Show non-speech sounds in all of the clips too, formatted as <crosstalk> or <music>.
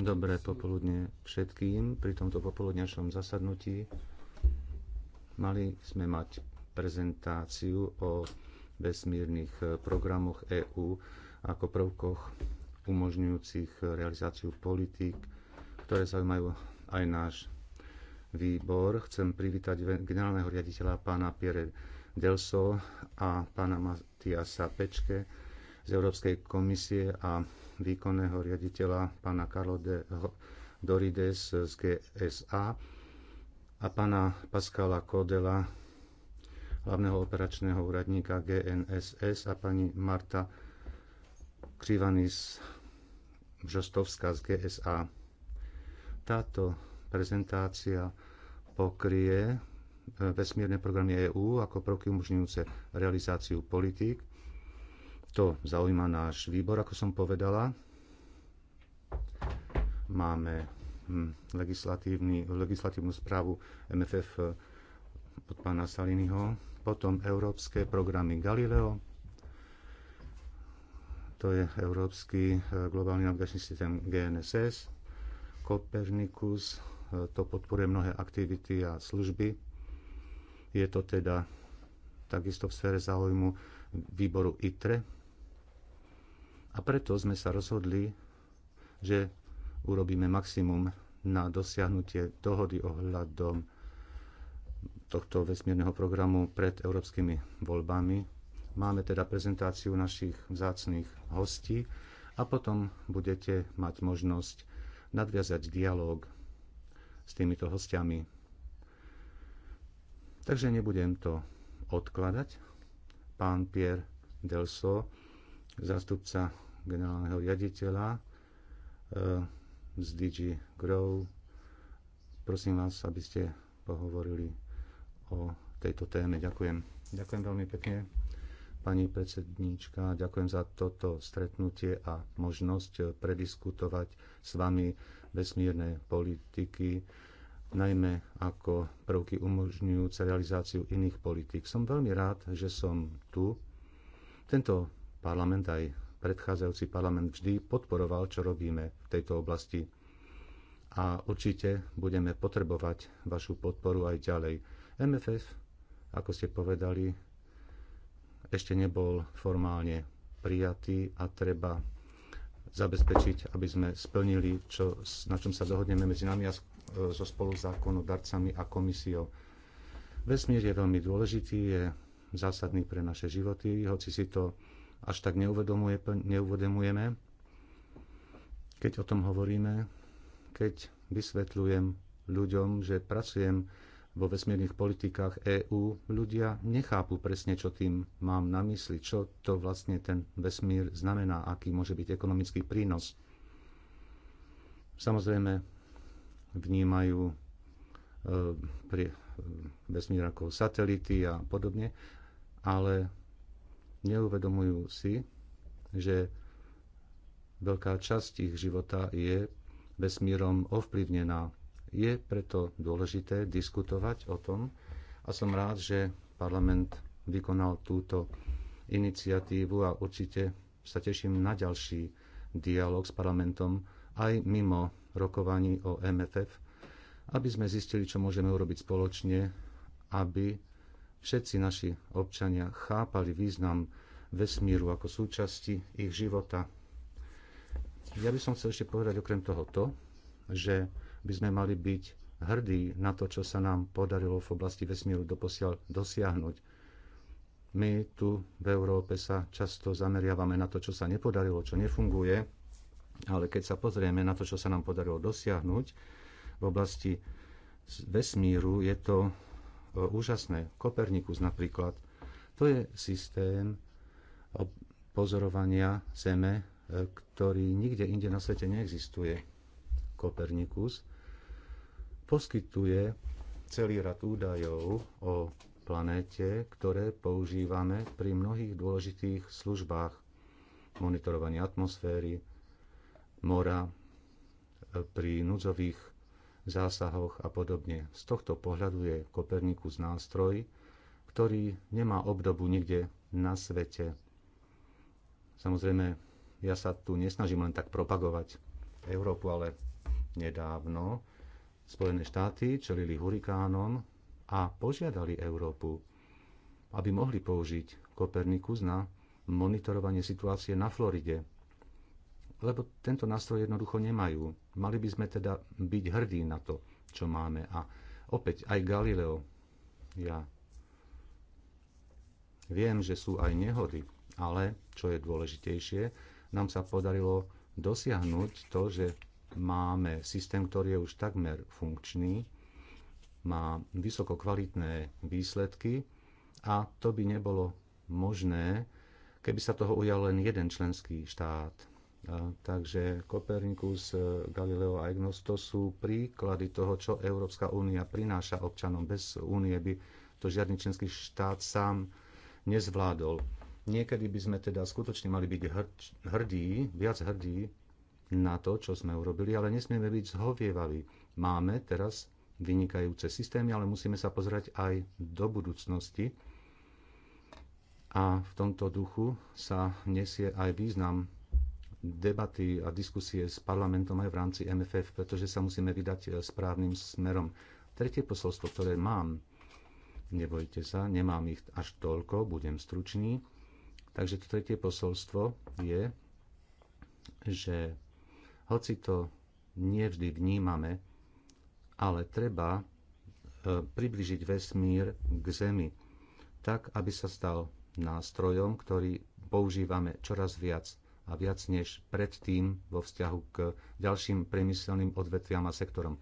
Dobré popoludne všetkým pri tomto popoludňačnom zasadnutí. Mali sme mať prezentáciu o vesmírnych eh, programoch EÚ ako prvkoch umožňujúcich eh, realizáciu politík, ktoré zaujímajú aj náš výbor. Chcem privítať generálneho riaditeľa pána Pierre Delso a pána Matiasa Pečke, z Európskej komisie a výkonného riaditeľa pána Carlo de Dorides z GSA a pána Pascala Kodela, hlavného operačného úradníka GNSS a pani Marta Krivanis Žostovská z GSA. Táto prezentácia pokrie e, vesmírne programy EÚ ako prvky umožňujúce realizáciu politík, to zaujíma náš výbor, ako som povedala. Máme hm, legislatívnu správu MFF eh, od pána Saliniho, potom európske programy Galileo, to je Európsky eh, globálny navigačný systém GNSS, Copernicus, eh, to podporuje mnohé aktivity a služby. Je to teda takisto v sfére záujmu výboru ITRE, a preto sme sa rozhodli, že urobíme maximum na dosiahnutie dohody ohľadom tohto vesmírneho programu pred európskymi voľbami. Máme teda prezentáciu našich vzácných hostí a potom budete mať možnosť nadviazať dialog s týmito hostiami. Takže nebudem to odkladať. Pán Pierre Delso, zástupca generálneho riaditeľa e, z DG Grow. Prosím vás, aby ste pohovorili o tejto téme. Ďakujem. Ďakujem veľmi pekne, pani predsedníčka. Ďakujem za toto stretnutie a možnosť e, prediskutovať s vami vesmírne politiky, najmä ako prvky umožňujúce realizáciu iných politik. Som veľmi rád, že som tu. Tento parlament aj predchádzajúci parlament vždy podporoval, čo robíme v tejto oblasti. A určite budeme potrebovať vašu podporu aj ďalej. MFF, ako ste povedali, ešte nebol formálne prijatý a treba zabezpečiť, aby sme splnili, čo, na čom sa dohodneme medzi nami a e, so darcami a komisiou. Vesmír je veľmi dôležitý, je zásadný pre naše životy, hoci si to až tak neuvedomuje, neuvedomujeme, keď o tom hovoríme, keď vysvetľujem ľuďom, že pracujem vo vesmírnych politikách EÚ, ľudia nechápu presne, čo tým mám na mysli, čo to vlastne ten vesmír znamená, aký môže byť ekonomický prínos. Samozrejme, vnímajú e, vesmír ako satelity a podobne, ale neuvedomujú si, že veľká časť ich života je vesmírom ovplyvnená. Je preto dôležité diskutovať o tom a som rád, že parlament vykonal túto iniciatívu a určite sa teším na ďalší dialog s parlamentom aj mimo rokovaní o MFF, aby sme zistili, čo môžeme urobiť spoločne, aby všetci naši občania chápali význam vesmíru ako súčasti ich života. Ja by som chcel ešte povedať okrem toho to, že by sme mali byť hrdí na to, čo sa nám podarilo v oblasti vesmíru doposiaľ dosiahnuť. My tu v Európe sa často zameriavame na to, čo sa nepodarilo, čo nefunguje, ale keď sa pozrieme na to, čo sa nám podarilo dosiahnuť v oblasti vesmíru, je to úžasné. Kopernikus napríklad. To je systém pozorovania Zeme, e, ktorý nikde inde na svete neexistuje. Kopernikus poskytuje celý rad údajov o planéte, ktoré používame pri mnohých dôležitých službách monitorovania atmosféry, mora, e, pri núdzových zásahoch a podobne. Z tohto pohľadu je Kopernikus nástroj, ktorý nemá obdobu nikde na svete. Samozrejme, ja sa tu nesnažím len tak propagovať Európu, ale nedávno Spojené štáty čelili hurikánom a požiadali Európu, aby mohli použiť Kopernikus na monitorovanie situácie na Floride lebo tento nástroj jednoducho nemajú. Mali by sme teda byť hrdí na to, čo máme. A opäť aj Galileo. Ja viem, že sú aj nehody, ale čo je dôležitejšie, nám sa podarilo dosiahnuť to, že máme systém, ktorý je už takmer funkčný, má vysoko kvalitné výsledky a to by nebolo možné, keby sa toho ujal len jeden členský štát Takže Kopernikus, e, Galileo a Egnos to sú príklady toho, čo Európska únia prináša občanom. Bez únie by to žiadny členský štát sám nezvládol. Niekedy by sme teda skutočne mali byť hrdí, viac hrdí na to, čo sme urobili, ale nesmieme byť zhovievaví. Máme teraz vynikajúce systémy, ale musíme sa pozerať aj do budúcnosti. A v tomto duchu sa nesie aj význam debaty a diskusie s parlamentom aj v rámci MFF, pretože sa musíme vydať e, správnym smerom. Tretie posolstvo, ktoré mám, nebojte sa, nemám ich až toľko, budem stručný. Takže to tretie posolstvo je, že hoci to nevždy vnímame, ale treba e, približiť vesmír k Zemi tak, aby sa stal nástrojom, ktorý používame čoraz viac a viac než predtým vo vzťahu k ďalším priemyselným odvetviam a sektorom.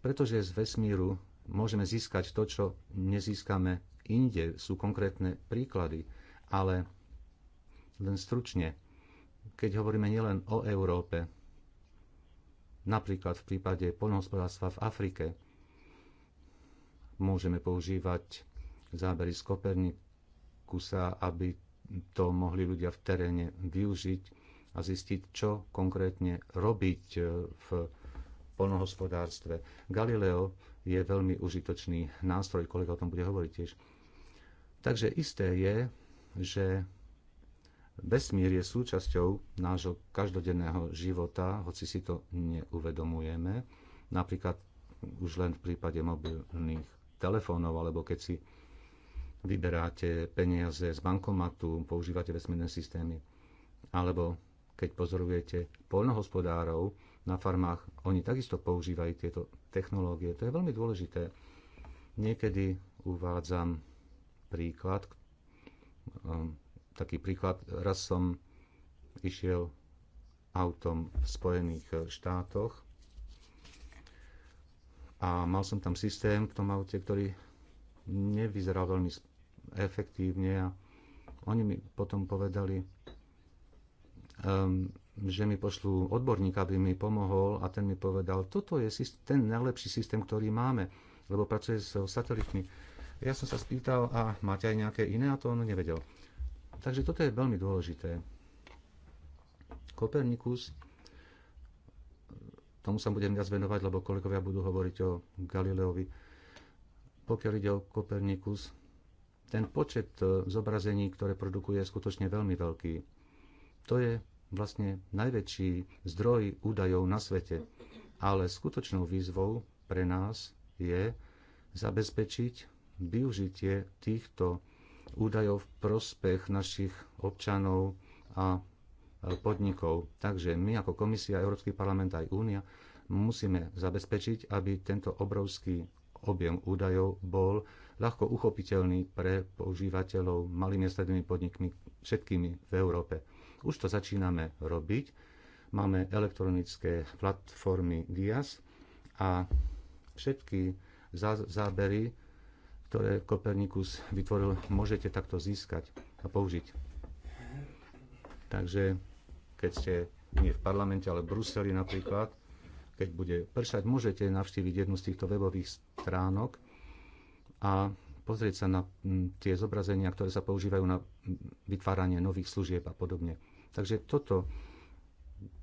Pretože z vesmíru môžeme získať to, čo nezískame inde, sú konkrétne príklady, ale len stručne, keď hovoríme nielen o Európe, napríklad v prípade poľnohospodárstva v Afrike, môžeme používať zábery z Kopernikusa, aby to mohli ľudia v teréne využiť a zistiť, čo konkrétne robiť e, v polnohospodárstve. Galileo je veľmi užitočný nástroj, kolega o tom bude hovoriť tiež. Takže isté je, že vesmír je súčasťou nášho každodenného života, hoci si to neuvedomujeme. Napríklad už len v prípade mobilných telefónov, alebo keď si vyberáte peniaze z bankomatu, používate vesmírne systémy, alebo keď pozorujete poľnohospodárov na farmách, oni takisto používajú tieto technológie. To je veľmi dôležité. Niekedy uvádzam príklad, ehm, taký príklad, raz som išiel autom v Spojených štátoch a mal som tam systém v tom aute, ktorý nevyzeral veľmi efektívne a oni mi potom povedali, um, že mi pošlú odborníka, aby mi pomohol a ten mi povedal, toto je ten najlepší systém, ktorý máme, lebo pracuje s satelitmi. Ja som sa spýtal, a máte aj nejaké iné a to on nevedel. Takže toto je veľmi dôležité. Kopernikus, tomu sa budem viac venovať, lebo kolegovia budú hovoriť o Galileovi. Pokiaľ ide o Kopernikus, ten počet e, zobrazení, ktoré produkuje, je skutočne veľmi veľký. To je vlastne najväčší zdroj údajov na svete. Ale skutočnou výzvou pre nás je zabezpečiť využitie týchto údajov v prospech našich občanov a e, podnikov. Takže my ako komisia, Európsky parlament aj únia musíme zabezpečiť, aby tento obrovský objem údajov bol ľahko uchopiteľný pre používateľov malými a strednými podnikmi všetkými v Európe. Už to začíname robiť. Máme elektronické platformy Dias a všetky zábery, ktoré Kopernikus vytvoril, môžete takto získať a použiť. Takže keď ste nie v parlamente, ale v Bruseli napríklad, keď bude pršať, môžete navštíviť jednu z týchto webových stránok a pozrieť sa na tie zobrazenia, ktoré sa používajú na vytváranie nových služieb a podobne. Takže toto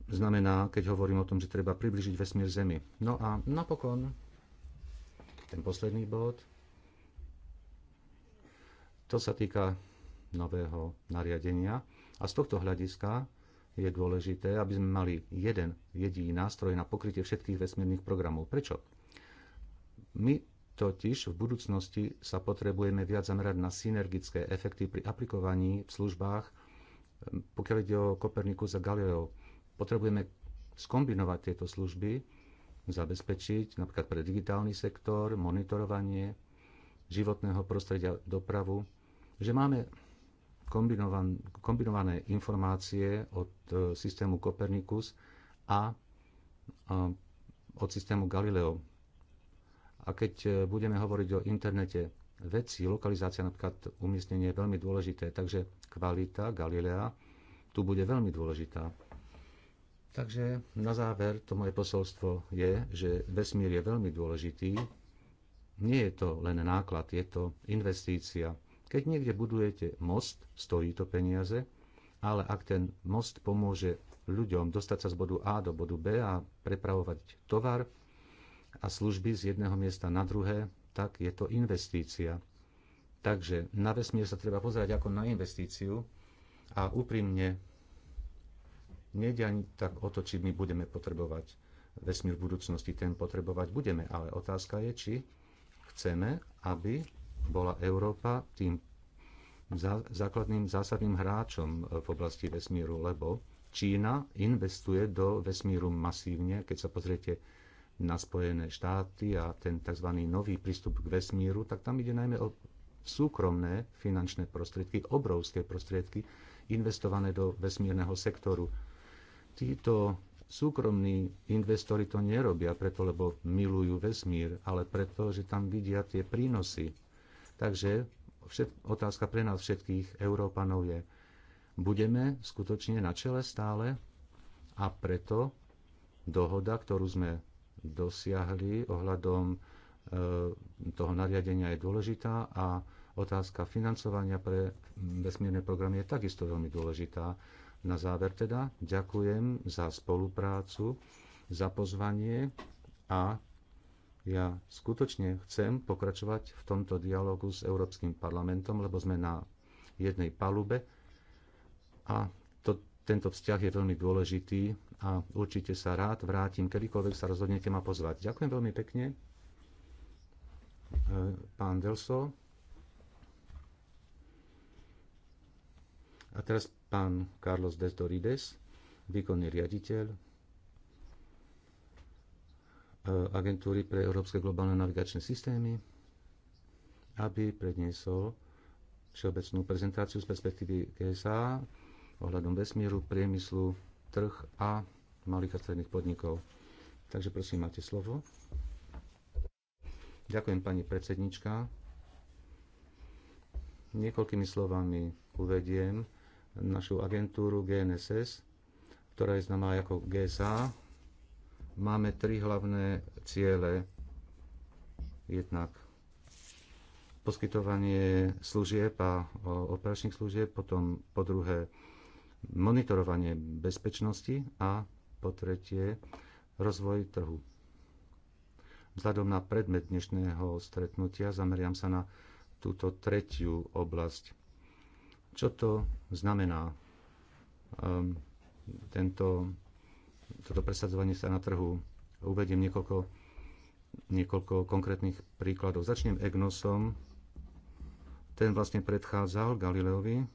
znamená, keď hovorím o tom, že treba približiť vesmír Zemi. No a napokon ten posledný bod. To sa týka nového nariadenia. A z tohto hľadiska je dôležité, aby sme mali jeden jediný nástroj na pokrytie všetkých vesmírnych programov. Prečo? My Totiž v budúcnosti sa potrebujeme viac zamerať na synergické efekty pri aplikovaní v službách. Pokiaľ ide o Kopernikus a Galileo, potrebujeme skombinovať tieto služby, zabezpečiť napríklad pre digitálny sektor, monitorovanie životného prostredia, dopravu, že máme kombinované informácie od e, systému Kopernikus a e, od systému Galileo a keď e, budeme hovoriť o internete veci, lokalizácia napríklad umiestnenie je veľmi dôležité, takže kvalita Galilea tu bude veľmi dôležitá. Takže na záver to moje posolstvo je, že vesmír je veľmi dôležitý. Nie je to len náklad, je to investícia. Keď niekde budujete most, stojí to peniaze, ale ak ten most pomôže ľuďom dostať sa z bodu A do bodu B a prepravovať tovar, a služby z jedného miesta na druhé, tak je to investícia. Takže na vesmír sa treba pozerať ako na investíciu a úprimne nejde ani tak o to, či my budeme potrebovať vesmír v budúcnosti, ten potrebovať budeme, ale otázka je, či chceme, aby bola Európa tým základným zásadným hráčom v oblasti vesmíru, lebo Čína investuje do vesmíru masívne. Keď sa pozriete na Spojené štáty a ten tzv. nový prístup k vesmíru, tak tam ide najmä o súkromné finančné prostriedky, obrovské prostriedky investované do vesmírneho sektoru. Títo súkromní investori to nerobia preto, lebo milujú vesmír, ale preto, že tam vidia tie prínosy. Takže všet, otázka pre nás všetkých Európanov je, budeme skutočne na čele stále a preto dohoda, ktorú sme dosiahli ohľadom e, toho nariadenia je dôležitá a otázka financovania pre vesmírne programy je takisto veľmi dôležitá. Na záver teda ďakujem za spoluprácu, za pozvanie a ja skutočne chcem pokračovať v tomto dialogu s Európskym parlamentom, lebo sme na jednej palube a tento vzťah je veľmi dôležitý a určite sa rád vrátim, kedykoľvek sa rozhodnete ma pozvať. Ďakujem veľmi pekne. E, pán Delso. A teraz pán Carlos Desdorides, výkonný riaditeľ e, agentúry pre európske globálne navigačné systémy, aby predniesol všeobecnú prezentáciu z perspektívy GSA ohľadom vesmíru, priemyslu, trh a malých a stredných podnikov. Takže prosím, máte slovo. Ďakujem, pani predsednička. Niekoľkými slovami uvediem našu agentúru GNSS, ktorá je známa ako GSA. Máme tri hlavné ciele. Jednak poskytovanie služieb a operačných služieb, potom po druhé monitorovanie bezpečnosti a po tretie rozvoj trhu. Vzhľadom na predmet dnešného stretnutia zameriam sa na túto tretiu oblasť. Čo to znamená? Um, tento, toto presadzovanie sa na trhu. Uvediem niekoľko, niekoľko konkrétnych príkladov. Začnem EGNOSom. Ten vlastne predchádzal Galileovi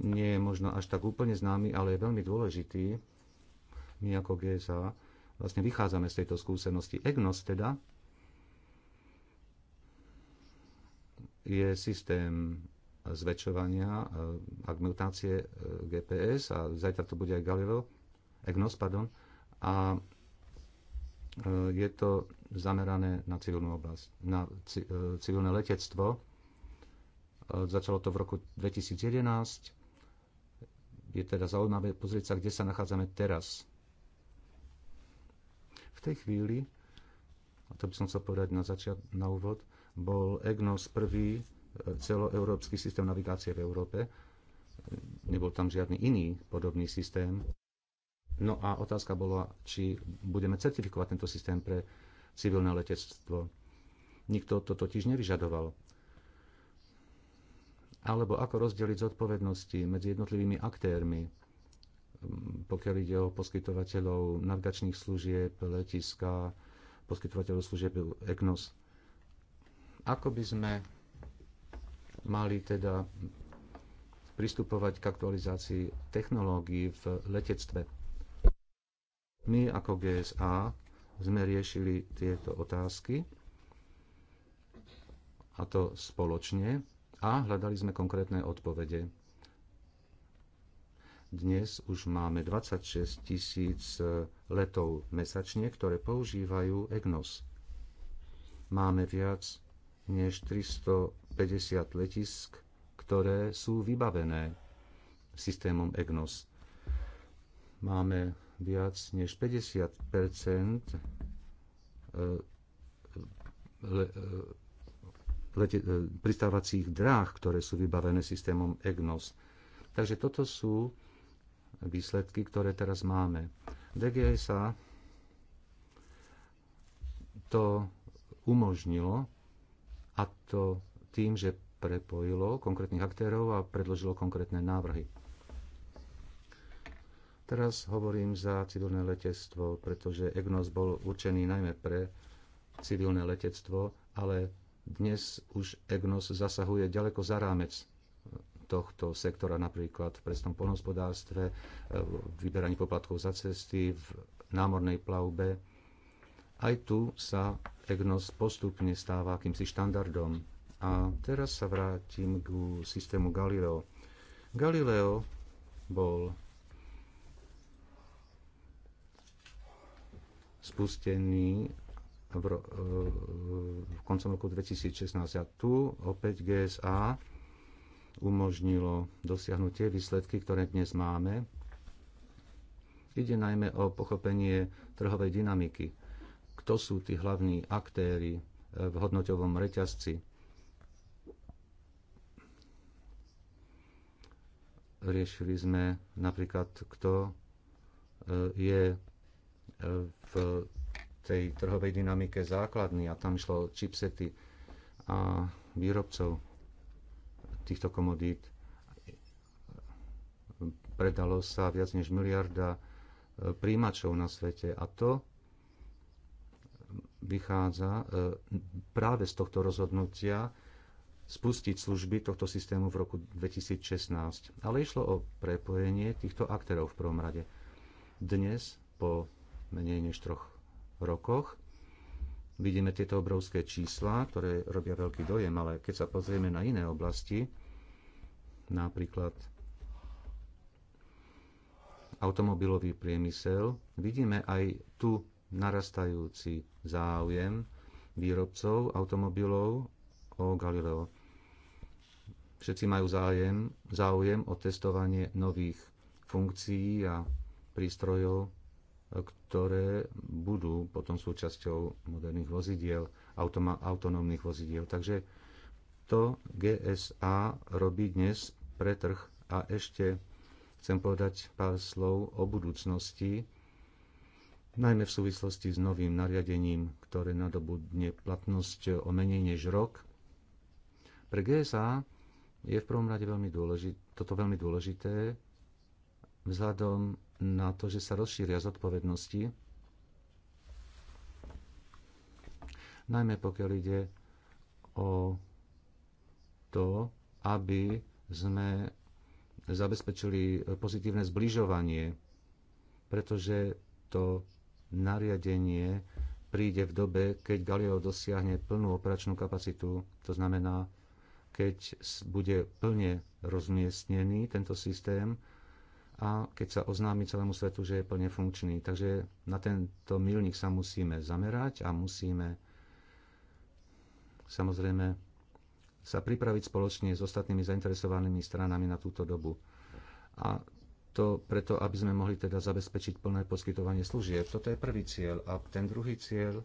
nie je možno až tak úplne známy, ale je veľmi dôležitý. My ako GSA vlastne vychádzame z tejto skúsenosti. EGNOS teda je systém zväčšovania e, augmentácie e, GPS a zajtra to bude aj Galileo, EGNOS, pardon, a e, je to zamerané na civilnú oblasť, na civilné letectvo. Začalo to v roku 2011 je teda zaujímavé pozrieť sa, kde sa nachádzame teraz. V tej chvíli, a to by som chcel povedať na, začiat, na úvod, bol EGNOS prvý e, celoeurópsky systém navigácie v Európe. E, nebol tam žiadny iný podobný systém. No a otázka bola, či budeme certifikovať tento systém pre civilné letectvo. Nikto to totiž nevyžadoval alebo ako rozdeliť zodpovednosti medzi jednotlivými aktérmi, um, pokiaľ ide o poskytovateľov navigačných služieb, letiska, poskytovateľov služieb EGNOS. Ako by sme mali teda pristupovať k aktualizácii technológií v letectve. My ako GSA sme riešili tieto otázky a to spoločne a hľadali sme konkrétne odpovede. Dnes už máme 26 tisíc e, letov mesačne, ktoré používajú EGNOS. Máme viac než 350 letisk, ktoré sú vybavené systémom EGNOS. Máme viac než 50 lete, e, pristávacích dráh, ktoré sú vybavené systémom EGNOS. Takže toto sú výsledky, ktoré teraz máme. DGSA to umožnilo a to tým, že prepojilo konkrétnych aktérov a predložilo konkrétne návrhy. Teraz hovorím za civilné letectvo, pretože EGNOS bol určený najmä pre civilné letectvo, ale dnes už EGNOS zasahuje ďaleko za rámec tohto sektora, napríklad v presnom polnohospodárstve, eh, vyberaní poplatkov za cesty, v námornej plavbe. Aj tu sa EGNOS postupne stáva akýmsi štandardom. A teraz sa vrátim k systému Galileo. Galileo bol spustený v, e, v koncom roku 2016. A tu opäť GSA umožnilo dosiahnuť tie výsledky, ktoré dnes máme. Ide najmä o pochopenie trhovej dynamiky. Kto sú tí hlavní aktéry e, v hodnoťovom reťazci? Riešili sme napríklad, kto e, je v tej trhovej dynamike základný a tam išlo chipsety a výrobcov týchto komodít. Predalo sa viac než miliarda e, príjimačov na svete a to vychádza e, práve z tohto rozhodnutia spustiť služby tohto systému v roku 2016. Ale išlo o prepojenie týchto aktérov v prvom rade. Dnes, po menej než troch rokoch. Vidíme tieto obrovské čísla, ktoré robia veľký dojem, ale keď sa pozrieme na iné oblasti, napríklad automobilový priemysel, vidíme aj tu narastajúci záujem výrobcov automobilov o Galileo. Všetci majú záujem, záujem o testovanie nových funkcií a prístrojov ktoré budú potom súčasťou moderných vozidiel, autonómnych vozidiel. Takže to GSA robí dnes pre trh a ešte chcem povedať pár slov o budúcnosti, najmä v súvislosti s novým nariadením, ktoré nadobudne platnosť o menej než rok. Pre GSA je v prvom rade veľmi dôležité, toto veľmi dôležité vzhľadom na to, že sa rozšíria zodpovednosti, najmä pokiaľ ide o to, aby sme zabezpečili pozitívne zbližovanie, pretože to nariadenie príde v dobe, keď Galileo dosiahne plnú operačnú kapacitu, to znamená, keď bude plne rozmiestnený tento systém a keď sa oznámi celému svetu, že je plne funkčný. Takže na tento milník sa musíme zamerať a musíme samozrejme sa pripraviť spoločne s ostatnými zainteresovanými stranami na túto dobu. A to preto, aby sme mohli teda zabezpečiť plné poskytovanie služieb. Toto je prvý cieľ. A ten druhý cieľ,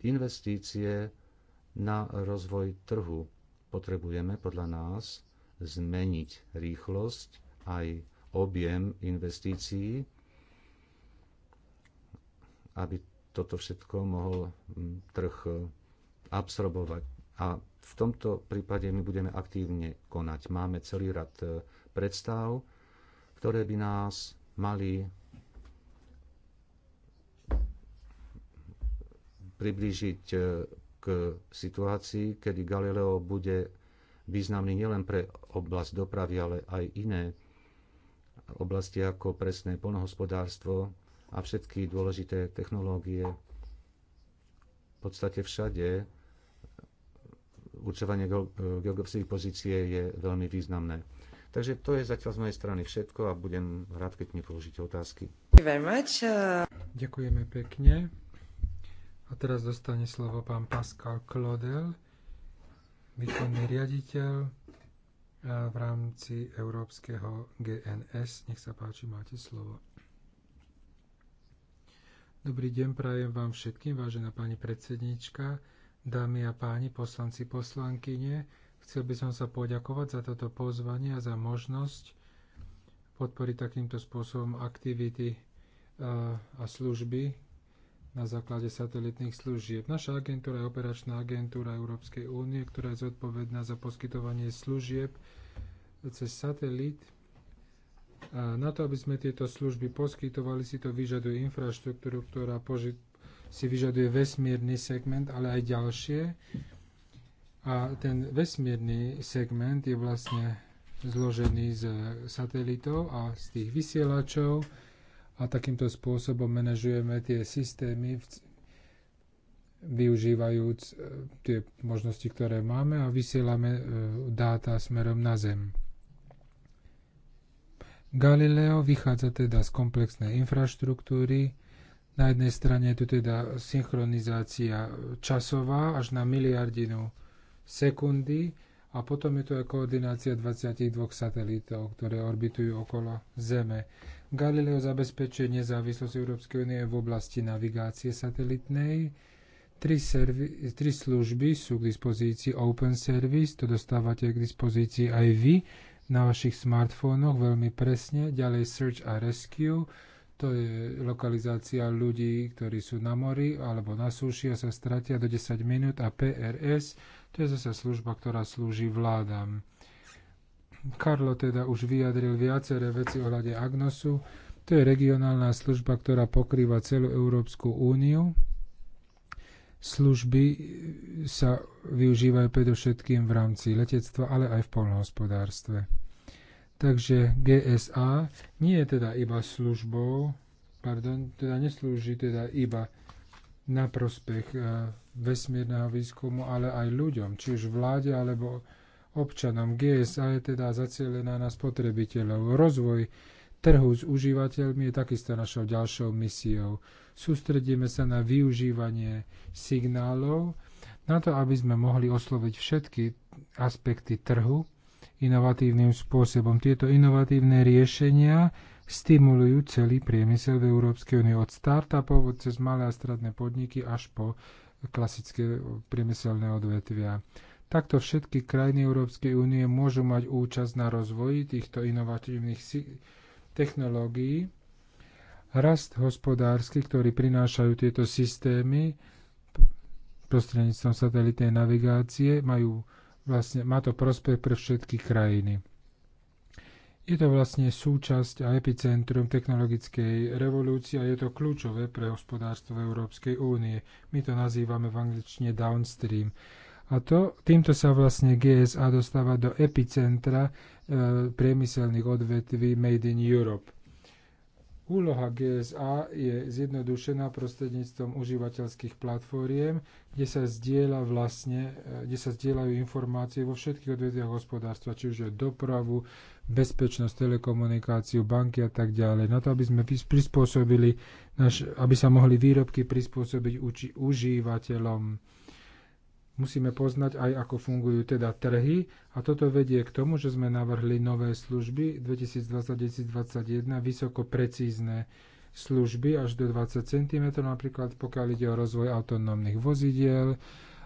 investície na rozvoj trhu. Potrebujeme podľa nás zmeniť rýchlosť aj objem investícií, aby toto všetko mohol mm, trh e, absorbovať. A v tomto prípade my budeme aktívne konať. Máme celý rad e, predstav, ktoré by nás mali priblížiť e, k situácii, kedy Galileo bude významný nielen pre oblasť dopravy, ale aj iné oblasti ako presné polnohospodárstvo a všetky dôležité technológie v podstate všade určovanie geografických pozície je veľmi významné. Takže to je zatiaľ z mojej strany všetko a budem rád, keď mi položíte otázky. Uh, Ďakujeme pekne. A teraz dostane slovo pán Pascal Klodel, výkonný riaditeľ v rámci európskeho GNS. Nech sa páči, máte slovo. Dobrý deň prajem vám všetkým, vážená pani predsednička, dámy a páni, poslanci, poslankyne. Chcel by som sa poďakovať za toto pozvanie a za možnosť podporiť takýmto spôsobom aktivity a služby, na základe satelitných služieb. Naša agentúra je operačná agentúra Európskej únie, ktorá je zodpovedná za poskytovanie služieb cez satelit. A na to, aby sme tieto služby poskytovali, si to vyžaduje infraštruktúru, ktorá si vyžaduje vesmírny segment, ale aj ďalšie. A ten vesmírny segment je vlastne zložený z satelitov a z tých vysielačov a takýmto spôsobom manažujeme tie systémy, využívajúc e, tie možnosti, ktoré máme a vysielame e, dáta smerom na Zem. Galileo vychádza teda z komplexnej infraštruktúry. Na jednej strane je tu teda synchronizácia časová až na miliardinu sekundy, a potom je to aj koordinácia 22 satelitov, ktoré orbitujú okolo Zeme. Galileo zabezpečuje nezávislosť Európskej únie v oblasti navigácie satelitnej. Tri, servi- tri služby sú k dispozícii Open Service, to dostávate k dispozícii aj vy na vašich smartfónoch veľmi presne. Ďalej Search a Rescue, to je lokalizácia ľudí, ktorí sú na mori alebo na súši a sa stratia do 10 minút a PRS, to je zase služba, ktorá slúži vládam. Karlo teda už vyjadril viaceré veci ohľade Agnosu. To je regionálna služba, ktorá pokrýva celú Európsku úniu. Služby sa využívajú predovšetkým v rámci letectva, ale aj v polnohospodárstve. Takže GSA nie je teda iba službou, pardon, teda neslúži teda iba na prospech e, vesmírneho výskumu, ale aj ľuďom, či už vláde alebo občanom. GSA je teda zacielená na spotrebiteľov. Rozvoj trhu s užívateľmi je takisto našou ďalšou misiou. Sústredíme sa na využívanie signálov, na to, aby sme mohli osloviť všetky aspekty trhu inovatívnym spôsobom. Tieto inovatívne riešenia stimulujú celý priemysel v Európskej únii od startupov, cez malé a stredné podniky až po klasické priemyselné odvetvia. Takto všetky krajiny Európskej únie môžu mať účasť na rozvoji týchto inovatívnych technológií. Rast hospodársky, ktorý prinášajú tieto systémy prostredníctvom satelitnej navigácie, majú, vlastne, má to prospech pre všetky krajiny. Je to vlastne súčasť a epicentrum technologickej revolúcie a je to kľúčové pre hospodárstvo Európskej únie. My to nazývame v angličtine downstream. A to, týmto sa vlastne GSA dostáva do epicentra e, priemyselných odvetví Made in Europe. Úloha GSA je zjednodušená prostredníctvom užívateľských platformiem, kde sa, zdieľa vlastne, eh, kde sa zdieľajú informácie vo všetkých odvetviach hospodárstva, či už je dopravu, bezpečnosť, telekomunikáciu, banky a tak ďalej. Na to, aby sme prispôsobili, naš, aby sa mohli výrobky prispôsobiť uči, užívateľom Musíme poznať aj, ako fungujú teda trhy a toto vedie k tomu, že sme navrhli nové služby 2020-2021, vysoko precízne služby až do 20 cm, napríklad pokiaľ ide o rozvoj autonómnych vozidiel,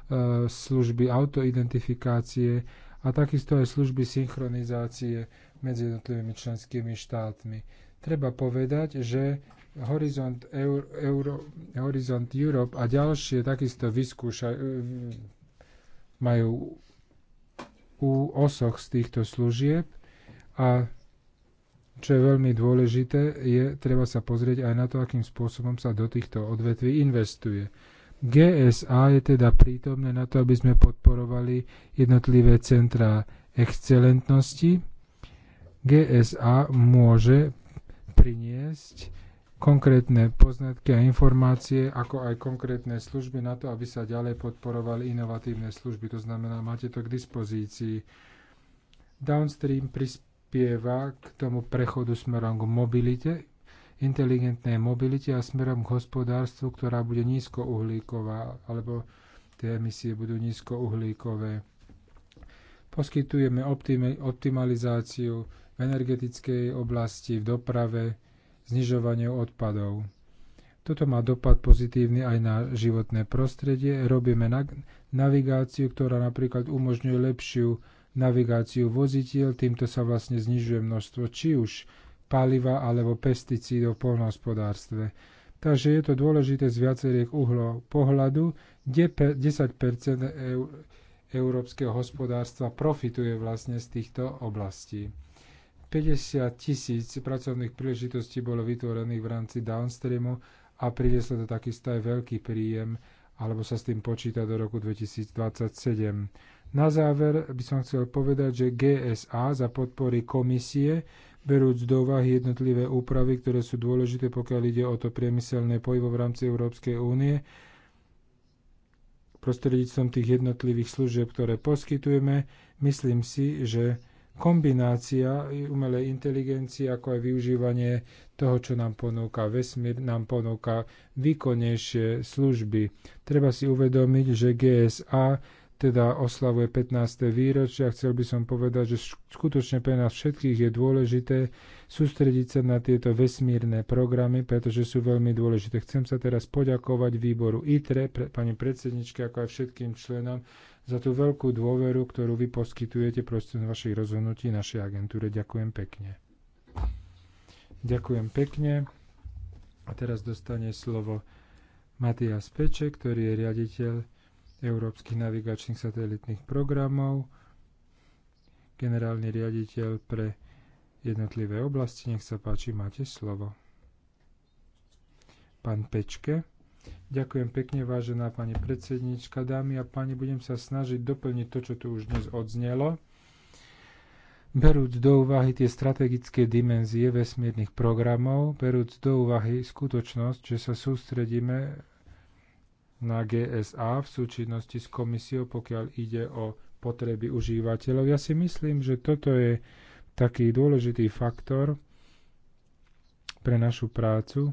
e, služby autoidentifikácie a takisto aj služby synchronizácie medzi jednotlivými členskými štátmi. Treba povedať, že Horizont, Euro, Euro, Horizont Europe a ďalšie takisto vyskúšajú majú osoch z týchto služieb a čo je veľmi dôležité, je treba sa pozrieť aj na to, akým spôsobom sa do týchto odvetví investuje. GSA je teda prítomné na to, aby sme podporovali jednotlivé centrá excelentnosti. GSA môže priniesť konkrétne poznatky a informácie, ako aj konkrétne služby na to, aby sa ďalej podporovali inovatívne služby. To znamená, máte to k dispozícii. Downstream prispieva k tomu prechodu smerom k mobilite, inteligentnej mobilite a smerom k hospodárstvu, ktorá bude nízkouhlíková, alebo tie emisie budú nízkouhlíkové. Poskytujeme optimalizáciu v energetickej oblasti, v doprave, znižovaniu odpadov. Toto má dopad pozitívny aj na životné prostredie. Robíme navigáciu, ktorá napríklad umožňuje lepšiu navigáciu vozidiel, týmto sa vlastne znižuje množstvo či už paliva alebo pesticídov v poľnohospodárstve. Takže je to dôležité z viacerých uhlov pohľadu, kde 10 európskeho hospodárstva profituje vlastne z týchto oblastí. 50 tisíc pracovných príležitostí bolo vytvorených v rámci downstreamu a prinieslo to takisto aj veľký príjem, alebo sa s tým počíta do roku 2027. Na záver by som chcel povedať, že GSA za podpory komisie, berúc do úvahy jednotlivé úpravy, ktoré sú dôležité, pokiaľ ide o to priemyselné pojivo v rámci Európskej únie, prostredníctvom tých jednotlivých služieb, ktoré poskytujeme, myslím si, že kombinácia umelej inteligencie, ako aj využívanie toho, čo nám ponúka vesmír, nám ponúka výkonnejšie služby. Treba si uvedomiť, že GSA teda oslavuje 15. výročie a chcel by som povedať, že skutočne pre nás všetkých je dôležité sústrediť sa na tieto vesmírne programy, pretože sú veľmi dôležité. Chcem sa teraz poďakovať výboru ITRE, pre, pani predsedničke, ako aj všetkým členom, za tú veľkú dôveru, ktorú vy poskytujete prostredníctvom vašich rozhodnutí našej agentúre. Ďakujem pekne. Ďakujem pekne. A teraz dostane slovo Matias Peče, ktorý je riaditeľ Európskych navigačných satelitných programov, generálny riaditeľ pre jednotlivé oblasti. Nech sa páči, máte slovo. Pán Pečke. Ďakujem pekne, vážená pani predsednička. Dámy a páni, budem sa snažiť doplniť to, čo tu už dnes odznelo. Berúc do úvahy tie strategické dimenzie vesmírnych programov, berúc do úvahy skutočnosť, že sa sústredíme na GSA v súčinnosti s komisiou, pokiaľ ide o potreby užívateľov. Ja si myslím, že toto je taký dôležitý faktor pre našu prácu,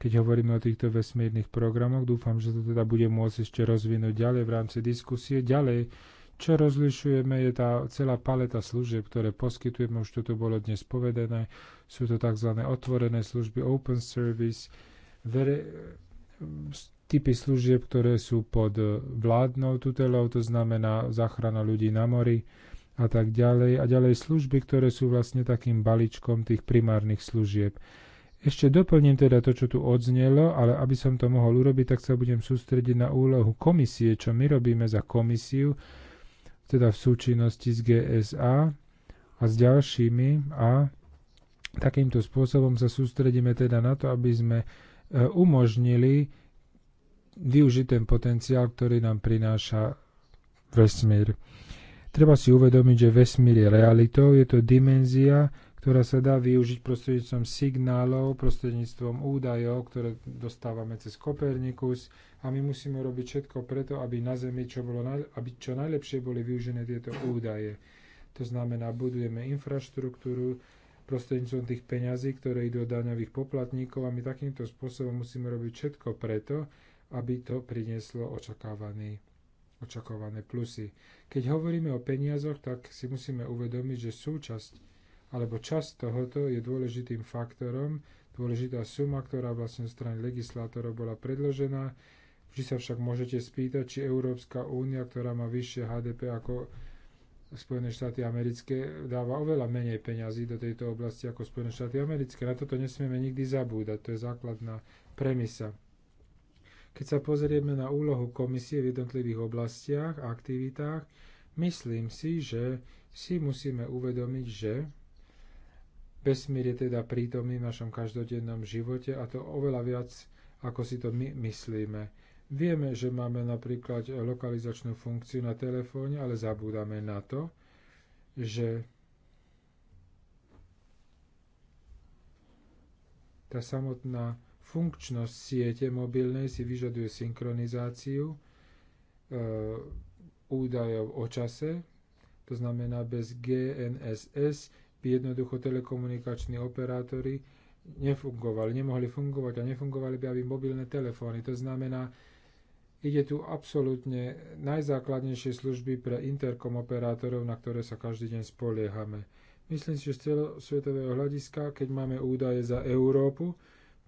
keď hovoríme o týchto vesmírnych programoch. Dúfam, že to teda bude môcť ešte rozvinúť ďalej v rámci diskusie. Ďalej, čo rozlišujeme, je tá celá paleta služieb, ktoré poskytujeme, už toto bolo dnes povedené, Sú to tzv. otvorené služby, open service, vere, typy služieb, ktoré sú pod vládnou tutelou, to znamená záchrana ľudí na mori a tak ďalej. A ďalej služby, ktoré sú vlastne takým balíčkom tých primárnych služieb. Ešte doplním teda to, čo tu odznelo, ale aby som to mohol urobiť, tak sa budem sústrediť na úlohu komisie, čo my robíme za komisiu, teda v súčinnosti s GSA a s ďalšími a takýmto spôsobom sa sústredíme teda na to, aby sme e, umožnili využiť ten potenciál, ktorý nám prináša vesmír. Treba si uvedomiť, že vesmír je realitou, je to dimenzia, ktorá sa dá využiť prostredníctvom signálov, prostredníctvom údajov, ktoré dostávame cez Kopernikus a my musíme robiť všetko preto, aby na Zemi čo, bolo, aby čo najlepšie boli využené tieto údaje. To znamená, budujeme infraštruktúru prostredníctvom tých peňazí, ktoré idú od daňových poplatníkov a my takýmto spôsobom musíme robiť všetko preto, aby to prinieslo očakávaný očakávané plusy. Keď hovoríme o peniazoch, tak si musíme uvedomiť, že súčasť alebo časť tohoto je dôležitým faktorom, dôležitá suma, ktorá vlastne zo strany legislátorov bola predložená. Vždy sa však môžete spýtať, či Európska únia, ktorá má vyššie HDP ako Spojené štáty americké, dáva oveľa menej peňazí do tejto oblasti ako Spojené štáty americké. Na toto nesmieme nikdy zabúdať, to je základná premisa. Keď sa pozrieme na úlohu komisie v jednotlivých oblastiach a aktivitách, myslím si, že si musíme uvedomiť, že Vesmír je teda prítomný v našom každodennom živote a to oveľa viac, ako si to my myslíme. Vieme, že máme napríklad lokalizačnú funkciu na telefóne, ale zabúdame na to, že tá samotná funkčnosť siete mobilnej si vyžaduje synchronizáciu e, údajov o čase, to znamená bez GNSS by jednoducho telekomunikační operátori nefungovali, nemohli fungovať a nefungovali by aby mobilné telefóny. To znamená, ide tu absolútne najzákladnejšie služby pre interkom operátorov, na ktoré sa každý deň spoliehame. Myslím si, že z celosvetového hľadiska, keď máme údaje za Európu,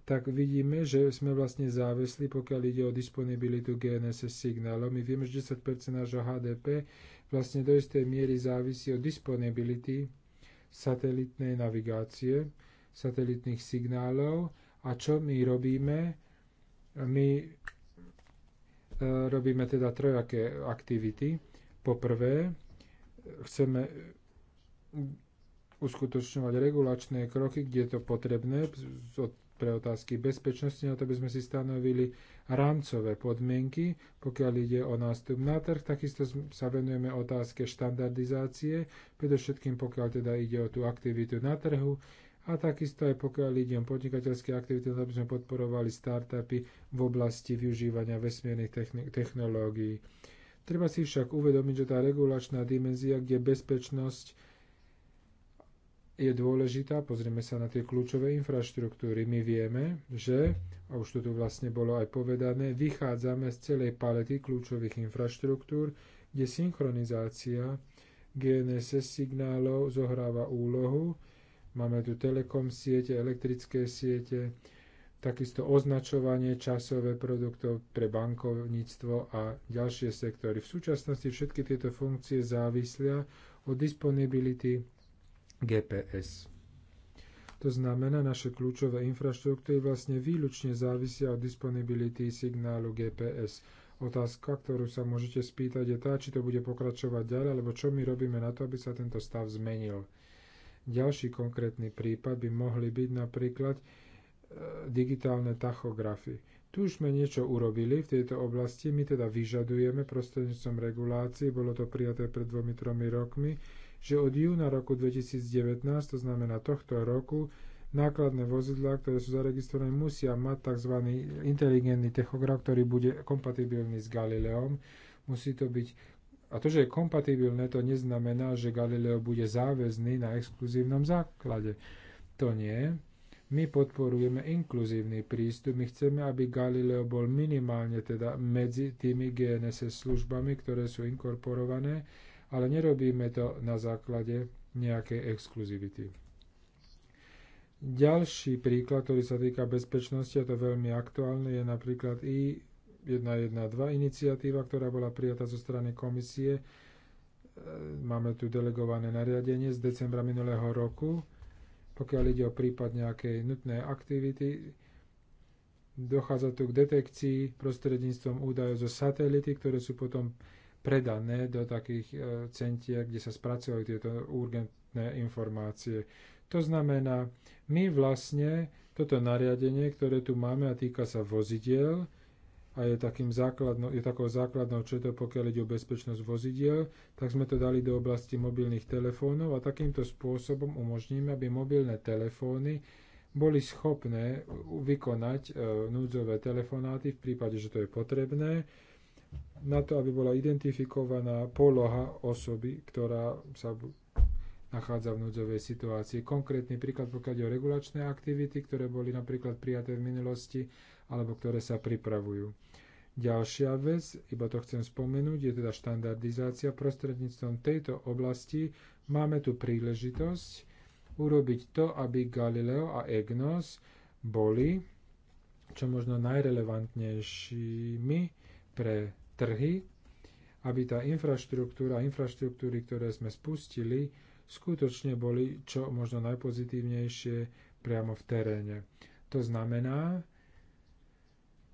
tak vidíme, že sme vlastne závislí, pokiaľ ide o disponibilitu GNSS signálov. My vieme, že 10% nášho HDP vlastne do istej miery závisí od disponibility satelitnej navigácie, satelitných signálov. A čo my robíme? My e, robíme teda trojaké aktivity. Poprvé, chceme uskutočňovať regulačné kroky, kde je to potrebné od pre otázky bezpečnosti, na to by sme si stanovili rámcové podmienky, pokiaľ ide o nástup na trh. Takisto sa venujeme otázke štandardizácie, predovšetkým pokiaľ teda ide o tú aktivitu na trhu a takisto aj pokiaľ ide o podnikateľské aktivity, aby sme podporovali startupy v oblasti využívania vesmírnych technológií. Treba si však uvedomiť, že tá regulačná dimenzia, kde bezpečnosť je dôležitá. Pozrieme sa na tie kľúčové infraštruktúry. My vieme, že, a už to tu vlastne bolo aj povedané, vychádzame z celej palety kľúčových infraštruktúr, kde synchronizácia GNSS signálov zohráva úlohu. Máme tu telekom siete, elektrické siete, takisto označovanie časové produktov pre bankovníctvo a ďalšie sektory. V súčasnosti všetky tieto funkcie závislia od disponibility GPS. To znamená, naše kľúčové infraštruktúry vlastne výlučne závisia od disponibility signálu GPS. Otázka, ktorú sa môžete spýtať, je tá, či to bude pokračovať ďalej, alebo čo my robíme na to, aby sa tento stav zmenil. Ďalší konkrétny prípad by mohli byť napríklad e, digitálne tachografy. Tu už sme niečo urobili v tejto oblasti, my teda vyžadujeme prostredníctvom regulácií, bolo to prijaté pred dvomi, tromi rokmi, že od júna roku 2019, to znamená tohto roku, nákladné vozidlá, ktoré sú zaregistrované, musia mať tzv. inteligentný techograf, ktorý bude kompatibilný s Galileom. Musí to byť a to, že je kompatibilné, to neznamená, že Galileo bude záväzný na exkluzívnom základe. To nie. My podporujeme inkluzívny prístup. My chceme, aby Galileo bol minimálne teda medzi tými GNSS službami, ktoré sú inkorporované ale nerobíme to na základe nejakej exkluzivity. Ďalší príklad, ktorý sa týka bezpečnosti, a to veľmi aktuálne, je napríklad I112 iniciatíva, ktorá bola prijatá zo strany komisie. E, máme tu delegované nariadenie z decembra minulého roku. Pokiaľ ide o prípad nejakej nutnej aktivity, dochádza tu k detekcii prostredníctvom údajov zo satelity, ktoré sú potom predané do takých e, centier, kde sa spracovajú tieto urgentné informácie. To znamená, my vlastne toto nariadenie, ktoré tu máme a týka sa vozidiel, a je, takým základno, je takou základnou, četo, pokiaľ ide o bezpečnosť vozidiel, tak sme to dali do oblasti mobilných telefónov a takýmto spôsobom umožníme, aby mobilné telefóny boli schopné vykonať e, núdzové telefonáty v prípade, že to je potrebné na to, aby bola identifikovaná poloha osoby, ktorá sa nachádza v núdzovej situácii. Konkrétny príklad, pokiaľ o regulačné aktivity, ktoré boli napríklad prijaté v minulosti alebo ktoré sa pripravujú. Ďalšia vec, iba to chcem spomenúť, je teda štandardizácia. Prostredníctvom tejto oblasti máme tu príležitosť urobiť to, aby Galileo a EGNOS boli čo možno najrelevantnejšími pre trhy, aby tá infraštruktúra, infraštruktúry, ktoré sme spustili, skutočne boli čo možno najpozitívnejšie priamo v teréne. To znamená,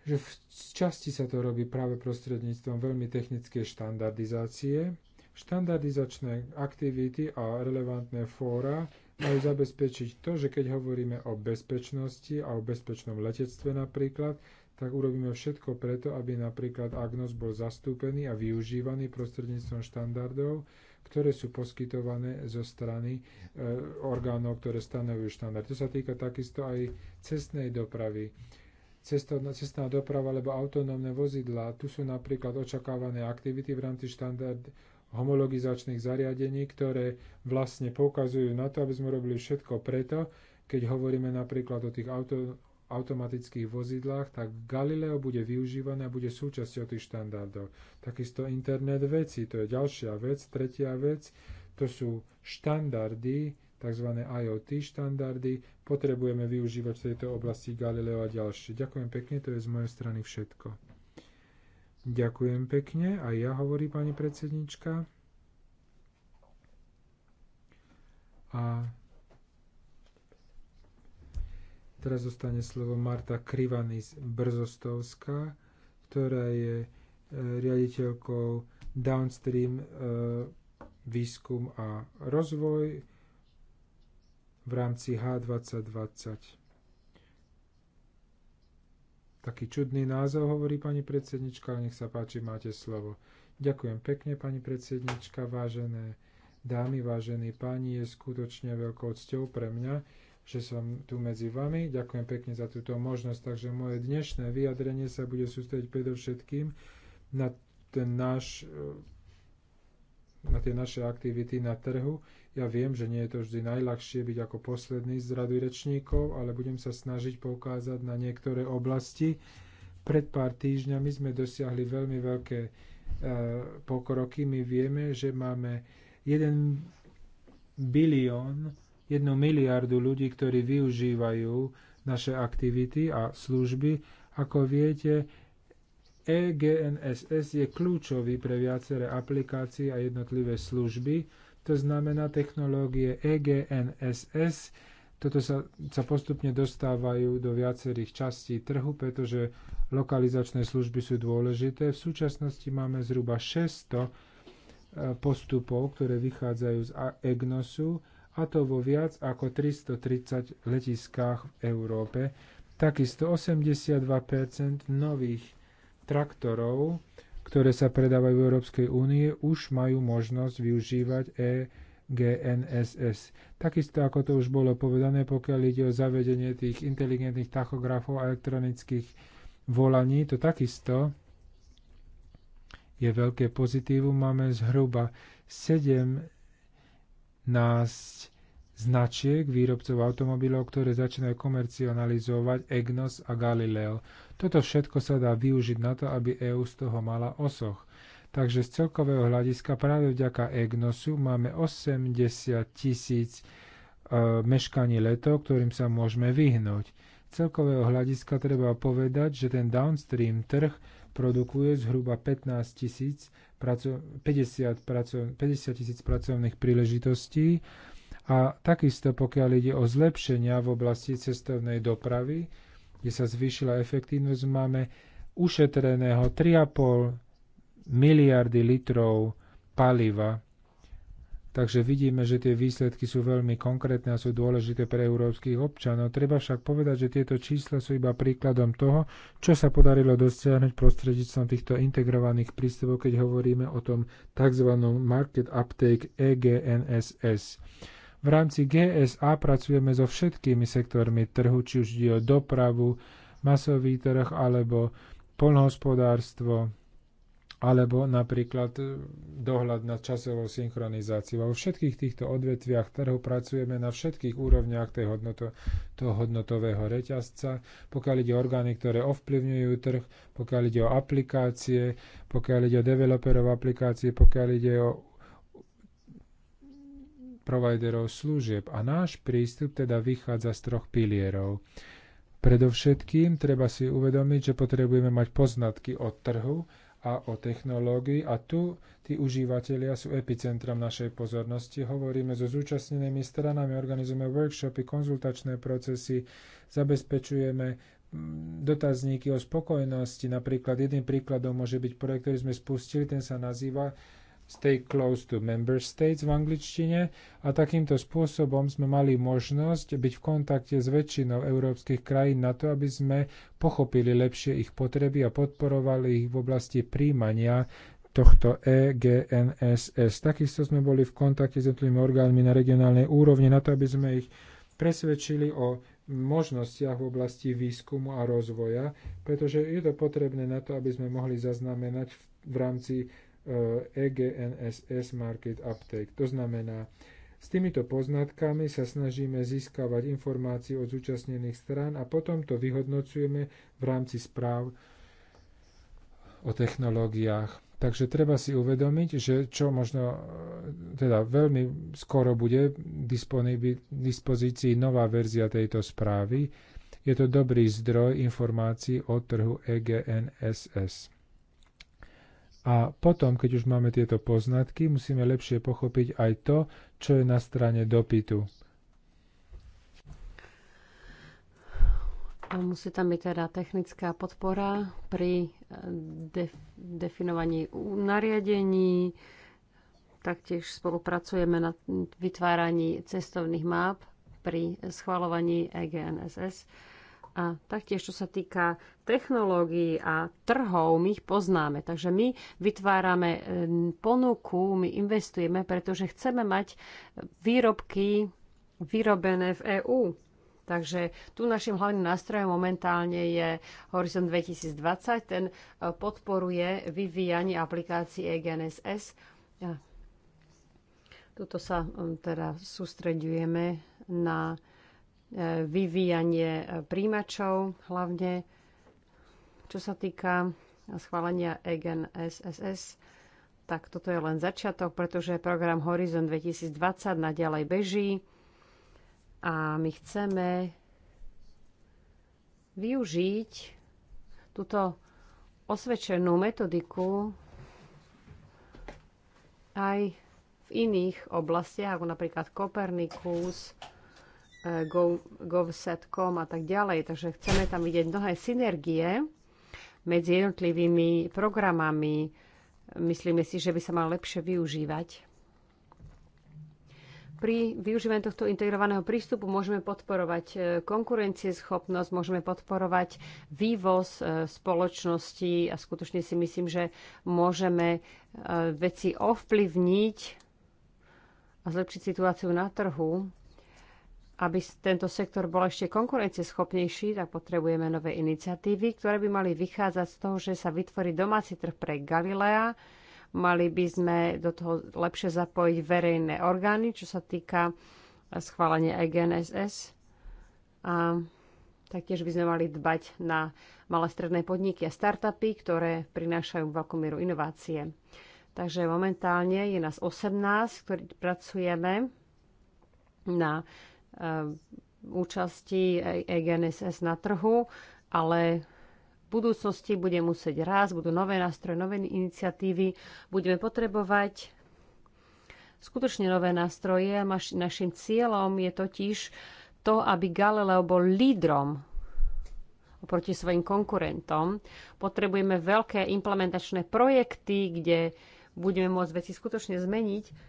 že v časti sa to robí práve prostredníctvom veľmi technickej štandardizácie. Štandardizačné aktivity a relevantné fóra majú zabezpečiť to, že keď hovoríme o bezpečnosti a o bezpečnom letectve napríklad, tak urobíme všetko preto, aby napríklad Agnos bol zastúpený a využívaný prostredníctvom štandardov, ktoré sú poskytované zo strany e, orgánov, ktoré stanovujú štandard. To sa týka takisto aj cestnej dopravy. Cestovná, cestná doprava alebo autonómne vozidlá, tu sú napríklad očakávané aktivity v rámci štandard homologizačných zariadení, ktoré vlastne poukazujú na to, aby sme robili všetko preto, keď hovoríme napríklad o tých auto, automatických vozidlách, tak Galileo bude využívané a bude súčasťou tých štandardov. Takisto internet veci, to je ďalšia vec. Tretia vec, to sú štandardy, tzv. IoT štandardy. Potrebujeme využívať v tejto oblasti Galileo a ďalšie. Ďakujem pekne, to je z mojej strany všetko. Ďakujem pekne, a ja hovorí pani predsednička. A Teraz zostane slovo Marta Krivanis Brzostovská, ktorá je e, riaditeľkou Downstream e, výskum a rozvoj v rámci H2020. Taký čudný názov, hovorí pani predsednička, ale nech sa páči, máte slovo. Ďakujem pekne, pani predsednička, vážené dámy, vážení páni, je skutočne veľkou cťou pre mňa, že som tu medzi vami. Ďakujem pekne za túto možnosť. Takže moje dnešné vyjadrenie sa bude sústrediť predovšetkým na, ten náš, eh, na tie naše aktivity na trhu. Ja viem, že nie je to vždy najľahšie byť ako posledný z radu rečníkov, ale budem sa snažiť poukázať na niektoré oblasti. Pred pár týždňami sme dosiahli veľmi veľké e, pokroky. My vieme, že máme 1 bilión jednu miliardu ľudí, ktorí využívajú naše aktivity a služby. Ako viete, EGNSS je kľúčový pre viaceré aplikácie a jednotlivé služby. To znamená, technológie EGNSS toto sa, sa postupne dostávajú do viacerých častí trhu, pretože lokalizačné služby sú dôležité. V súčasnosti máme zhruba 600 e, postupov, ktoré vychádzajú z EGNOSu a to vo viac ako 330 letiskách v Európe. Takisto 82 nových traktorov, ktoré sa predávajú v Európskej únie, už majú možnosť využívať EGNSS. Takisto ako to už bolo povedané, pokiaľ ide o zavedenie tých inteligentných tachografov a elektronických volaní, to takisto je veľké pozitívum. Máme zhruba 7 nájsť značiek výrobcov automobilov, ktoré začínajú komercionalizovať EGNOS a Galileo. Toto všetko sa dá využiť na to, aby EU z toho mala osoch. Takže z celkového hľadiska práve vďaka EGNOSu máme 80 tisíc e, meškaní letov, ktorým sa môžeme vyhnúť. Z celkového hľadiska treba povedať, že ten downstream trh produkuje zhruba 15 tisíc, 50 tisíc pracovných príležitostí a takisto pokiaľ ide o zlepšenia v oblasti cestovnej dopravy, kde sa zvýšila efektívnosť, máme ušetreného 3,5 miliardy litrov paliva Takže vidíme, že tie výsledky sú veľmi konkrétne a sú dôležité pre európskych občanov. Treba však povedať, že tieto čísla sú iba príkladom toho, čo sa podarilo dosiahnuť prostredníctvom týchto integrovaných prístupov, keď hovoríme o tom tzv. Market Uptake EGNSS. V rámci GSA pracujeme so všetkými sektormi trhu, či už ide o dopravu, masový trh alebo polnohospodárstvo, alebo napríklad e, dohľad nad časovou synchronizáciou. Vo všetkých týchto odvetviach trhu pracujeme na všetkých úrovniach tej hodnoto, toho hodnotového reťazca, pokiaľ ide o orgány, ktoré ovplyvňujú trh, pokiaľ ide o aplikácie, pokiaľ ide o developerov aplikácie, pokiaľ ide o providerov služieb. A náš prístup teda vychádza z troch pilierov. Predovšetkým treba si uvedomiť, že potrebujeme mať poznatky o trhu, a o technológii a tu tí užívateľia sú epicentrom našej pozornosti. Hovoríme so zúčastnenými stranami, organizujeme workshopy, konzultačné procesy, zabezpečujeme mm, dotazníky o spokojnosti. Napríklad jedným príkladom môže byť projekt, ktorý sme spustili, ten sa nazýva Stay Close to Member States v angličtine a takýmto spôsobom sme mali možnosť byť v kontakte s väčšinou európskych krajín na to, aby sme pochopili lepšie ich potreby a podporovali ich v oblasti príjmania tohto EGNSS. Takisto sme boli v kontakte s jednotlivými orgánmi na regionálnej úrovni na to, aby sme ich presvedčili o možnostiach v oblasti výskumu a rozvoja, pretože je to potrebné na to, aby sme mohli zaznamenať v rámci EGNSS eh, e Market Uptake. To znamená, s týmito poznatkami sa snažíme získavať informácie od zúčastnených strán a potom to vyhodnocujeme v rámci správ o technológiách. Takže treba si uvedomiť, že čo možno eh, teda veľmi skoro bude v dispozícii nová verzia tejto správy. Je to dobrý zdroj informácií o trhu EGNSS. A potom, keď už máme tieto poznatky, musíme lepšie pochopiť aj to, čo je na strane dopytu. A musí tam byť teda technická podpora pri e, def- definovaní nariadení. Taktiež spolupracujeme na vytváraní cestovných map pri schvalovaní EGNSS. A taktiež, čo sa týka technológií a trhov, my ich poznáme. Takže my vytvárame e, ponuku, my investujeme, pretože chceme mať e, výrobky vyrobené v EÚ. Takže tu našim hlavným nástrojom momentálne je Horizon 2020. Ten e, podporuje vyvíjanie aplikácií EGNSS. Tuto sa teda sústreďujeme na E, vyvíjanie e, príjimačov, hlavne čo sa týka schválenia Egen SSS, tak toto je len začiatok, pretože program Horizon 2020 naďalej beží a my chceme využiť túto osvedčenú metodiku aj v iných oblastiach, ako napríklad Kopernikus, Go, a tak ďalej. Takže chceme tam vidieť mnohé synergie medzi jednotlivými programami. Myslíme si, že by sa mal lepšie využívať. Pri využívaní tohto integrovaného prístupu môžeme podporovať e, konkurencieschopnosť, môžeme podporovať e, vývoz e, spoločnosti a skutočne si myslím, že môžeme veci ovplyvniť a zlepšiť situáciu na trhu aby tento sektor bol ešte konkurencieschopnejší, tak potrebujeme nové iniciatívy, ktoré by mali vychádzať z toho, že sa vytvorí domáci trh pre Galilea. Mali by sme do toho lepšie zapojiť verejné orgány, čo sa týka eh, schválenia EGNSS. A taktiež by sme mali dbať na malé stredné podniky a startupy, ktoré prinášajú veľkú mieru inovácie. Takže momentálne je nás 18, ktorí pracujeme na Eh, účasti EGNSS e na trhu, ale v budúcnosti bude musieť raz, budú nové nástroje, nové iniciatívy, budeme potrebovať skutočne nové nástroje a našim cieľom je totiž to, aby Galileo bol lídrom oproti svojim konkurentom. Potrebujeme veľké implementačné projekty, kde budeme môcť veci skutočne zmeniť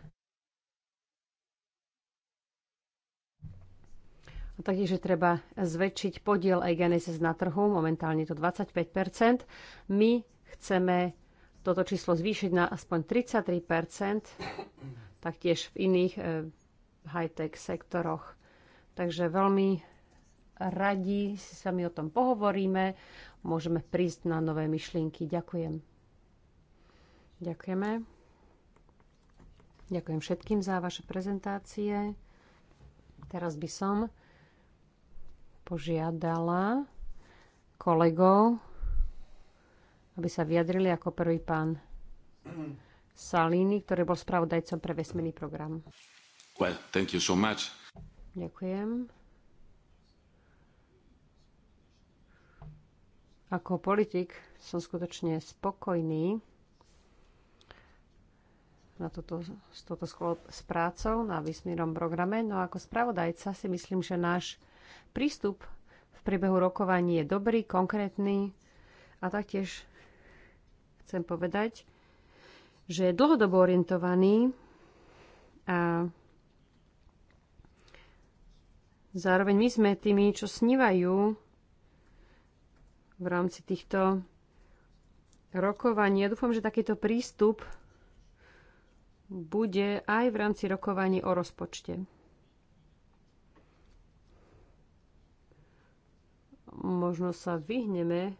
No Takže treba zväčšiť podiel Eigenesis na trhu, momentálne to 25 My chceme toto číslo zvýšiť na aspoň 33 taktiež v iných eh, high-tech sektoroch. Takže veľmi radi si sa mi o tom pohovoríme, môžeme prísť na nové myšlienky. Ďakujem. Ďakujeme. Ďakujem všetkým za vaše prezentácie. Teraz by som požiadala kolegov, aby sa vyjadrili ako prvý pán Salini, ktorý bol spravodajcom pre vesmírny program. Well, thank you so much. Ďakujem. Ako politik som skutočne spokojný na toto, s touto s prácou na vysmírom programe. No a ako spravodajca si myslím, že náš prístup v priebehu rokovaní je dobrý, konkrétny a taktiež chcem povedať, že je dlhodobo orientovaný a zároveň my sme tými, čo snívajú v rámci týchto rokovaní. Ja dúfam, že takýto prístup bude aj v rámci rokovaní o rozpočte. možno sa vyhneme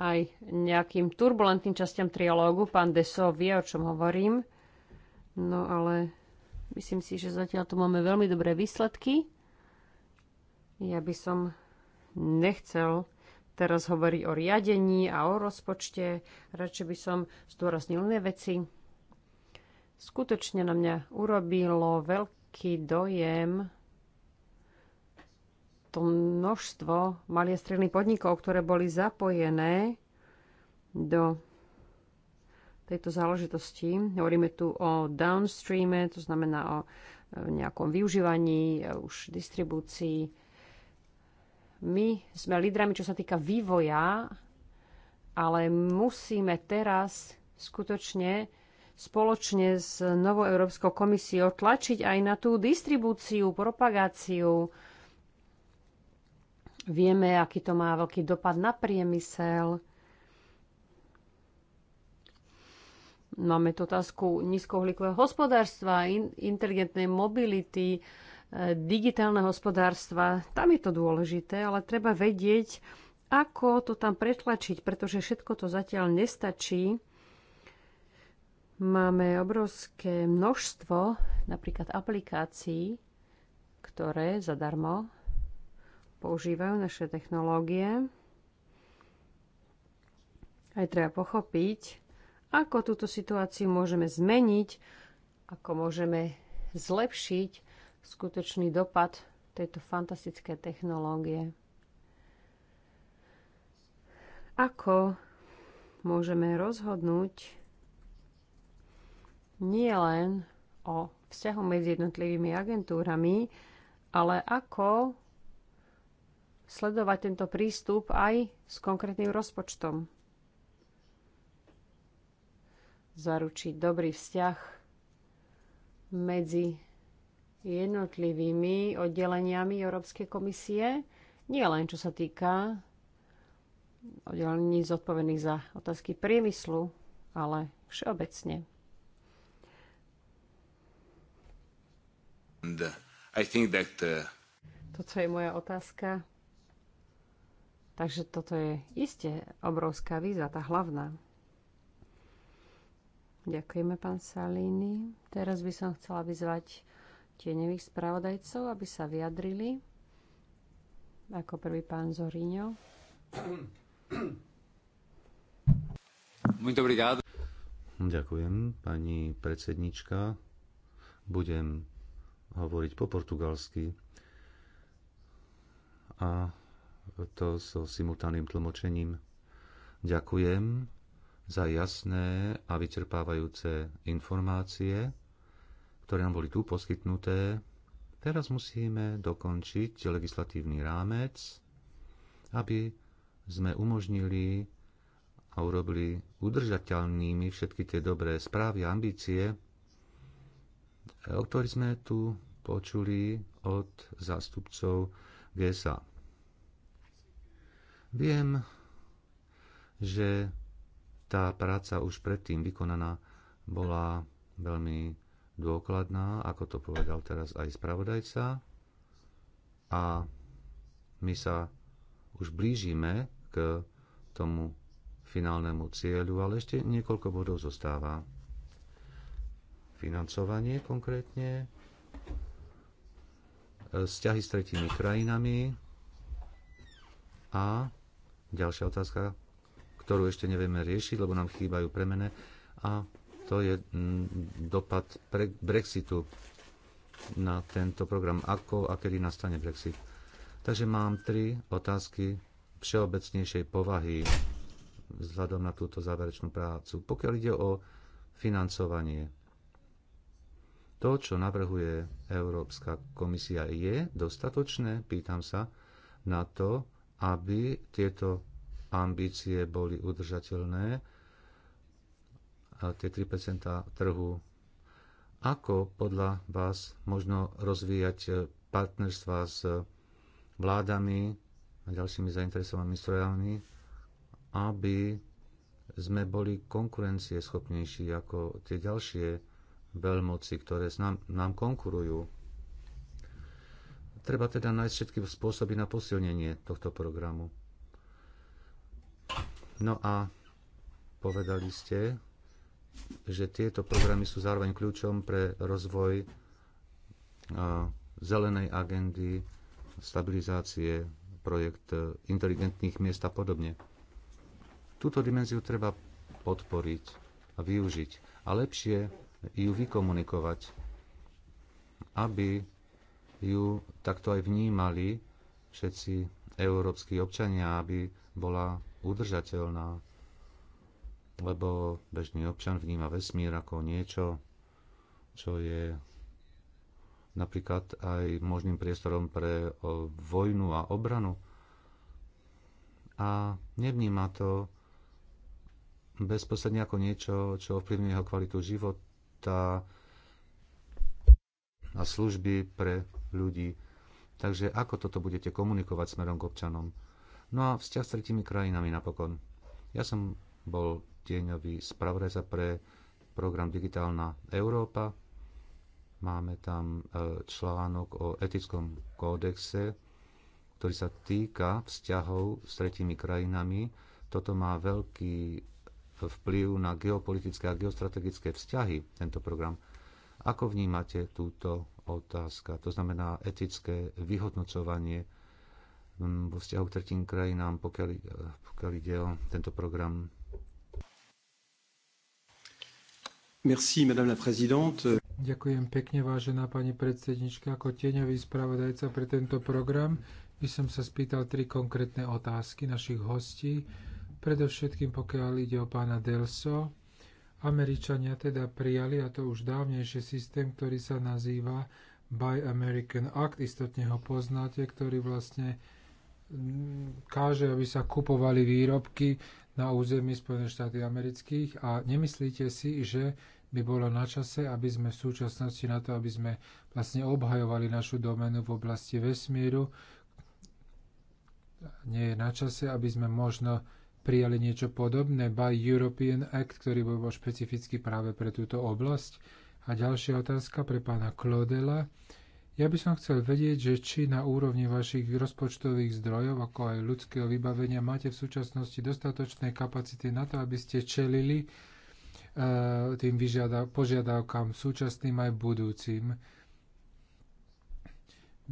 aj nejakým turbulentným častiam trialógu. Pán Deso vie, o čom hovorím. No ale myslím si, že zatiaľ tu máme veľmi dobré výsledky. Ja by som nechcel teraz hovoriť o riadení a o rozpočte. Radšej by som zdôraznil iné veci. Skutočne na mňa urobilo veľký dojem to množstvo malých stredných podnikov, ktoré boli zapojené do tejto záležitosti. Hovoríme tu o downstreame, to znamená o e, nejakom využívaní, e, už distribúcii. My sme lídrami, čo sa týka vývoja, ale musíme teraz skutočne spoločne s Novou Európskou komisiou tlačiť aj na tú distribúciu, propagáciu, Vieme, aký to má veľký dopad na priemysel. Máme tu otázku nízkouhlíkového hospodárstva, in, inteligentnej mobility, e, digitálne hospodárstva. Tam je to dôležité, ale treba vedieť, ako to tam pretlačiť, pretože všetko to zatiaľ nestačí. Máme obrovské množstvo napríklad aplikácií, ktoré zadarmo používajú naše technológie. Aj treba pochopiť, ako túto situáciu môžeme zmeniť, ako môžeme zlepšiť skutočný dopad tejto fantastické technológie. Ako môžeme rozhodnúť nielen o vzťahu medzi jednotlivými agentúrami, ale ako sledovať tento prístup aj s konkrétnym rozpočtom. Zaručiť dobrý vzťah medzi jednotlivými oddeleniami Európskej komisie, nie len čo sa týka oddelení zodpovedných za otázky priemyslu, ale všeobecne. Uh, Toto je moja otázka Takže toto je iste obrovská výzva, tá hlavná. Ďakujeme, pán Salíny. Teraz by som chcela vyzvať tieňových spravodajcov, aby sa vyjadrili. Ako prvý pán Zoríňo. Ďakujem, pani predsednička. Budem hovoriť po portugalsky. A to so simultánnym tlmočením. Ďakujem za jasné a vyčerpávajúce informácie, ktoré nám boli tu poskytnuté. Teraz musíme dokončiť legislatívny rámec, aby sme umožnili a urobili udržateľnými všetky tie dobré správy a ambície, o ktorých sme tu počuli od zástupcov GSA. Viem, že tá práca už predtým vykonaná bola veľmi dôkladná, ako to povedal teraz aj spravodajca. A my sa už blížime k tomu finálnemu cieľu, ale ešte niekoľko bodov zostáva. Financovanie konkrétne, e, vzťahy s tretími krajinami a ďalšia otázka, ktorú ešte nevieme riešiť, lebo nám chýbajú premene a to je mm, dopad pre Brexitu na tento program. Ako a kedy nastane Brexit? Takže mám tri otázky všeobecnejšej povahy vzhľadom na túto záverečnú prácu. Pokiaľ ide o financovanie, to, čo navrhuje Európska komisia, je dostatočné? Pýtam sa na to, aby tieto ambície boli udržateľné, a tie 3 trhu. Ako podľa vás možno rozvíjať partnerstva s vládami a ďalšími zainteresovanými strojami, aby sme boli konkurencieschopnejší ako tie ďalšie veľmoci, ktoré nám, nám konkurujú? treba teda nájsť všetky spôsoby na posilnenie tohto programu. No a povedali ste, že tieto programy sú zároveň kľúčom pre rozvoj zelenej agendy, stabilizácie, projekt e, inteligentných miest a podobne. Túto dimenziu treba podporiť a využiť a lepšie ju vykomunikovať, aby ju takto aj vnímali všetci európsky občania, aby bola udržateľná. Lebo bežný občan vníma vesmír ako niečo, čo je napríklad aj možným priestorom pre vojnu a obranu. A nevníma to bezposledne ako niečo, čo ovplyvňuje jeho kvalitu života, a služby pre ľudí. Takže ako toto budete komunikovať smerom k občanom? No a vzťah s tretimi krajinami napokon. Ja som bol tieňový spravodajca pre program Digitálna Európa. Máme tam e, článok o etickom kódexe, ktorý sa týka vzťahov s tretimi krajinami. Toto má veľký vplyv na geopolitické a geostrategické vzťahy, tento program. Ako vnímate túto otázka? To znamená etické vyhodnocovanie mm, vo vzťahu k tretím krajinám, pokiaľ, pokiaľ ide o tento program. Merci, madame la présidente. Ďakujem pekne, vážená pani predsednička. Ako tieňový spravodajca pre tento program by som sa spýtal tri konkrétne otázky našich hostí. Predovšetkým, pokiaľ ide o pána Delso, Američania teda prijali, a to už dávnejšie, systém, ktorý sa nazýva Buy American Act, istotne ho poznáte, ktorý vlastne mm, káže, aby sa kupovali výrobky na území Spojených štáty amerických a nemyslíte si, že by bolo na čase, aby sme v súčasnosti na to, aby sme vlastne obhajovali našu domenu v oblasti vesmíru, nie je na čase, aby sme možno prijali niečo podobné, by European Act, ktorý bol špecificky práve pre túto oblasť. A ďalšia otázka pre pána Klodela. Ja by som chcel vedieť, že či na úrovni vašich rozpočtových zdrojov, ako aj ľudského vybavenia, máte v súčasnosti dostatočné kapacity na to, aby ste čelili e, tým vyžiada- požiadavkám súčasným aj budúcim.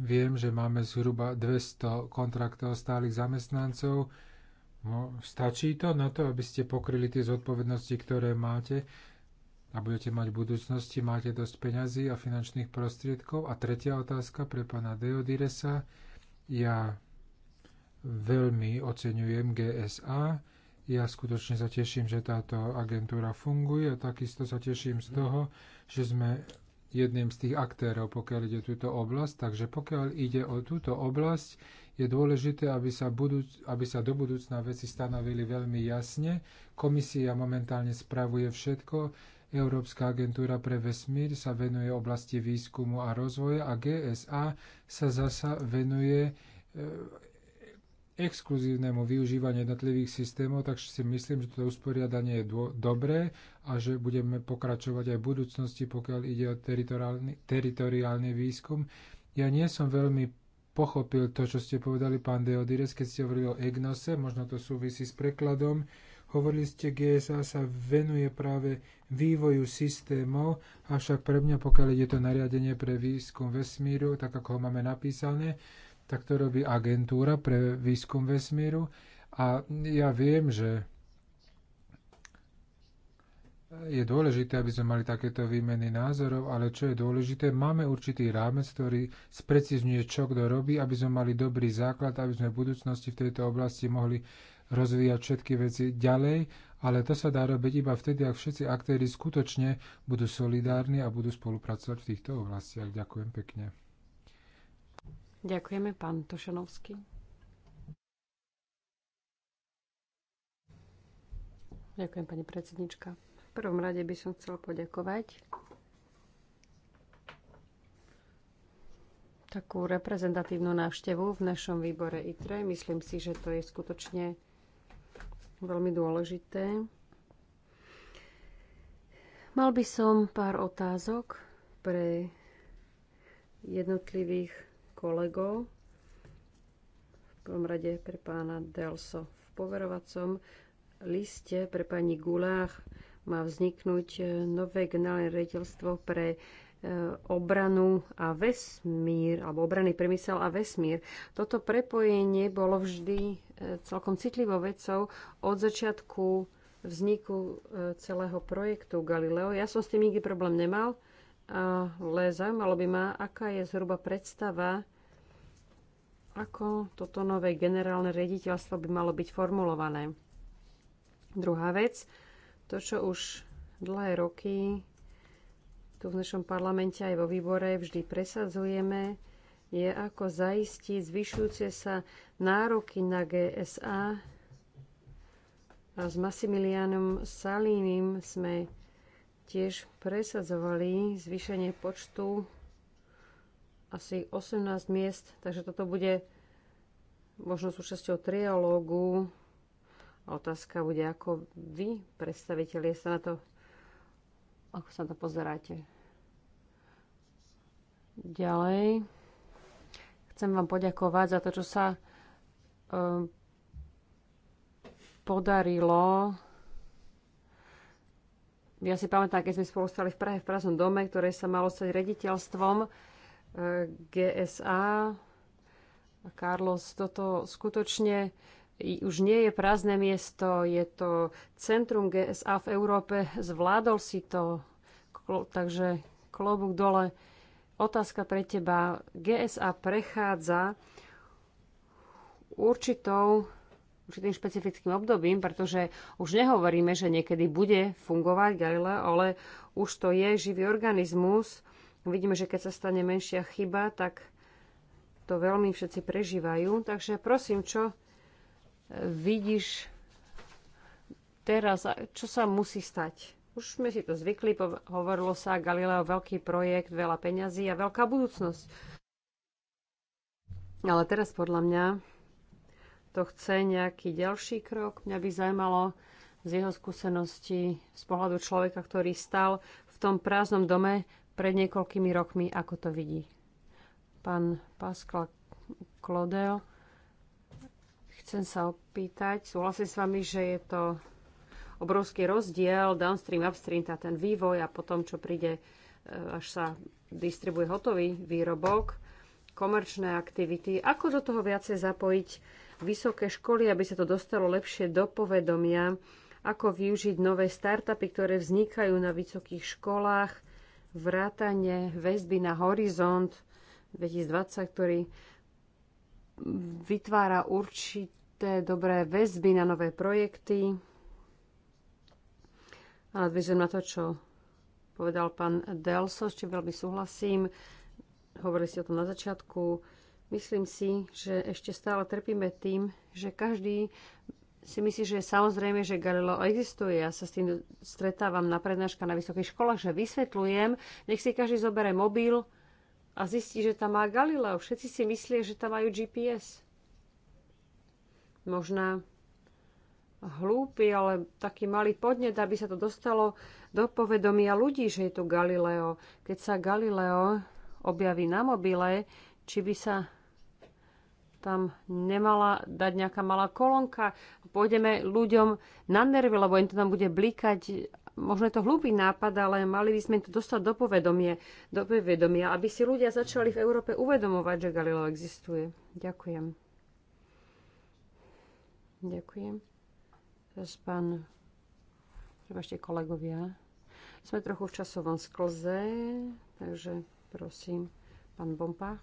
Viem, že máme zhruba 200 kontraktov stálych zamestnancov, No, stačí to na to, aby ste pokryli tie zodpovednosti, ktoré máte a budete mať v budúcnosti, máte dosť peňazí a finančných prostriedkov. A tretia otázka pre pána Deodiresa. Ja veľmi oceňujem GSA. Ja skutočne sa teším, že táto agentúra funguje a takisto sa teším z toho, že sme jedným z tých aktérov, pokiaľ ide túto oblasť. Takže pokiaľ ide o túto oblasť, je dôležité, aby sa, budúc, aby sa do budúcna veci stanovili veľmi jasne. Komisia momentálne spravuje všetko. Európska agentúra pre vesmír sa venuje oblasti výskumu a rozvoja a GSA sa zasa venuje e, exkluzívnemu využívaniu jednotlivých systémov, takže si myslím, že toto usporiadanie je dobré a že budeme pokračovať aj v budúcnosti, pokiaľ ide o teritoriálny, teritoriálny výskum. Ja nie som veľmi pochopil to, čo ste povedali, pán Deodires, keď ste hovorili o Egnose, možno to súvisí s prekladom. Hovorili ste, GSA sa venuje práve vývoju systémov, avšak pre mňa, pokiaľ je to nariadenie pre výskum vesmíru, tak ako ho máme napísané, tak to robí agentúra pre výskum vesmíru. A ja viem, že je dôležité, aby sme mali takéto výmeny názorov, ale čo je dôležité, máme určitý rámec, ktorý sprecizňuje, čo kto robí, aby sme mali dobrý základ, aby sme v budúcnosti v tejto oblasti mohli rozvíjať všetky veci ďalej, ale to sa dá robiť iba vtedy, ak všetci aktéry skutočne budú solidárni a budú spolupracovať v týchto oblastiach. Ďakujem pekne. Ďakujeme, pán Tošanovský. Ďakujem, pani predsednička prvom rade by som chcel poďakovať takú reprezentatívnu návštevu v našom výbore ITRE. Myslím si, že to je skutočne veľmi dôležité. Mal by som pár otázok pre jednotlivých kolegov. V prvom rade pre pána Delso v poverovacom liste pre pani Gulách má vzniknúť e, nové generálne rediteľstvo pre e, obranu a vesmír, alebo obranný priemysel a vesmír. Toto prepojenie bolo vždy e, celkom citlivou vecou od začiatku vzniku celého projektu Galileo. Ja som s tým nikdy problém nemal, ale zaujímalo by ma, aká je zhruba predstava, ako toto nové generálne rediteľstvo by malo byť formulované. Druhá vec, to, čo už dlhé roky tu v našom parlamente aj vo výbore vždy presadzujeme, je ako zaistiť zvyšujúce sa nároky na GSA. A s Massimilianom Salínim sme tiež presadzovali zvýšenie počtu asi 18 miest, takže toto bude možno súčasťou trialógu Otázka bude, ako vy, predstavitelie, sa na to, ako sa na to pozeráte. Ďalej, chcem vám poďakovať za to, čo sa um, podarilo. Ja si pamätám, keď sme spolu stali v Prahe v prázdnom dome, ktoré sa malo stať rediteľstvom e, GSA. Carlos, toto skutočne už nie je prázdne miesto, je to centrum GSA v Európe, zvládol si to, takže klobúk dole. Otázka pre teba. GSA prechádza určitou, určitým špecifickým obdobím, pretože už nehovoríme, že niekedy bude fungovať Galileo, ale už to je živý organizmus. Vidíme, že keď sa stane menšia chyba, tak to veľmi všetci prežívajú. Takže prosím, čo vidíš teraz, čo sa musí stať. Už sme si to zvykli, hovorilo sa Galileo veľký projekt, veľa peňazí a veľká budúcnosť. Ale teraz podľa mňa to chce nejaký ďalší krok. Mňa by zaujímalo z jeho skúsenosti, z pohľadu človeka, ktorý stal v tom prázdnom dome pred niekoľkými rokmi, ako to vidí. Pán Pascal Klodel. Chcem sa opýtať, súhlasím s vami, že je to obrovský rozdiel, downstream, upstream, tá ten vývoj a potom, čo príde, e, až sa distribuje hotový výrobok, komerčné aktivity. Ako do toho viacej zapojiť vysoké školy, aby sa to dostalo lepšie do povedomia? Ako využiť nové startupy, ktoré vznikajú na vysokých školách? Vrátanie väzby na horizont 2020, ktorý vytvára určité dobré väzby na nové projekty. A nadviežem na to, čo povedal pán Delso, s čím veľmi súhlasím. Hovorili ste o tom na začiatku. Myslím si, že ešte stále trpíme tým, že každý si myslí, že samozrejme, že Galileo existuje. Ja sa s tým stretávam na prednáška na vysokých školách, že vysvetľujem, nech si každý zobere mobil, a zistí, že tam má Galileo. Všetci si myslia, že tam majú GPS. Možná hlúpy, ale taký malý podnet, aby sa to dostalo do povedomia ľudí, že je tu Galileo. Keď sa Galileo objaví na mobile, či by sa tam nemala dať nejaká malá kolónka. Pôjdeme ľuďom na nervy, lebo im to tam bude blikať možno je to hlúpy nápad, ale mali by sme to dostať do povedomia, do povedomia, aby si ľudia začali v Európe uvedomovať, že Galileo existuje. Ďakujem. Ďakujem. Teraz pán, prebažte kolegovia. Sme trochu v časovom sklze, takže prosím, pán Bompach.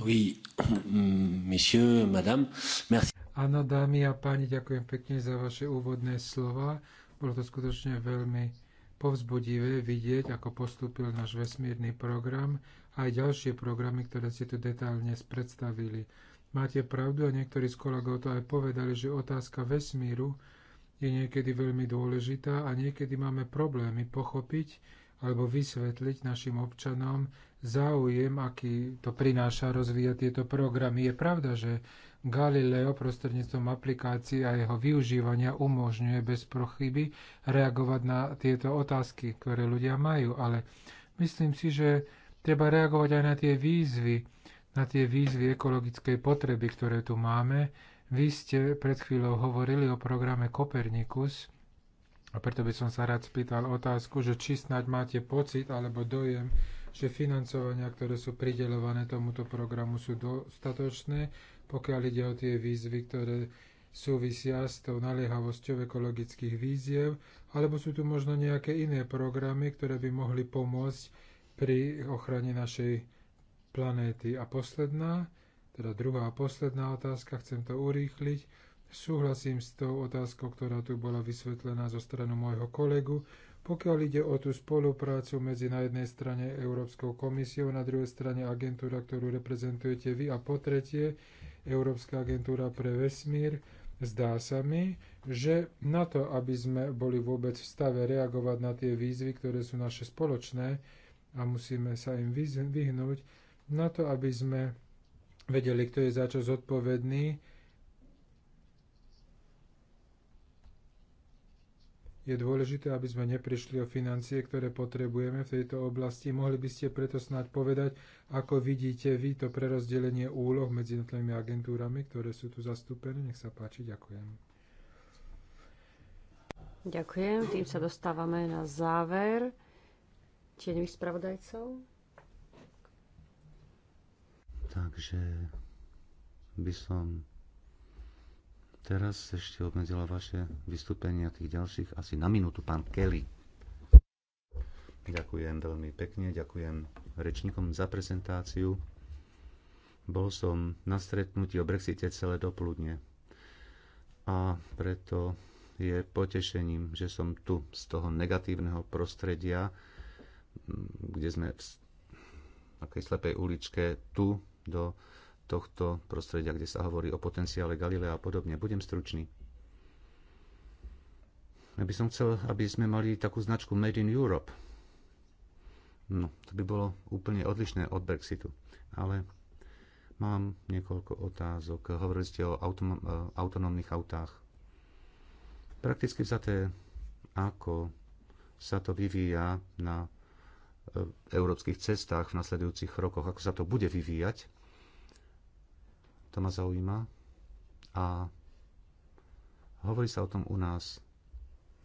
Oui, <coughs> monsieur, madame, merci. Áno, dámy a páni, ďakujem pekne za vaše úvodné slova. Bolo to skutočne veľmi povzbudivé vidieť, ako postúpil náš vesmírny program a aj ďalšie programy, ktoré ste tu detálne predstavili. Máte pravdu a niektorí z kolegov to aj povedali, že otázka vesmíru je niekedy veľmi dôležitá a niekedy máme problémy pochopiť, alebo vysvetliť našim občanom záujem, aký to prináša rozvíjať tieto programy. Je pravda, že Galileo prostredníctvom aplikácií a jeho využívania umožňuje bez prochyby reagovať na tieto otázky, ktoré ľudia majú, ale myslím si, že treba reagovať aj na tie výzvy, na tie výzvy ekologickej potreby, ktoré tu máme. Vy ste pred chvíľou hovorili o programe Copernicus. A preto by som sa rád spýtal otázku, že či snáď máte pocit alebo dojem, že financovania, ktoré sú prideľované tomuto programu, sú dostatočné, pokiaľ ide o tie výzvy, ktoré súvisia s tou naliehavosťou ekologických víziev, alebo sú tu možno nejaké iné programy, ktoré by mohli pomôcť pri ochrane našej planéty. A posledná, teda druhá a posledná otázka, chcem to urýchliť, Súhlasím s tou otázkou, ktorá tu bola vysvetlená zo stranu môjho kolegu. Pokiaľ ide o tú spoluprácu medzi na jednej strane Európskou komisiou, na druhej strane agentúra, ktorú reprezentujete vy a po tretie Európska agentúra pre vesmír, zdá sa mi, že na to, aby sme boli vôbec v stave reagovať na tie výzvy, ktoré sú naše spoločné a musíme sa im vyhnúť, na to, aby sme vedeli, kto je za čo zodpovedný, Je dôležité, aby sme neprišli o financie, ktoré potrebujeme v tejto oblasti. Mohli by ste preto snáď povedať, ako vidíte vy to prerozdelenie úloh medzi jednotlivými agentúrami, ktoré sú tu zastúpené. Nech sa páči, ďakujem. Ďakujem. Tým sa dostávame na záver tieňových spravodajcov. Takže by som Teraz ešte obmedzila vaše vystúpenia tých ďalších asi na minútu. Pán Kelly. Ďakujem veľmi pekne, ďakujem rečníkom za prezentáciu. Bol som na stretnutí o Brexite celé dopoludne a preto je potešením, že som tu z toho negatívneho prostredia, kde sme v takej slepej uličke, tu do tohto prostredia, kde sa hovorí o potenciále Galilea a podobne. Budem stručný. Ja by som chcel, aby sme mali takú značku Made in Europe. No, to by bolo úplne odlišné od Brexitu. Ale mám niekoľko otázok. Hovorili ste o autom- e, autonómnych autách. Prakticky to, ako sa to vyvíja na e, európskych cestách v nasledujúcich rokoch, ako sa to bude vyvíjať to ma zaujíma. A hovorí sa o tom u nás,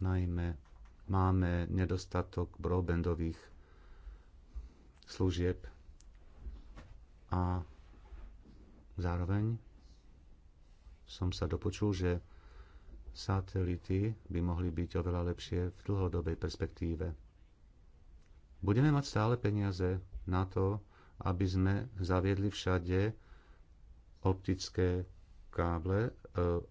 najmä máme nedostatok broadbandových služieb a zároveň som sa dopočul, že satelity by mohli byť oveľa lepšie v dlhodobej perspektíve. Budeme mať stále peniaze na to, aby sme zaviedli všade optické káble e,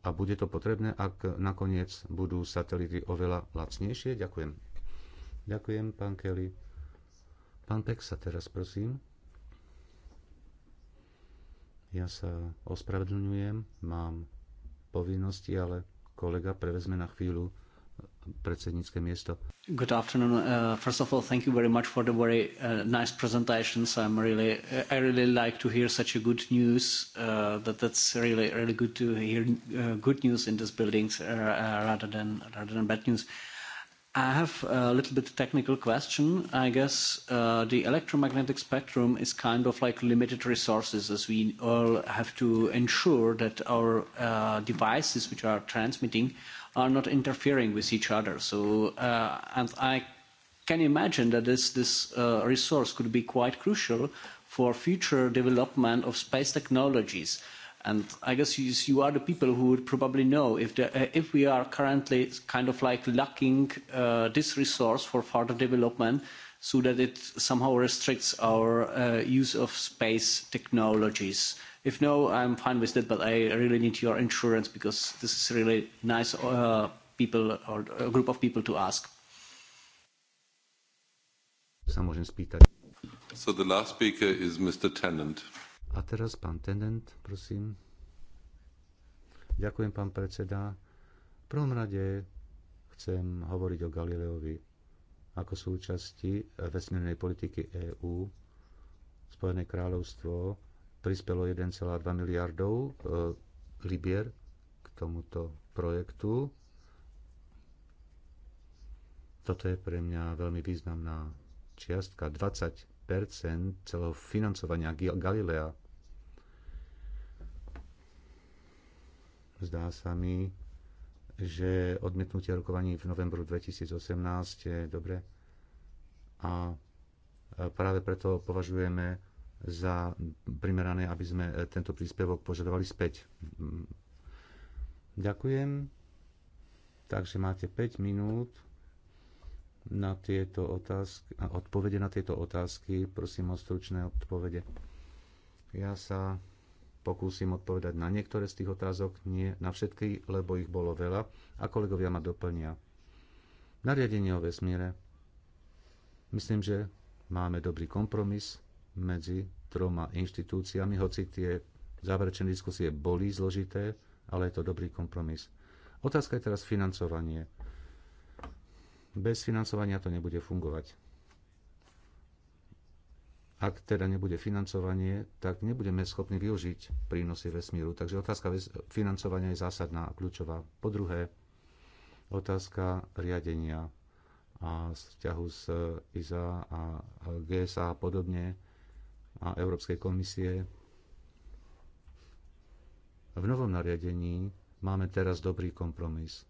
a bude to potrebné, ak nakoniec budú satelity oveľa lacnejšie? Ďakujem. Ďakujem, pán Kelly. Pán Peksa teraz, prosím. Ja sa ospravedlňujem, mám povinnosti, ale kolega prevezme na chvíľu predsednícke miesto. Good afternoon. Uh, first of all, thank you very much for the very uh, nice presentations. I'm really, I really like to hear such a good news. Uh, that that's really, really good to hear uh, good news in these buildings uh, uh, rather than rather than bad news. I have a little bit technical question. I guess uh, the electromagnetic spectrum is kind of like limited resources as we all have to ensure that our uh, devices which are transmitting uh, are not interfering with each other. So, uh, and I can imagine that this, this uh, resource could be quite crucial for future development of space technologies. And I guess you, you are the people who would probably know if, the, uh, if we are currently kind of like lacking uh, this resource for further development so that it somehow restricts our uh, use of space technologies If no, I'm fine with that, but I really need your insurance because this is really nice uh, people or a group of people to ask. So the last speaker is Mr. Tennant. A teraz pán Tennant, prosím. Ďakujem, pán predseda. V prvom rade chcem hovoriť o Galileovi ako súčasti vesmírnej politiky EÚ. Spojené kráľovstvo prispelo 1,2 miliardov e, libier k tomuto projektu. Toto je pre mňa veľmi významná čiastka, 20 celého financovania Galilea. Zdá sa mi, že odmietnutie rokovaní v novembru 2018 je dobre a práve preto považujeme za primerané, aby sme e, tento príspevok požadovali späť. Mm. Ďakujem. Takže máte 5 minút na tieto otázky, a odpovede na tieto otázky. Prosím o stručné odpovede. Ja sa pokúsim odpovedať na niektoré z tých otázok, nie na všetky, lebo ich bolo veľa a kolegovia ma doplnia. Nariadenie o vesmíre. Myslím, že máme dobrý kompromis medzi troma inštitúciami, hoci tie záverečné diskusie boli zložité, ale je to dobrý kompromis. Otázka je teraz financovanie. Bez financovania to nebude fungovať. Ak teda nebude financovanie, tak nebudeme schopní využiť prínosy vesmíru. Takže otázka financovania je zásadná a kľúčová. Po druhé, otázka riadenia a vzťahu s e, ISA a GSA a podobne a Európskej komisie. V novom nariadení máme teraz dobrý kompromis.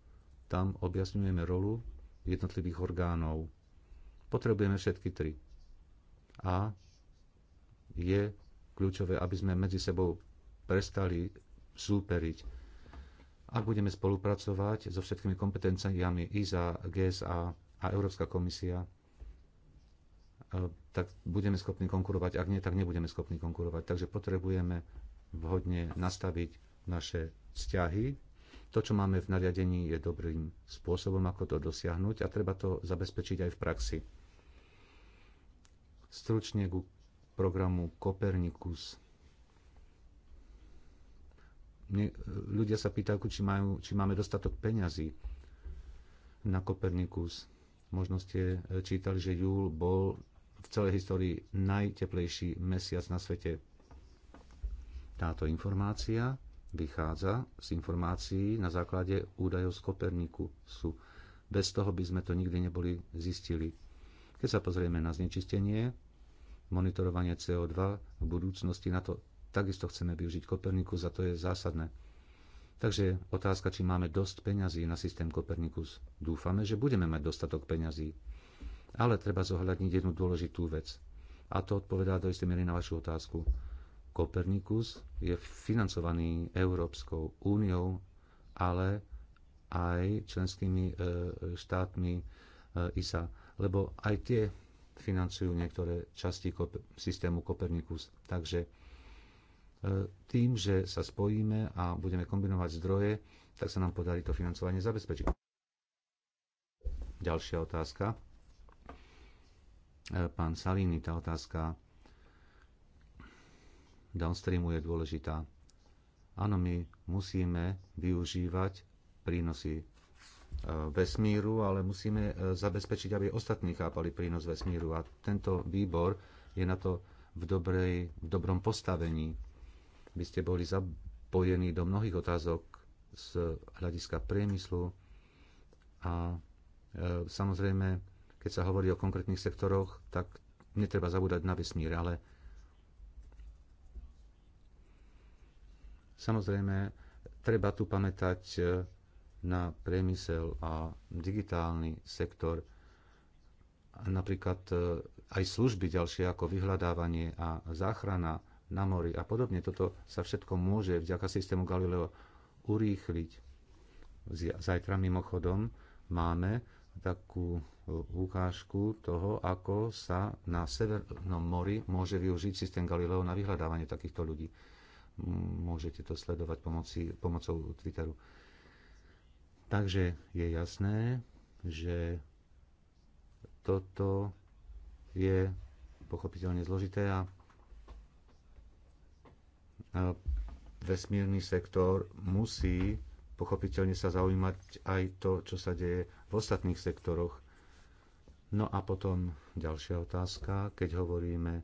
Tam objasňujeme rolu jednotlivých orgánov. Potrebujeme všetky tri. A je kľúčové, aby sme medzi sebou prestali súperiť. Ak budeme spolupracovať so všetkými kompetenciami ISA, GSA a Európska komisia, E, tak budeme schopní konkurovať. Ak nie, tak nebudeme schopní konkurovať. Takže potrebujeme vhodne nastaviť naše vzťahy. To, čo máme v nariadení, je dobrým spôsobom, ako to dosiahnuť a treba to zabezpečiť aj v praxi. Stručne ku programu Kopernikus. E, ľudia sa pýtajú, či, majú, či máme dostatok peňazí na Kopernikus. Možno ste e, čítali, že júl bol v celej histórii najteplejší mesiac na svete. Táto informácia vychádza z informácií na základe údajov z Koperniku. Sú. Bez toho by sme to nikdy neboli zistili. Keď sa pozrieme na znečistenie, monitorovanie CO2 v budúcnosti, na to takisto chceme využiť Kopernikus a to je zásadné. Takže otázka, či máme dosť peňazí na systém Kopernikus. Dúfame, že budeme mať dostatok peňazí. Ale treba zohľadniť jednu dôležitú vec. A to odpovedá do istej miery na vašu otázku. Kopernikus je financovaný Európskou úniou, ale aj členskými e, štátmi e, ISA, lebo aj tie financujú niektoré časti systému Kopernikus. Takže e, tým, že sa spojíme a budeme kombinovať zdroje, tak sa nám podarí to financovanie zabezpečiť. Ďalšia otázka. E, pán Salini, tá otázka downstreamu je dôležitá. Áno, my musíme využívať prínosy e, vesmíru, ale musíme e, zabezpečiť, aby ostatní chápali prínos vesmíru. A tento výbor je na to v, dobrej, v dobrom postavení. By ste boli zapojení do mnohých otázok z hľadiska priemyslu a e, samozrejme keď sa hovorí o konkrétnych sektoroch, tak netreba zabúdať na vesmír, ale samozrejme treba tu pamätať e, na priemysel a digitálny sektor, napríklad e, aj služby ďalšie ako vyhľadávanie a záchrana na mori a podobne. Toto sa všetko môže vďaka systému Galileo urýchliť. Zajtra mimochodom máme takú ukážku toho, ako sa na Severnom mori môže využiť systém Galileo na vyhľadávanie takýchto ľudí. Môžete to sledovať pomoci, pomocou Twitteru. Takže je jasné, že toto je pochopiteľne zložité a vesmírny sektor musí pochopiteľne sa zaujímať aj to, čo sa deje v ostatných sektoroch No a potom ďalšia otázka, keď hovoríme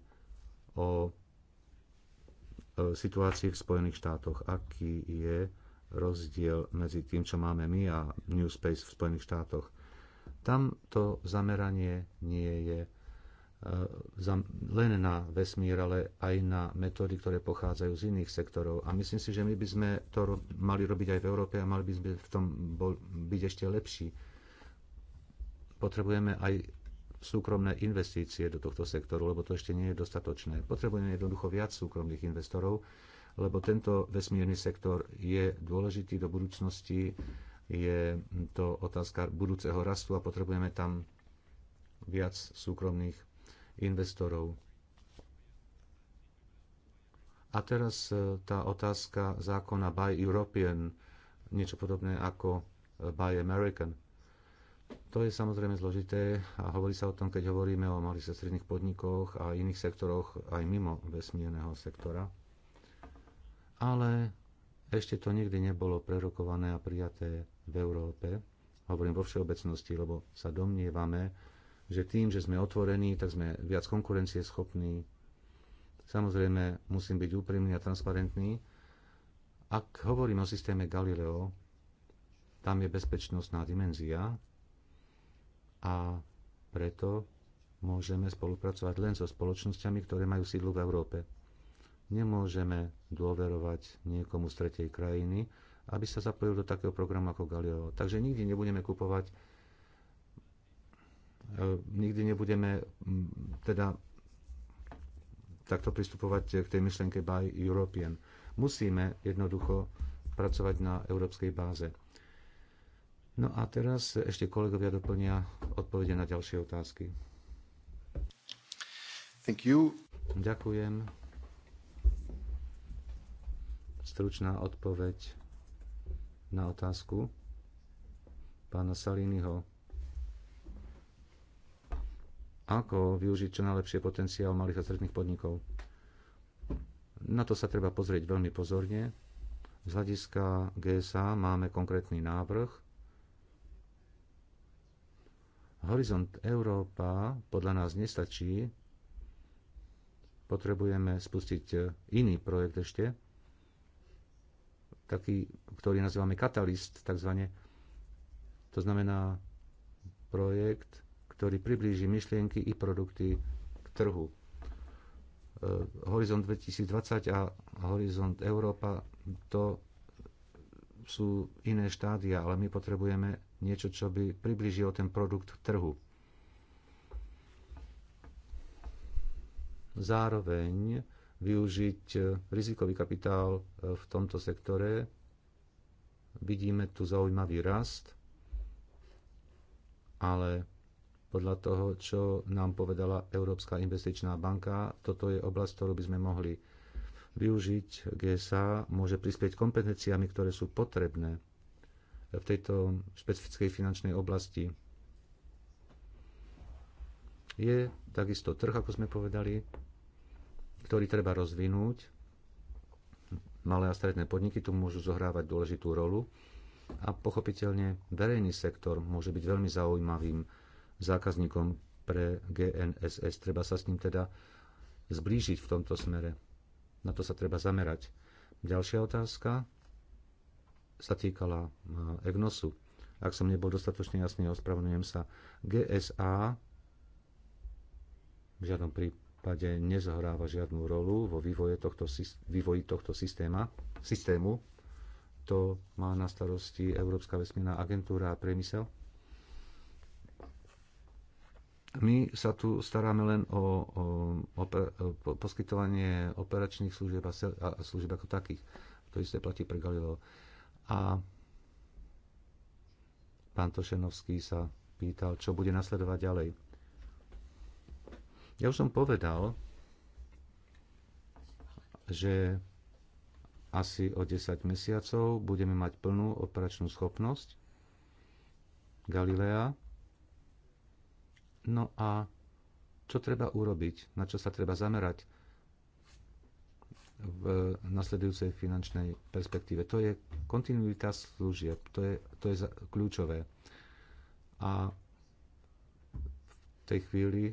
o e, situácii v Spojených štátoch. Aký je rozdiel medzi tým, čo máme my a New Space v Spojených štátoch? Tam to zameranie nie je e, len na vesmír, ale aj na metódy, ktoré pochádzajú z iných sektorov. A myslím si, že my by sme to mali robiť aj v Európe a mali by sme v tom byť ešte lepší potrebujeme aj súkromné investície do tohto sektoru, lebo to ešte nie je dostatočné. Potrebujeme jednoducho viac súkromných investorov, lebo tento vesmírny sektor je dôležitý do budúcnosti, je to otázka budúceho rastu a potrebujeme tam viac súkromných investorov. A teraz e, tá otázka zákona Buy European, niečo podobné ako Buy American. To je samozrejme zložité a hovorí sa o tom, keď hovoríme o malých a podnikoch a iných sektoroch aj mimo vesmírneho sektora. Ale ešte to nikdy nebolo prerokované a prijaté v Európe. Hovorím vo všeobecnosti, lebo sa domnievame, že tým, že sme otvorení, tak sme viac konkurencieschopní. Samozrejme, musím byť úprimný a transparentný. Ak hovorím o systéme Galileo, tam je bezpečnostná dimenzia, a preto môžeme spolupracovať len so spoločnosťami, ktoré majú sídlo v Európe. Nemôžeme dôverovať niekomu z tretej krajiny, aby sa zapojil do takého programu ako Galileo. Takže nikdy nebudeme kupovať, e, nikdy nebudeme teda takto pristupovať k tej myšlenke by European. Musíme jednoducho pracovať na európskej báze. No a teraz ešte kolegovia doplnia odpovede na ďalšie otázky. Thank you. Ďakujem. Stručná odpoveď na otázku pána Saliniho. Ako využiť čo najlepšie potenciál malých a stredných podnikov? Na to sa treba pozrieť veľmi pozorne. Z hľadiska GSA máme konkrétny návrh, Horizont Európa podľa nás nestačí. Potrebujeme spustiť e, iný projekt ešte, taký, ktorý nazývame katalist, takzvané. To znamená projekt, ktorý priblíži myšlienky i produkty k trhu. E, Horizont 2020 a Horizont Európa to sú iné štádia, ale my potrebujeme niečo, čo by približilo ten produkt v trhu. Zároveň využiť eh, rizikový kapitál eh, v tomto sektore. Vidíme tu zaujímavý rast, ale podľa toho, čo nám povedala Európska investičná banka, toto je oblasť, ktorú by sme mohli využiť. GSA môže prispieť kompetenciami, ktoré sú potrebné v tejto špecifickej finančnej oblasti. Je takisto trh, ako sme povedali, ktorý treba rozvinúť. Malé a stredné podniky tu môžu zohrávať dôležitú rolu a pochopiteľne verejný sektor môže byť veľmi zaujímavým zákazníkom pre GNSS. Treba sa s ním teda zblížiť v tomto smere. Na to sa treba zamerať. Ďalšia otázka sa týkala e, EGNOSu. Ak som nebol dostatočne jasný, ospravedlňujem sa. GSA v žiadnom prípade nezohráva žiadnu rolu vo vývoje tohto, vývoji tohto systéma, systému. To má na starosti Európska vesmírna agentúra a priemysel. My sa tu staráme len o, o, o poskytovanie operačných služieb a, a služieb ako takých. To isté platí pre Galileo. A pán Tošenovský sa pýtal, čo bude nasledovať ďalej. Ja už som povedal, že asi o 10 mesiacov budeme mať plnú operačnú schopnosť Galilea. No a čo treba urobiť, na čo sa treba zamerať? v nasledujúcej finančnej perspektíve. To je kontinuita služieb, to je, to je kľúčové. A v tej chvíli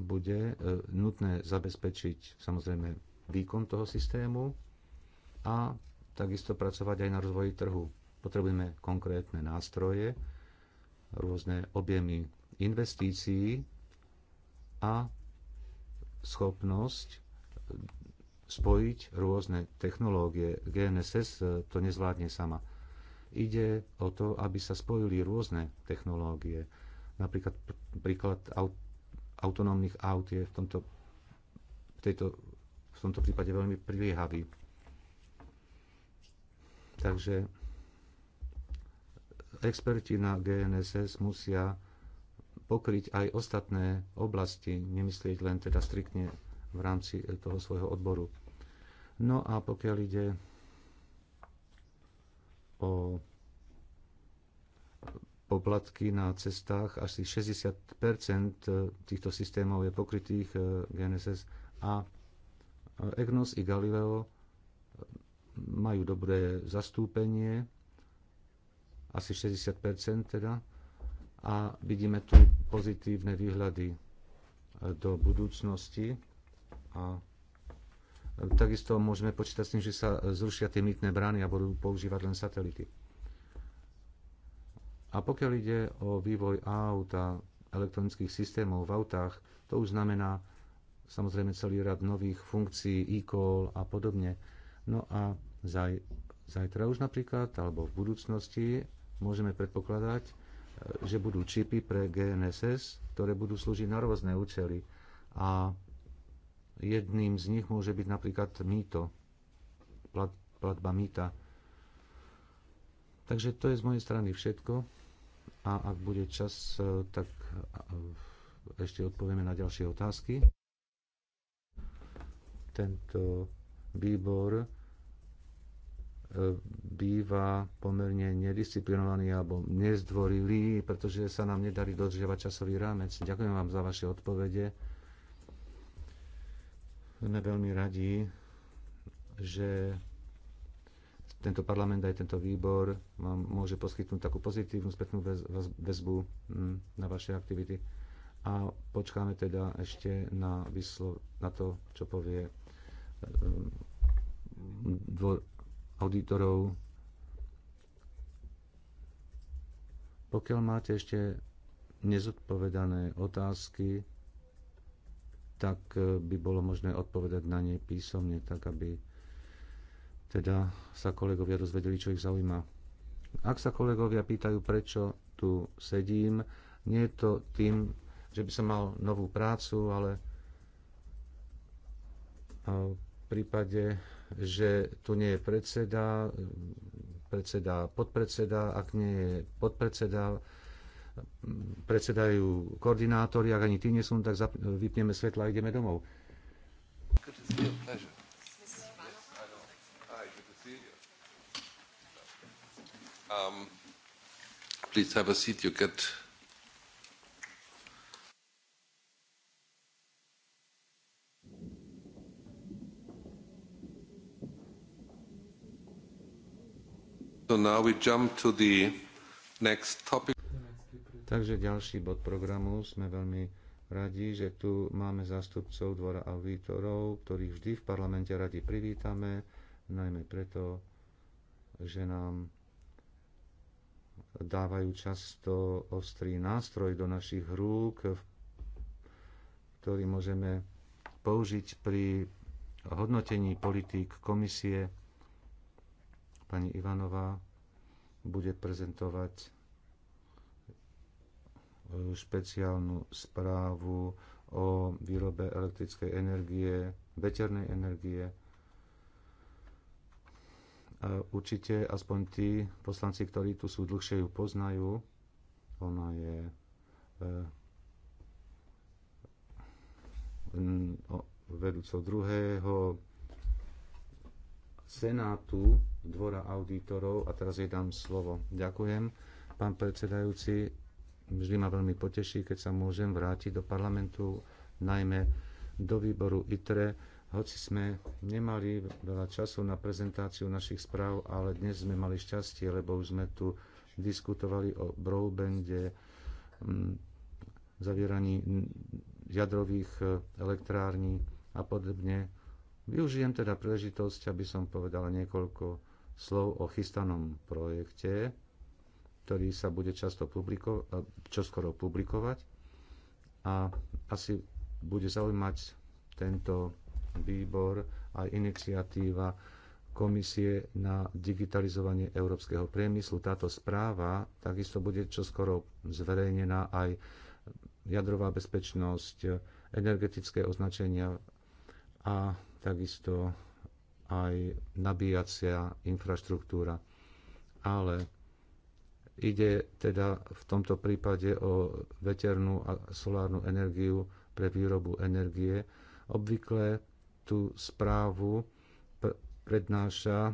bude e, nutné zabezpečiť samozrejme výkon toho systému a takisto pracovať aj na rozvoji trhu. Potrebujeme konkrétne nástroje, rôzne objemy investícií a schopnosť spojiť rôzne technológie. GNSS e, to nezvládne sama. Ide o to, aby sa spojili rôzne technológie. Napríklad príklad aut, autonómnych aut je v tomto, v, tejto, v tomto prípade veľmi priliehavý. Takže experti na GNSS musia pokryť aj ostatné oblasti, nemyslieť len teda striktne v rámci e, toho svojho odboru. No a pokiaľ ide o poplatky na cestách, asi 60 e, týchto systémov je pokrytých e, GNSS a EGNOS i Galileo majú dobré zastúpenie, asi 60 teda, a vidíme tu pozitívne výhľady do budúcnosti a takisto môžeme počítať s tým, že sa zrušia tie mytné brány a budú používať len satelity. A pokiaľ ide o vývoj aut a elektronických systémov v autách, to už znamená samozrejme celý rad nových funkcií, e-call a podobne. No a zaj, zajtra už napríklad, alebo v budúcnosti, môžeme predpokladať, e, že budú čipy pre GNSS, ktoré budú slúžiť na rôzne účely. A Jedným z nich môže byť napríklad mýto, platba mýta. Takže to je z mojej strany všetko a ak bude čas, e, tak e, ešte odpovieme na ďalšie otázky. Tento výbor e, býva pomerne nedisciplinovaný alebo nezdvorilý, pretože sa nám nedarí dodržiavať časový rámec. Ďakujem vám za vaše odpovede. Sme veľmi radi, že tento parlament aj tento výbor vám môže poskytnúť takú pozitívnu spätnú väzbu hm, na vaše aktivity a počkáme teda ešte na, vyslo- na to, čo povie hm, dvor auditorov. Pokiaľ máte ešte nezodpovedané otázky, tak e, by bolo možné odpovedať na ne písomne, tak aby teda sa kolegovia dozvedeli, čo ich zaujíma. Ak sa kolegovia pýtajú, prečo tu sedím, nie je to tým, že by som mal novú prácu, ale e, v prípade, že tu nie je predseda, predseda, podpredseda, ak nie je podpredseda, predsedajú koordinátori, ak ani tí nie sú, tak vypneme svetla a ideme domov. Um, so now we jump to the next topic. Takže ďalší bod programu sme veľmi radi, že tu máme zástupcov dvora auditorov, ktorých vždy v parlamente radi privítame, najmä preto, že nám dávajú často ostrý nástroj do našich rúk, ktorý môžeme použiť pri hodnotení politík komisie. Pani Ivanová bude prezentovať špeciálnu správu o výrobe elektrickej energie, veternej energie. Určite aspoň tí poslanci, ktorí tu sú dlhšie, ju poznajú. Ona je e, vedúcou druhého Senátu, Dvora auditorov. A teraz jej dám slovo. Ďakujem, pán predsedajúci vždy ma veľmi poteší, keď sa môžem vrátiť do parlamentu, najmä do výboru ITRE, hoci sme nemali veľa času na prezentáciu našich správ, ale dnes sme mali šťastie, lebo už sme tu diskutovali o broadbande, mm, zavieraní jadrových e, elektrární a podobne. Využijem teda príležitosť, aby som povedal niekoľko slov o chystanom projekte, ktorý sa bude často publiko- čoskoro publikovať a asi bude zaujímať tento výbor a iniciatíva Komisie na digitalizovanie európskeho priemyslu. Táto správa takisto bude čoskoro zverejnená aj jadrová bezpečnosť, energetické označenia a takisto aj nabíjacia infraštruktúra. Ale Ide teda v tomto prípade o veternú a solárnu energiu pre výrobu energie. Obvykle tú správu prednáša e,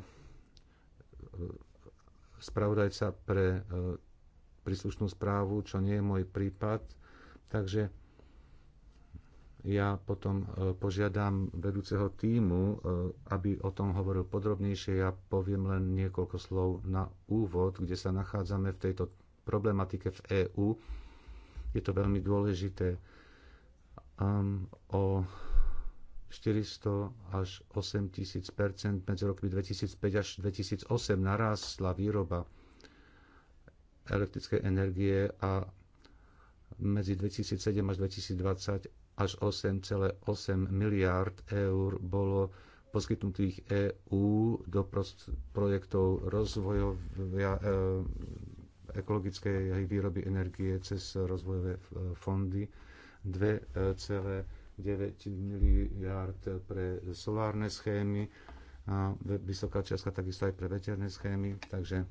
spravodajca pre e, príslušnú správu, čo nie je môj prípad. Takže ja potom e, požiadam vedúceho týmu, e, aby o tom hovoril podrobnejšie. Ja poviem len niekoľko slov na úvod, kde sa nachádzame v tejto problematike v EÚ. Je to veľmi dôležité. Um, o 400 až 8 tisíc percent medzi rokmi 2005 až 2008 narástla výroba elektrickej energie a medzi 2007 až 2020 až 8,8 miliárd eur bolo poskytnutých EÚ do projektov rozvojovia e, ekologickej výroby energie cez rozvojové e, fondy, 2,9 miliárd pre solárne schémy, a vysoká čiastka takisto aj pre veterné schémy, takže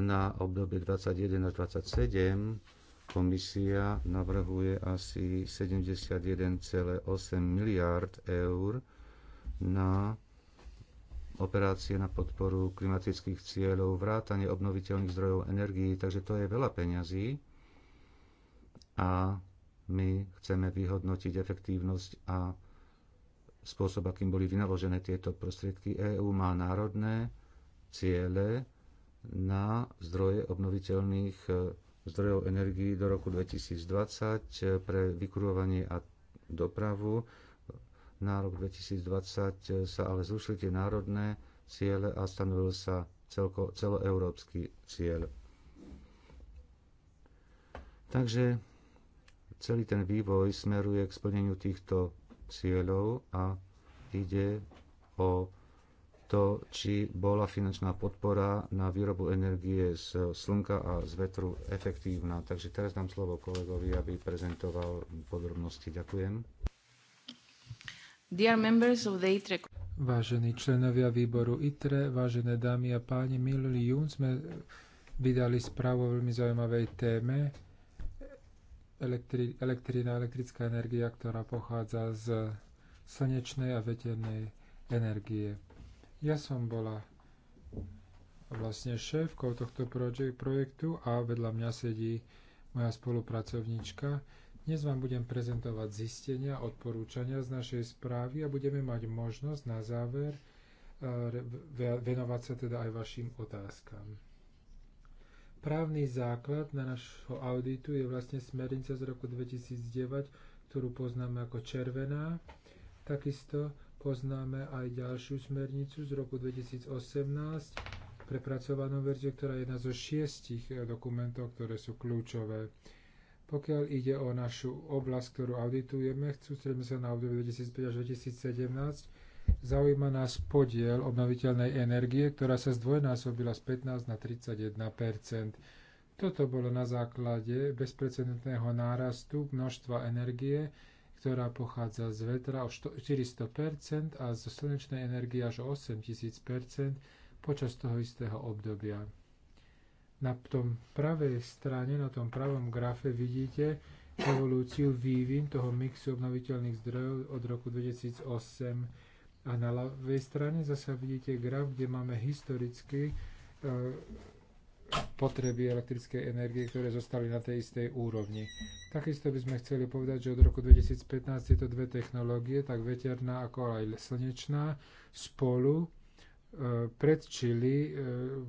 na obdobie 21 až 27 komisia navrhuje asi 71,8 miliard eur na operácie na podporu klimatických cieľov, vrátanie obnoviteľných zdrojov energií, takže to je veľa peňazí a my chceme vyhodnotiť efektívnosť a spôsob, akým boli vynaložené tieto prostriedky. EÚ má národné ciele na zdroje obnoviteľných e, zdrojov energií do roku 2020 e, pre vykurovanie a dopravu. Na rok 2020 e, sa ale zrušili tie národné ciele a stanovil sa celko, celoeurópsky cieľ. Takže celý ten vývoj smeruje k splneniu týchto cieľov a ide o to, či bola finančná podpora na výrobu energie z slnka a z vetru efektívna. Takže teraz dám slovo kolegovi, aby prezentoval podrobnosti. Ďakujem. Dear members of the ITRE... Vážení členovia výboru ITRE, vážené dámy a páni, minulý jún sme vydali správu o veľmi zaujímavej téme elektri- elektrina, elektrická energia, ktorá pochádza z slnečnej a veternej energie. Ja som bola vlastne šéfkou tohto project, projektu a vedľa mňa sedí moja spolupracovníčka. Dnes vám budem prezentovať zistenia, odporúčania z našej správy a budeme mať možnosť na záver e, venovať sa teda aj vašim otázkam. Právny základ na našho auditu je vlastne smernica z roku 2009, ktorú poznáme ako červená. Takisto poznáme aj ďalšiu smernicu z roku 2018, prepracovanú verziu, ktorá je jedna zo šiestich eh, dokumentov, ktoré sú kľúčové. Pokiaľ ide o našu oblasť, ktorú auditujeme, sústredíme sa na obdobie 2005 až 2017, zaujíma nás podiel obnoviteľnej energie, ktorá sa zdvojnásobila z 15 na 31 Toto bolo na základe bezprecedentného nárastu množstva energie, ktorá pochádza z vetra o 400% a zo slnečnej energie až o 8000% počas toho istého obdobia. Na tom pravej strane, na tom pravom grafe vidíte evolúciu, vývin toho mixu obnoviteľných zdrojov od roku 2008 a na ľavej strane zasa vidíte graf, kde máme historicky e, potreby elektrickej energie, ktoré zostali na tej istej úrovni. Takisto by sme chceli povedať, že od roku 2015 tieto dve technológie, tak veterná ako aj slnečná, spolu e, predčili e,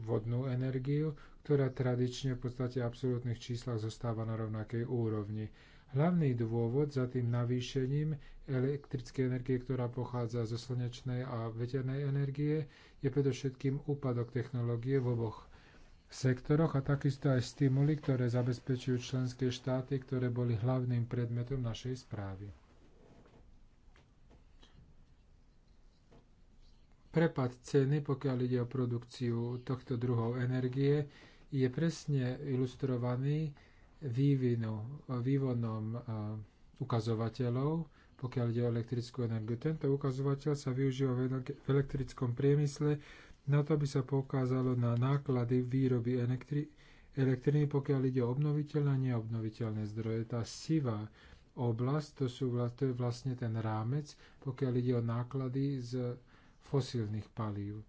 vodnú energiu, ktorá tradične v podstate v absolútnych číslach zostáva na rovnakej úrovni. Hlavný dôvod za tým navýšením elektrickej energie, ktorá pochádza zo slnečnej a veternej energie, je predovšetkým úpadok technológie v oboch sektoroch a takisto aj stimuly, ktoré zabezpečujú členské štáty, ktoré boli hlavným predmetom našej správy. Prepad ceny, pokiaľ ide o produkciu tohto druhov energie, je presne ilustrovaný vývinu, vývonom e, ukazovateľov, pokiaľ ide o elektrickú energiu. Tento ukazovateľ sa využíva v elektrickom priemysle na to by sa poukázalo na náklady výroby elektri- elektriny, pokiaľ ide o obnoviteľné a neobnoviteľné zdroje. Tá sivá oblasť, to, sú, to je vlastne ten rámec, pokiaľ ide o náklady z fosílnych palív.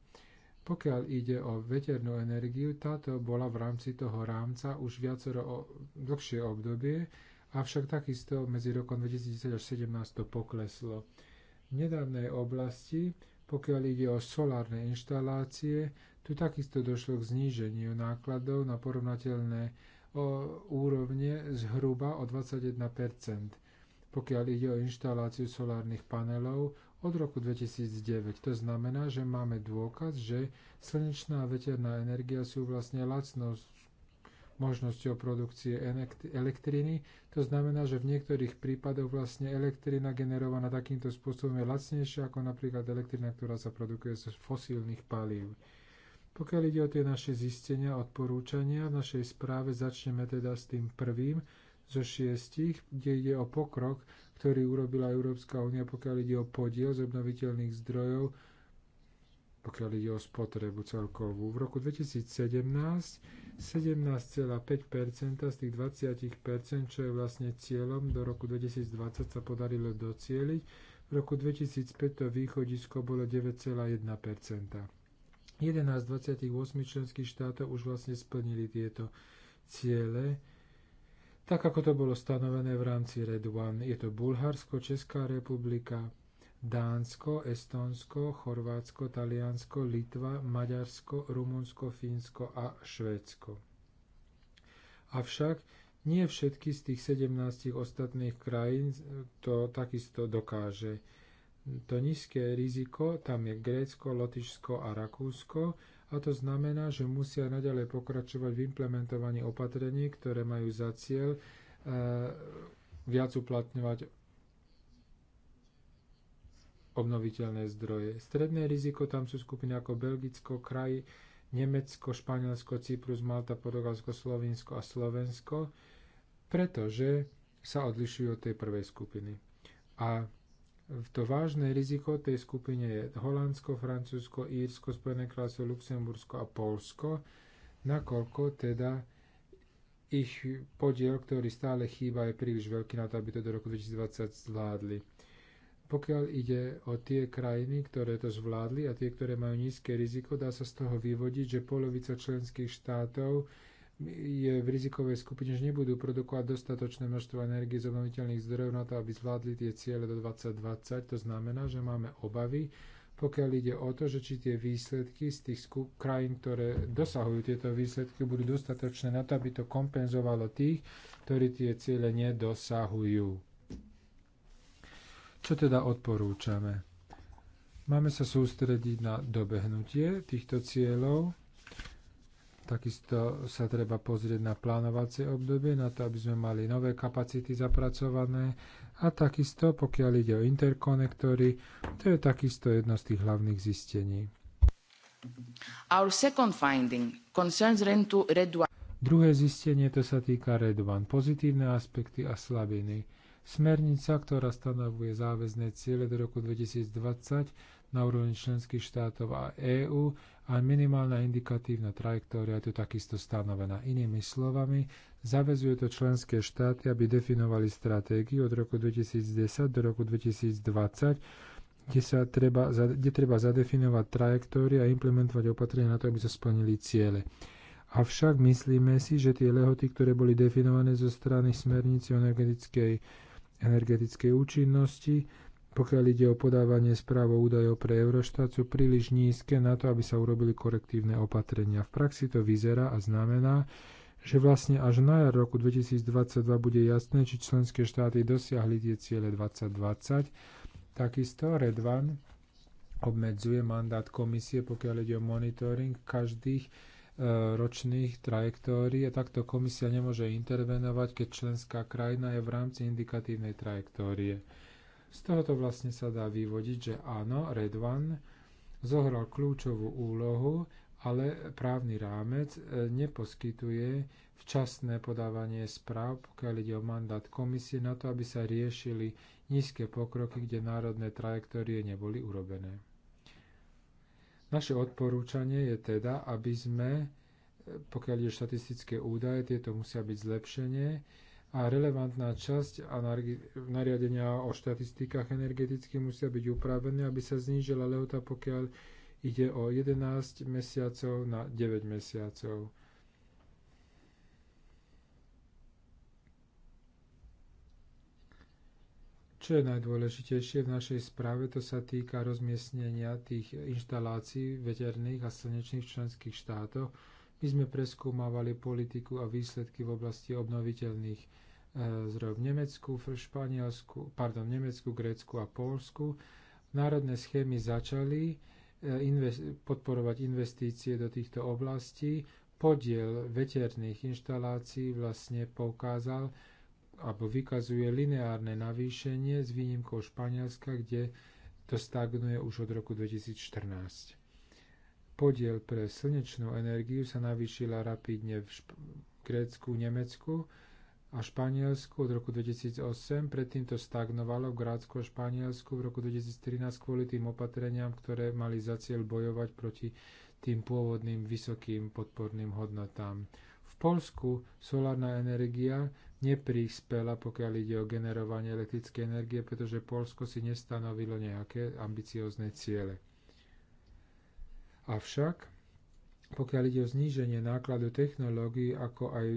Pokiaľ ide o veternú energiu, táto bola v rámci toho rámca už viacero o, dlhšie obdobie, avšak takisto medzi rokom 2010 až 2017 to pokleslo. V nedávnej oblasti pokiaľ ide o solárne inštalácie, tu takisto došlo k zníženiu nákladov na porovnateľné úrovne zhruba o 21 pokiaľ ide o inštaláciu solárnych panelov od roku 2009. To znamená, že máme dôkaz, že slnečná a veterná energia sú vlastne lacnou možnosťou produkcie elektriny. To znamená, že v niektorých prípadoch vlastne elektrina generovaná takýmto spôsobom je lacnejšia ako napríklad elektrina, ktorá sa produkuje z fosílnych palív. Pokiaľ ide o tie naše zistenia, odporúčania, v našej správe začneme teda s tým prvým zo šiestich, kde ide o pokrok, ktorý urobila Európska únia, pokiaľ ide o podiel z obnoviteľných zdrojov, pokiaľ ide o spotrebu celkovú. V roku 2017 17,5% z tých 20%, čo je vlastne cieľom, do roku 2020 sa podarilo docieliť. V roku 2005 to východisko bolo 9,1%. 11 z 28 členských štátov už vlastne splnili tieto ciele, tak ako to bolo stanovené v rámci RED 1. Je to Bulharsko, Česká republika, Dánsko, Estónsko, Chorvátsko, Taliansko, Litva, Maďarsko, Rumunsko, Fínsko a Švédsko. Avšak nie všetky z tých 17 ostatných krajín eh, to takisto dokáže. To nízke riziko, tam je Grécko, Lotyšsko a Rakúsko, a to znamená, že musia naďalej pokračovať v implementovaní opatrení, ktoré majú za cieľ e, viac uplatňovať obnoviteľné zdroje. Stredné riziko tam sú skupiny ako Belgicko, kraj, Nemecko, Španielsko, Cyprus, Malta, Portugalsko, Slovinsko a Slovensko, pretože sa odlišujú od tej prvej skupiny. A to vážne riziko tej skupine je Holandsko, Francúzsko, Írsko, Spojené kráľovstvo, Luxembursko a Polsko, nakoľko teda ich podiel, ktorý stále chýba, je príliš veľký na to, aby to do roku 2020 zvládli. Pokiaľ ide o tie krajiny, ktoré to zvládli a tie, ktoré majú nízke riziko, dá sa z toho vyvodiť, že polovica členských štátov je v rizikovej skupine, že nebudú produkovať dostatočné množstvo energie z obnoviteľných zdrojov na to, aby zvládli tie ciele do 2020. To znamená, že máme obavy, pokiaľ ide o to, že či tie výsledky z tých skup- krajín, ktoré dosahujú tieto výsledky, budú dostatočné na to, aby to kompenzovalo tých, ktorí tie ciele nedosahujú. Čo teda odporúčame? Máme sa sústrediť na dobehnutie týchto cieľov. Takisto sa treba pozrieť na plánovacie obdobie, na to, aby sme mali nové kapacity zapracované. A takisto, pokiaľ ide o interkonektory, to je takisto jedno z tých hlavných zistení. Our second finding concerns Druhé zistenie to sa týka RED1, pozitívne aspekty a slabiny. Smernica, ktorá stanovuje záväzné ciele do roku 2020 na úrovni členských štátov a EÚ a minimálna indikatívna trajektória je tu takisto stanovená. Inými slovami, zavezuje to členské štáty, aby definovali stratégiu od roku 2010 do roku 2020, kde, sa treba, kde treba zadefinovať trajektórie a implementovať opatrenia na to, aby sa splnili ciele. Avšak myslíme si, že tie lehoty, ktoré boli definované zo strany smernice o energetickej energetickej účinnosti, pokiaľ ide o podávanie správ o údajov pre Eurostat, sú príliš nízke na to, aby sa urobili korektívne opatrenia. V praxi to vyzerá a znamená, že vlastne až na jar roku 2022 bude jasné, či členské štáty dosiahli tie ciele 2020. Takisto Redvan obmedzuje mandát komisie, pokiaľ ide o monitoring každých Eh, ročných trajektórií a takto komisia nemôže intervenovať, keď členská krajina je v rámci indikatívnej trajektórie. Z tohoto vlastne sa dá vyvodiť, že áno, Red One zohral kľúčovú úlohu, ale právny rámec eh, neposkytuje včasné podávanie správ, pokiaľ ide o mandát komisie na to, aby sa riešili nízke pokroky, kde národné trajektórie neboli urobené. Naše odporúčanie je teda, aby sme, pokiaľ je štatistické údaje, tieto musia byť zlepšenie a relevantná časť a nariadenia o štatistikách energetických musia byť upravené, aby sa znížila lehota, pokiaľ ide o 11 mesiacov na 9 mesiacov. Čo je najdôležitejšie v našej správe, to sa týka rozmiestnenia tých inštalácií veterných a slnečných v členských štátoch. My sme preskúmavali politiku a výsledky v oblasti obnoviteľných e, zdrojov v Nemecku, v Španielsku, pardon, v Nemecku, Grécku a Polsku. Národné schémy začali e, invest- podporovať investície do týchto oblastí. Podiel veterných inštalácií vlastne poukázal, alebo vykazuje lineárne navýšenie s výnimkou Španielska, kde to stagnuje už od roku 2014. Podiel pre slnečnú energiu sa navýšila rapidne v Šp- Grécku, Nemecku a Španielsku od roku 2008. Predtým to stagnovalo v Grécku a Španielsku v roku 2013 kvôli tým opatreniam, ktoré mali za cieľ bojovať proti tým pôvodným vysokým podporným hodnotám. V Polsku solárna energia neprispela, pokiaľ ide o generovanie elektrickej energie, pretože Polsko si nestanovilo nejaké ambiciózne ciele. Avšak, pokiaľ ide o zníženie nákladu technológií, ako aj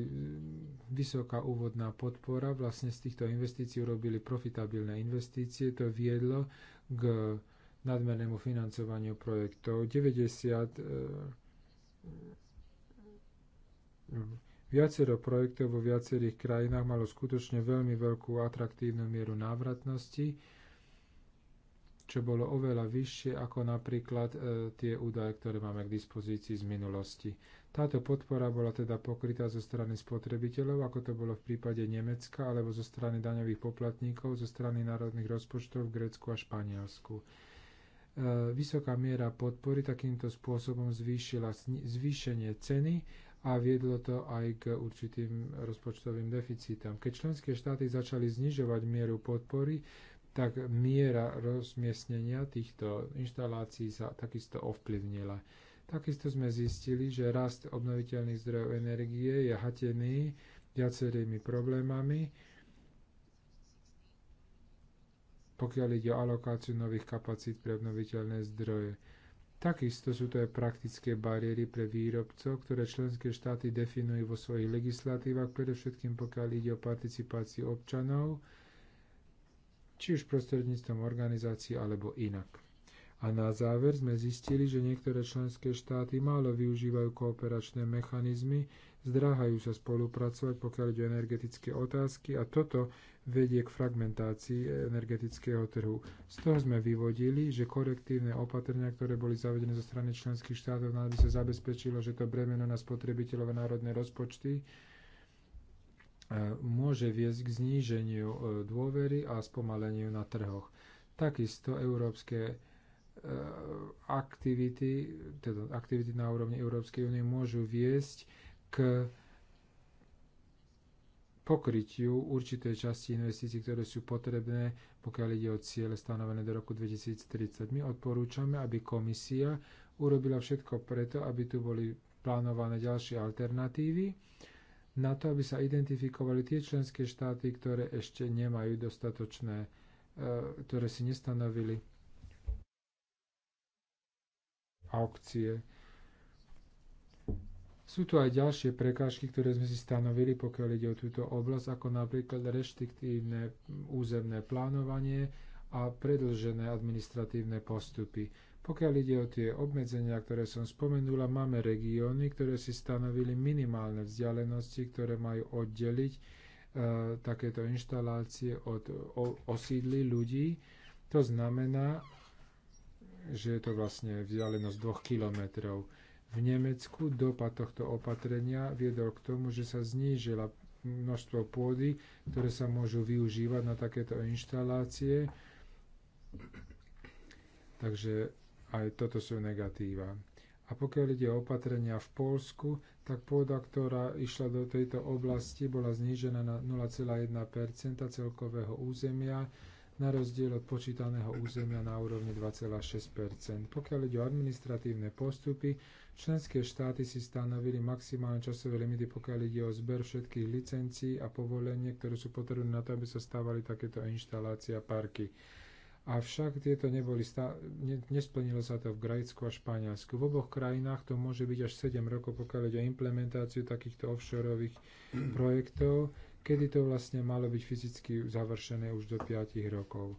vysoká úvodná podpora, vlastne z týchto investícií urobili profitabilné investície, to viedlo k nadmernému financovaniu projektov. 90 Viacero projektov vo viacerých krajinách malo skutočne veľmi veľkú atraktívnu mieru návratnosti, čo bolo oveľa vyššie ako napríklad e, tie údaje, ktoré máme k dispozícii z minulosti. Táto podpora bola teda pokrytá zo strany spotrebiteľov, ako to bolo v prípade Nemecka, alebo zo strany daňových poplatníkov, zo strany národných rozpočtov v Grécku a Španielsku e, vysoká miera podpory takýmto spôsobom zvýšila zvýšenie ceny a viedlo to aj k určitým rozpočtovým deficitám. Keď členské štáty začali znižovať mieru podpory, tak miera rozmiestnenia týchto inštalácií sa takisto ovplyvnila. Takisto sme zistili, že rast obnoviteľných zdrojov energie je hatený viacerými problémami, pokiaľ ide o alokáciu nových kapacít pre obnoviteľné zdroje. Takisto sú to aj praktické bariéry pre výrobcov, ktoré členské štáty definujú vo svojich legislatívach, predovšetkým pokiaľ ide o participáciu občanov, či už prostredníctvom organizácií alebo inak. A na záver sme zistili, že niektoré členské štáty málo využívajú kooperačné mechanizmy, zdráhajú sa spolupracovať, pokiaľ ide o energetické otázky a toto vedie k fragmentácii energetického trhu. Z toho sme vyvodili, že korektívne opatrenia, ktoré boli zavedené zo strany členských štátov, aby sa zabezpečilo, že to bremeno na spotrebiteľov a národné rozpočty e, môže viesť k zníženiu e, dôvery a spomaleniu na trhoch. Takisto európske e, aktivity, teda aktivity na úrovni Európskej únie môžu viesť k pokrytiu určitej časti investícií, ktoré sú potrebné, pokiaľ ide o ciele stanovené do roku 2030. My odporúčame, aby komisia urobila všetko preto, aby tu boli plánované ďalšie alternatívy, na to, aby sa identifikovali tie členské štáty, ktoré ešte nemajú dostatočné, e, ktoré si nestanovili aukcie sú tu aj ďalšie prekážky, ktoré sme si stanovili, pokiaľ ide o túto oblasť, ako napríklad reštriktívne územné plánovanie a predlžené administratívne postupy. Pokiaľ ide o tie obmedzenia, ktoré som spomenula, máme regióny, ktoré si stanovili minimálne vzdialenosti, ktoré majú oddeliť e, takéto inštalácie od o, osídly ľudí. To znamená, že je to vlastne vzdialenosť 2 kilometrov. V Nemecku dopad tohto opatrenia viedol k tomu, že sa znížila množstvo pôdy, ktoré sa môžu využívať na takéto inštalácie. Takže aj toto sú negatíva. A pokiaľ ide o opatrenia v Polsku, tak pôda, ktorá išla do tejto oblasti, bola znížená na 0,1 celkového územia na rozdiel od počítaného územia na úrovni 2,6 Pokiaľ ide o administratívne postupy, členské štáty si stanovili maximálne časové limity, pokiaľ ide o zber všetkých licencií a povolenie, ktoré sú potrebné na to, aby sa stávali takéto inštalácie a parky. Avšak tieto neboli stá... nesplnilo sa to v Grécku a Španielsku. V oboch krajinách to môže byť až 7 rokov, pokiaľ ide o implementáciu takýchto offshoreových projektov kedy to vlastne malo byť fyzicky završené už do 5 rokov.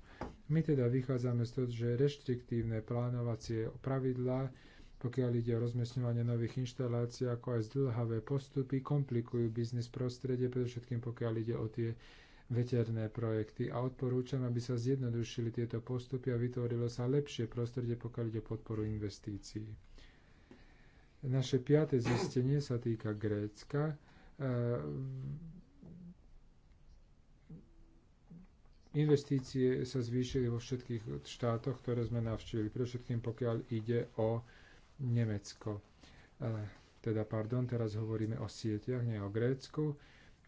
My teda vychádzame z toho, že reštriktívne plánovacie pravidlá, pokiaľ ide o rozmiestňovanie nových inštalácií, ako aj zdlhavé postupy, komplikujú biznis prostredie, predovšetkým pokiaľ ide o tie veterné projekty a odporúčam, aby sa zjednodušili tieto postupy a vytvorilo sa lepšie prostredie, pokiaľ ide o podporu investícií. Naše piate zistenie sa týka Grécka. E, Investície sa zvýšili vo všetkých štátoch, ktoré sme navštívili, pre všetkým pokiaľ ide o Nemecko. Teda, pardon, teraz hovoríme o sieťach, nie o Grécku.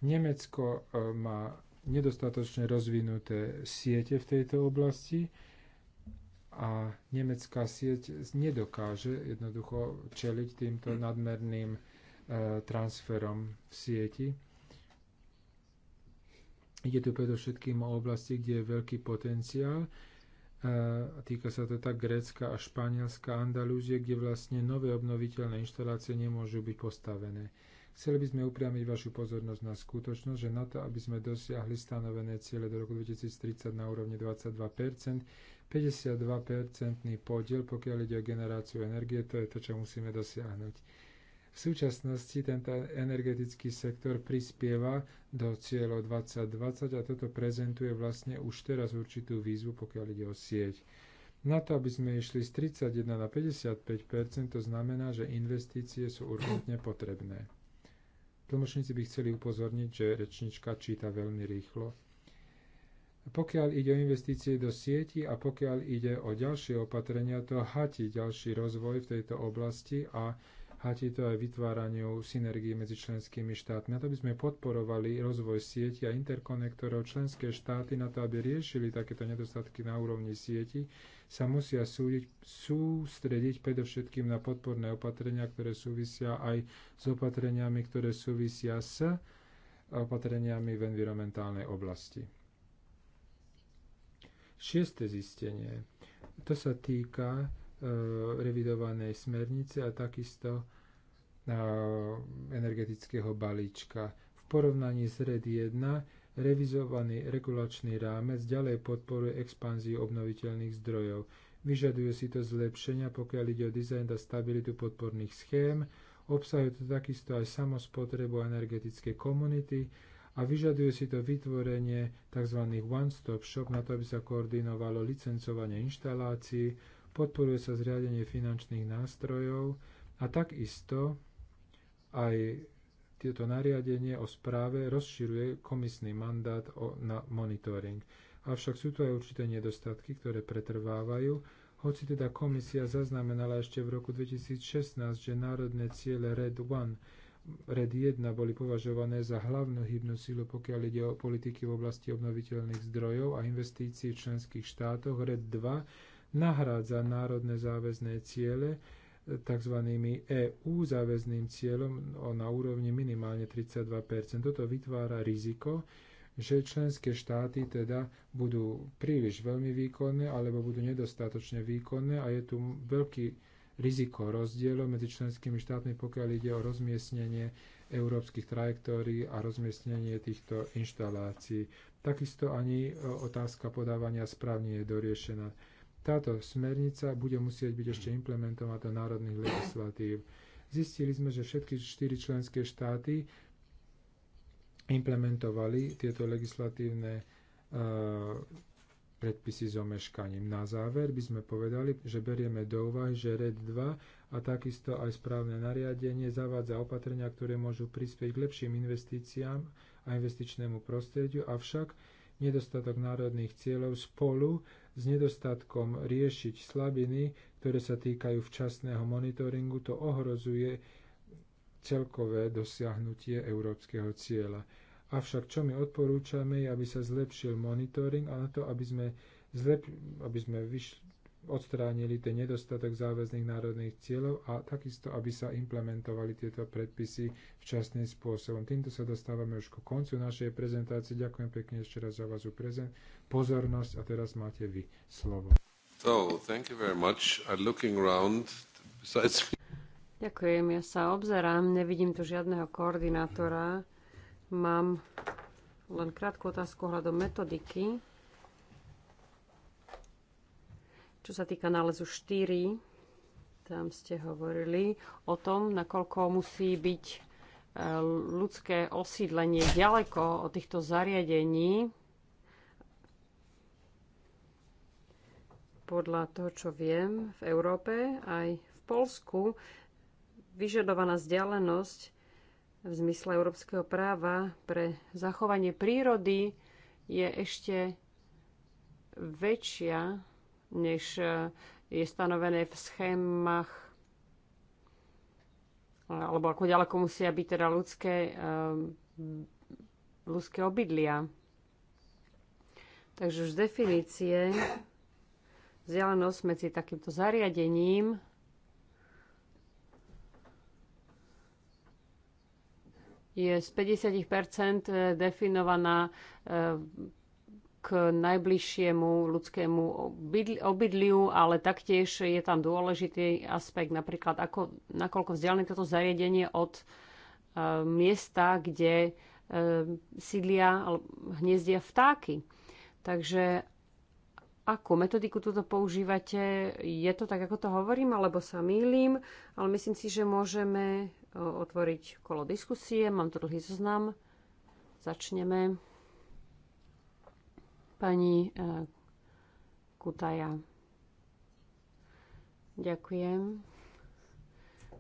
Nemecko e, má nedostatočne rozvinuté siete v tejto oblasti a nemecká sieť nedokáže jednoducho čeliť týmto nadmerným e, transferom v sieti Ide tu predovšetkým o oblasti, kde je veľký potenciál. týka sa to tak Grécka a Španielska, Andalúzie, kde vlastne nové obnoviteľné inštalácie nemôžu byť postavené. Chceli by sme upriamiť vašu pozornosť na skutočnosť, že na to, aby sme dosiahli stanovené ciele do roku 2030 na úrovni 22 52 podiel, pokiaľ ide o generáciu energie, to je to, čo musíme dosiahnuť. V súčasnosti tento energetický sektor prispieva do cieľov 2020 a toto prezentuje vlastne už teraz určitú výzvu, pokiaľ ide o sieť. Na to, aby sme išli z 31 na 55 to znamená, že investície sú urgentne potrebné. Tlmočníci by chceli upozorniť, že rečnička číta veľmi rýchlo. Pokiaľ ide o investície do sieti a pokiaľ ide o ďalšie opatrenia, to hatí ďalší rozvoj v tejto oblasti a tiež to aj vytváraniu synergie medzi členskými štátmi. A to by sme podporovali rozvoj sieti a interkonektorov. Členské štáty na to, aby riešili takéto nedostatky na úrovni sieti, sa musia súdiť, sústrediť predovšetkým na podporné opatrenia, ktoré súvisia aj s opatreniami, ktoré súvisia s opatreniami v environmentálnej oblasti. Šieste zistenie. To sa týka Eh, revidovanej smernice a takisto eh, energetického balíčka. V porovnaní s RED e 1 revizovaný regulačný rámec ďalej podporuje expanziu obnoviteľných zdrojov. Vyžaduje si to zlepšenia, pokiaľ ide o dizajn a stabilitu podporných schém, obsahuje to takisto aj samospotrebu a energetické komunity a vyžaduje si to vytvorenie tzv. one-stop shop na to, aby sa koordinovalo licencovanie inštalácií, podporuje sa zriadenie finančných nástrojov a takisto aj tieto nariadenie o správe rozširuje komisný mandát o, na monitoring. Avšak sú tu aj určité nedostatky, ktoré pretrvávajú, hoci teda komisia zaznamenala ešte v roku 2016, že národné ciele RED 1 RED 1 boli považované za hlavnú hybnú sílu, pokiaľ ide o politiky v oblasti obnoviteľných zdrojov a investícií v členských štátoch. RED 2 nahrádza národné záväzné ciele e, tzv. EU záväzným cieľom na úrovni minimálne 32 Toto vytvára riziko, že členské štáty teda budú príliš veľmi výkonné alebo budú nedostatočne výkonné a je tu veľký riziko rozdielov medzi členskými štátmi, pokiaľ ide o rozmiestnenie európskych trajektórií a rozmiestnenie týchto inštalácií. Takisto ani e, otázka podávania správ nie je doriešená. Táto smernica bude musieť byť ešte implementovaná do národných legislatív. Zistili sme, že všetky štyri členské štáty implementovali tieto legislatívne eh, predpisy s omeškaním. Na záver by sme povedali, že berieme do úvahy, že RED 2 a takisto aj správne nariadenie zavádza opatrenia, ktoré môžu prispieť k lepším investíciám a investičnému prostrediu, avšak nedostatok národných cieľov spolu s nedostatkom riešiť slabiny, ktoré sa týkajú včasného monitoringu, to ohrozuje celkové dosiahnutie európskeho cieľa. Avšak čo my odporúčame je, aby sa zlepšil monitoring a na to, aby sme, zlep- aby sme vyšli odstránili ten nedostatok záväzných národných cieľov a takisto, aby sa implementovali tieto predpisy včasným spôsobom. Týmto sa dostávame už ku koncu našej prezentácie. Ďakujem pekne ešte raz za vás pozornosť a teraz máte vy slovo. So, thank you very much. I'm looking around. Besides... Ďakujem, ja sa obzerám, nevidím tu žiadneho koordinátora. Mám len krátku otázku hľadom metodiky. Čo sa týka nálezu 4, tam ste hovorili o tom, nakoľko musí byť e, ľudské osídlenie ďaleko od týchto zariadení. Podľa toho, čo viem, v Európe aj v Polsku vyžadovaná vzdialenosť v zmysle európskeho práva pre zachovanie prírody je ešte väčšia než e, je stanovené v schémach alebo ako ďaleko musia byť teda ľudské, e, ľudské obydlia. Takže už z definície vzdialenosť medzi takýmto zariadením je z 50 definovaná e, k najbližšiemu ľudskému obydliu, ale taktiež je tam dôležitý aspekt napríklad, ako, nakoľko vzdialené toto zariadenie od e, miesta, kde e, sídlia hniezdia vtáky. Takže akú metodiku túto používate? Je to tak, ako to hovorím, alebo sa mýlim? Ale myslím si, že môžeme e, otvoriť kolo diskusie. Mám tu dlhý zoznam. Začneme. Pani e, Kutaja. Ďakujem.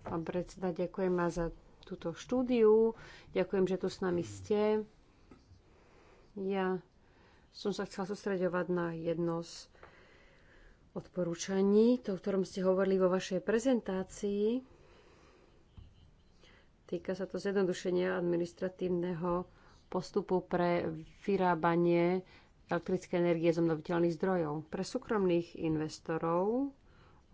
Pán predseda, ďakujem vám za túto štúdiu. Ďakujem, že tu s nami ste. Ja som sa chcela sústreďovať na jedno z odporúčaní, to, o ktorom ste hovorili vo vašej prezentácii. Týka sa to zjednodušenia administratívneho postupu pre vyrábanie elektrické energie z obnoviteľných zdrojov. Pre súkromných investorov,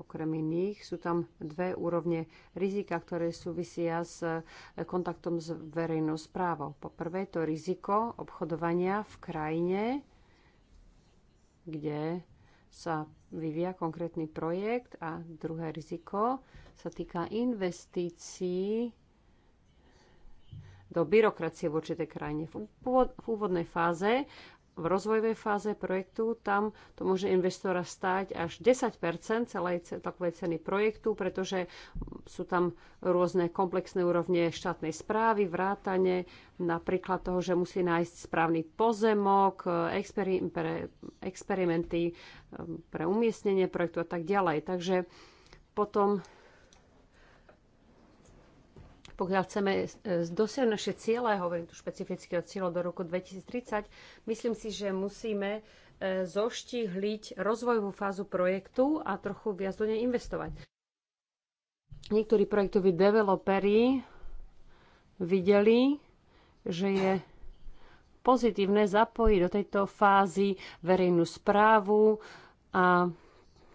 okrem iných, sú tam dve úrovne rizika, ktoré súvisia s e, kontaktom s verejnou správou. Po prvé, to riziko obchodovania v krajine, kde sa vyvíja konkrétny projekt a druhé riziko sa týka investícií do byrokracie v určitej krajine. V úvodnej fáze v rozvojovej fáze projektu, tam to môže investora stáť až 10 celej takovej ceny projektu, pretože sú tam rôzne komplexné úrovne štátnej správy, vrátane napríklad toho, že musí nájsť správny pozemok, experi pre experimenty ehm, pre umiestnenie projektu a tak ďalej. Takže potom pokiaľ chceme e, dosiahnuť naše ciele, hovorím tu špecificky o cieľov do roku 2030, myslím si, že musíme e, zoštihliť rozvojovú fázu projektu a trochu viac do nej investovať. Niektorí projektoví developeri videli, že je pozitívne zapojiť do tejto fázy verejnú správu a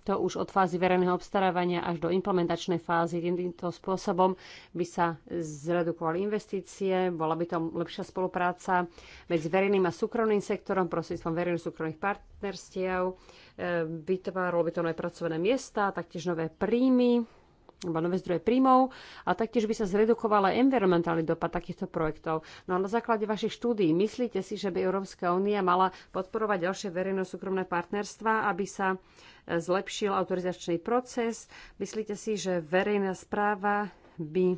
to už od fázy verejného obstarávania až do implementačnej fázy. Týmto spôsobom by sa zredukovali investície, bola by to lepšia spolupráca medzi verejným a súkromným sektorom, prostredníctvom verejných súkromných partnerstiev, vytváralo e, by to nové pracovné miesta, taktiež nové príjmy alebo nové zdroje príjmov a taktiež by sa zredukovala environmentálny dopad takýchto projektov. No a na základe vašich štúdií myslíte si, že by Európska únia mala podporovať ďalšie verejno-súkromné partnerstva, aby sa e, zlepšil autorizačný proces? Myslíte si, že verejná správa by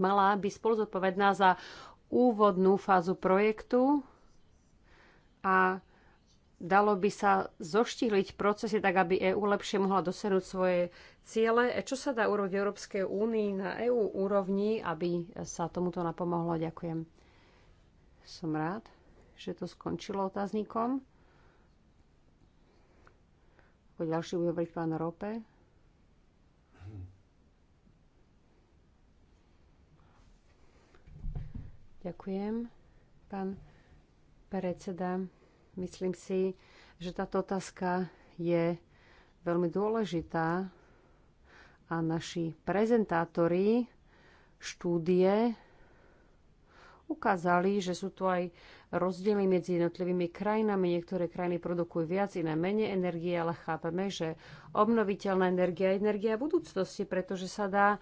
mala spolu zodpovedná za úvodnú fázu projektu a dalo by sa zoštihliť procesy tak, aby EÚ lepšie mohla dosiahnuť svoje ciele. E, čo sa dá urobiť v Európskej únii na EÚ úrovni, aby sa tomuto napomohlo? Ďakujem. Som rád, že to skončilo otáznikom. Ako ďalší bude hovoriť pán Rope. Ďakujem, pán predseda. Myslím si, že táto otázka je veľmi dôležitá a naši prezentátori štúdie ukázali, že sú tu aj rozdiely medzi jednotlivými krajinami. Niektoré krajiny produkujú viac, iné menej energie, ale chápeme, že obnoviteľná energia je energia budúcnosti, pretože sa dá e,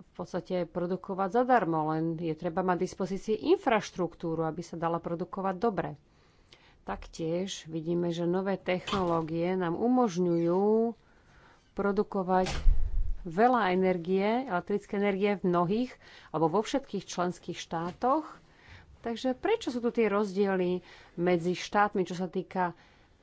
v podstate produkovať zadarmo, len je treba mať dispozícii infraštruktúru, aby sa dala produkovať dobre. Taktiež vidíme, že nové technológie nám umožňujú produkovať veľa energie, elektrické energie v mnohých alebo vo všetkých členských štátoch. Takže prečo sú tu tie rozdiely medzi štátmi, čo sa týka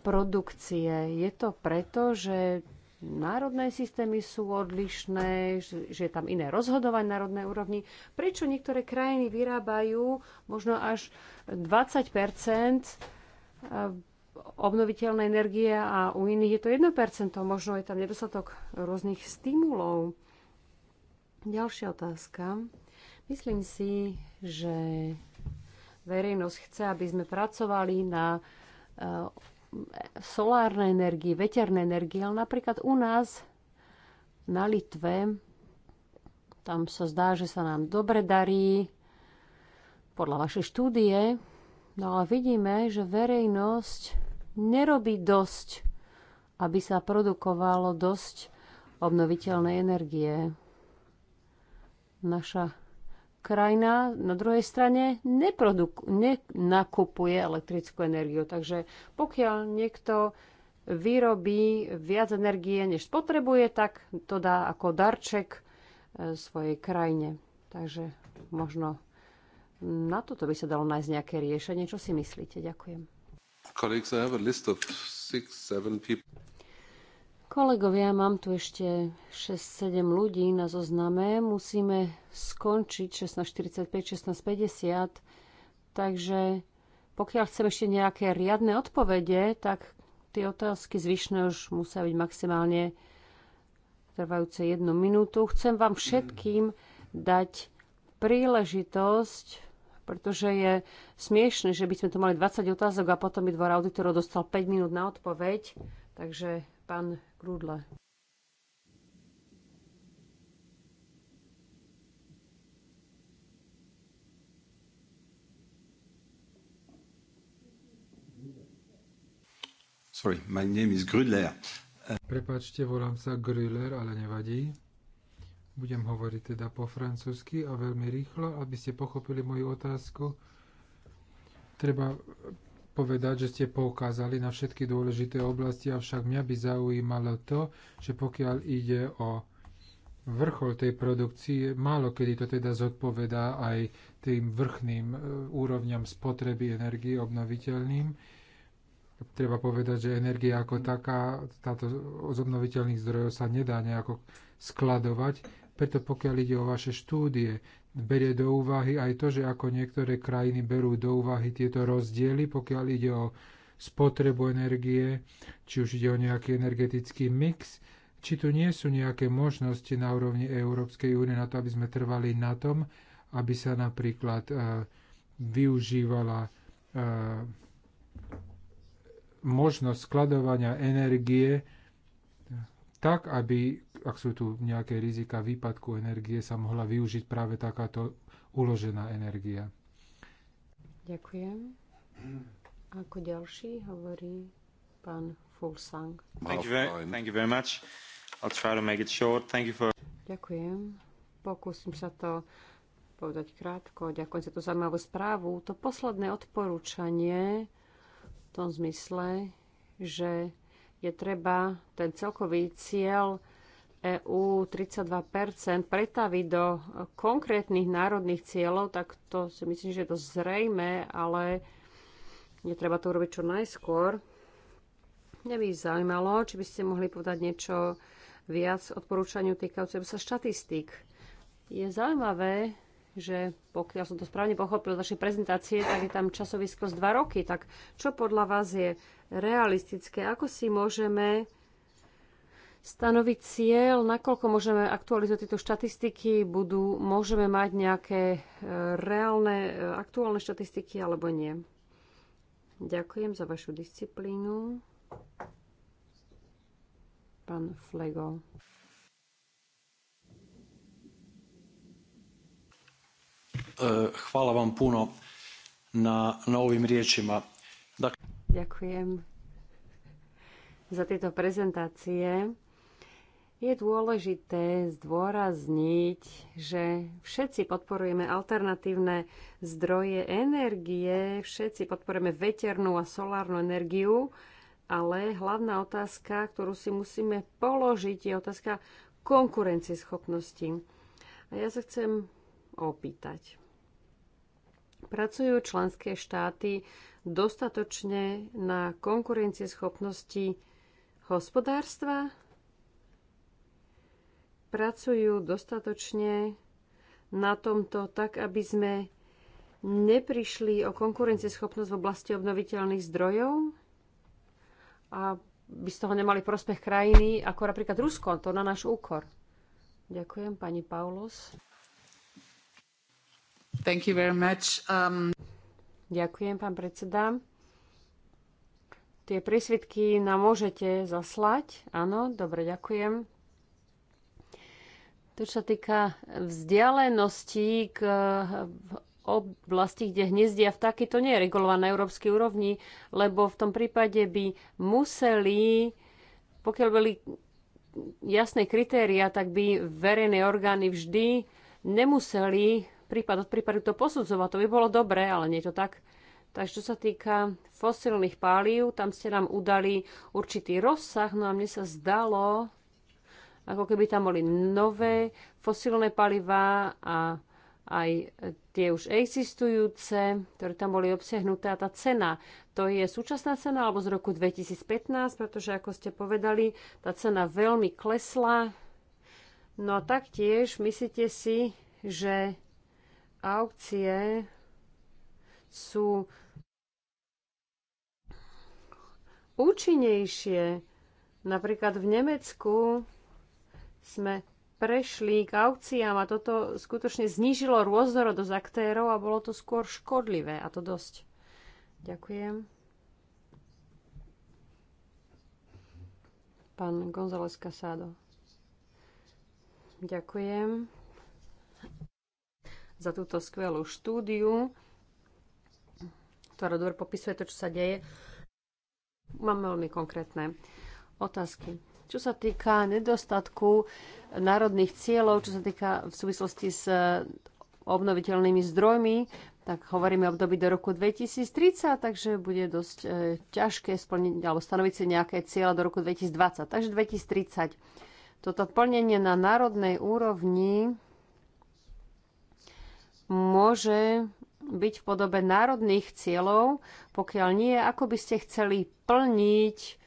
produkcie? Je to preto, že národné systémy sú odlišné, že je tam iné rozhodovať na národnej úrovni. Prečo niektoré krajiny vyrábajú možno až 20 Eh, Obnoviteľná energie a u iných je to 1%. Možno je tam nedostatok rôznych stimulov. Ďalšia otázka. Myslím si, že verejnosť chce, aby sme pracovali na eh, solárnej energii, veternej energii, ale napríklad u nás na Litve tam sa zdá, že sa nám dobre darí podľa vašej štúdie No ale vidíme, že verejnosť nerobí dosť, aby sa produkovalo dosť obnoviteľnej energie. Naša krajina na druhej strane neproduku- nenakupuje elektrickú energiu. Takže pokiaľ niekto vyrobí viac energie, než potrebuje, tak to dá ako darček eh, svojej krajine. Takže možno na toto by sa dalo nájsť nejaké riešenie. Čo si myslíte? Ďakujem. Kolegovia, mám tu ešte 6-7 ľudí na zozname. Musíme skončiť 16.45, 16.50. Takže pokiaľ chcem ešte nejaké riadne odpovede, tak tie otázky zvyšné už musia byť maximálne trvajúce jednu minútu. Chcem vám všetkým dať príležitosť pretože je smiešne, že by sme tu mali 20 otázok a potom by dvor auditorov dostal 5 minút na odpoveď. Takže pán Grudle. Sorry, my name is Grudler. Prepačte, volám sa Grüller, ale nevadí. Budem hovoriť teda po francúzsky a veľmi rýchlo, aby ste pochopili moju otázku. Treba povedať, že ste poukázali na všetky dôležité oblasti, avšak mňa by zaujímalo to, že pokiaľ ide o vrchol tej produkcie, málo kedy to teda zodpovedá aj tým vrchným e, úrovňam spotreby energie obnoviteľným. Treba povedať, že energia ako taká, táto z obnoviteľných zdrojov sa nedá nejako skladovať. Preto pokiaľ ide o vaše štúdie, berie do úvahy aj to, že ako niektoré krajiny berú do úvahy tieto rozdiely, pokiaľ ide o spotrebu energie, či už ide o nejaký energetický mix, či tu nie sú nejaké možnosti na úrovni Európskej únie na to, aby sme trvali na tom, aby sa napríklad uh, využívala uh, možnosť skladovania energie tak, aby ak sú tu nejaké rizika výpadku energie, sa mohla využiť práve takáto uložená energia. Ďakujem. Ako ďalší hovorí pán Fulsang. Ďakujem. Pokúsim sa to povedať krátko. Ďakujem za tú zaujímavú správu. To posledné odporúčanie v tom zmysle, že je treba ten celkový cieľ EÚ 32 pretaví do konkrétnych národných cieľov, tak to si myslím, že je to zrejme, ale je treba to urobiť čo najskôr. Mňa by zaujímalo, či by ste mohli povedať niečo viac odporúčaniu týkajúceho sa štatistík. Je zaujímavé, že pokiaľ som to správne pochopil z vašej prezentácie, tak je tam časový skos 2 roky. Tak čo podľa vás je realistické? Ako si môžeme stanoviť cieľ, nakoľko môžeme aktualizovať tieto štatistiky, budú, môžeme mať nejaké e, reálne, e, aktuálne štatistiky alebo nie. Ďakujem za vašu disciplínu. Pán Flego. E, chvála vám puno na, novým riečima. Ďakujem za tieto prezentácie. Je dôležité zdôrazniť, že všetci podporujeme alternatívne zdroje energie, všetci podporujeme veternú a solárnu energiu, ale hlavná otázka, ktorú si musíme položiť, je otázka konkurencieschopnosti. A ja sa chcem opýtať. Pracujú členské štáty dostatočne na konkurencieschopnosti hospodárstva pracujú dostatočne na tomto tak, aby sme neprišli o konkurencieschopnosť v oblasti obnoviteľných zdrojov a by z toho nemali prospech krajiny, ako napríklad Rusko, to na náš úkor. Ďakujem, pani Paulos. Thank you very much. Um... Ďakujem, pán predseda. Tie prísvitky nám môžete zaslať. Áno, dobre, ďakujem. To, čo sa týka vzdialenosti k oblasti, kde hniezdia vtáky, to nie je regulované na európskej úrovni, lebo v tom prípade by museli, pokiaľ boli jasné kritéria, tak by verejné orgány vždy nemuseli prípad od prípadu to posudzovať. To by bolo dobré, ale nie je to tak. Takže čo sa týka fosílnych páliv, tam ste nám udali určitý rozsah, no a mne sa zdalo, ako keby tam boli nové fosílne palivá a aj tie už existujúce, ktoré tam boli obsiahnuté. A tá cena, to je súčasná cena alebo z roku 2015, pretože ako ste povedali, tá cena veľmi klesla. No a taktiež myslíte si, že aukcie sú účinnejšie. Napríklad v Nemecku sme prešli k aukciám a toto skutočne znížilo rôznorodosť aktérov a bolo to skôr škodlivé a to dosť. Ďakujem. Pán González Casado. Ďakujem za túto skvelú štúdiu, ktorá dobre popisuje to, čo sa deje. Mám veľmi konkrétne otázky. Čo sa týka nedostatku národných cieľov, čo sa týka v súvislosti s obnoviteľnými zdrojmi, tak hovoríme o období do roku 2030, takže bude dosť e, ťažké splniť alebo stanoviť si nejaké cieľa do roku 2020. Takže 2030. Toto plnenie na národnej úrovni môže byť v podobe národných cieľov, pokiaľ nie, ako by ste chceli plniť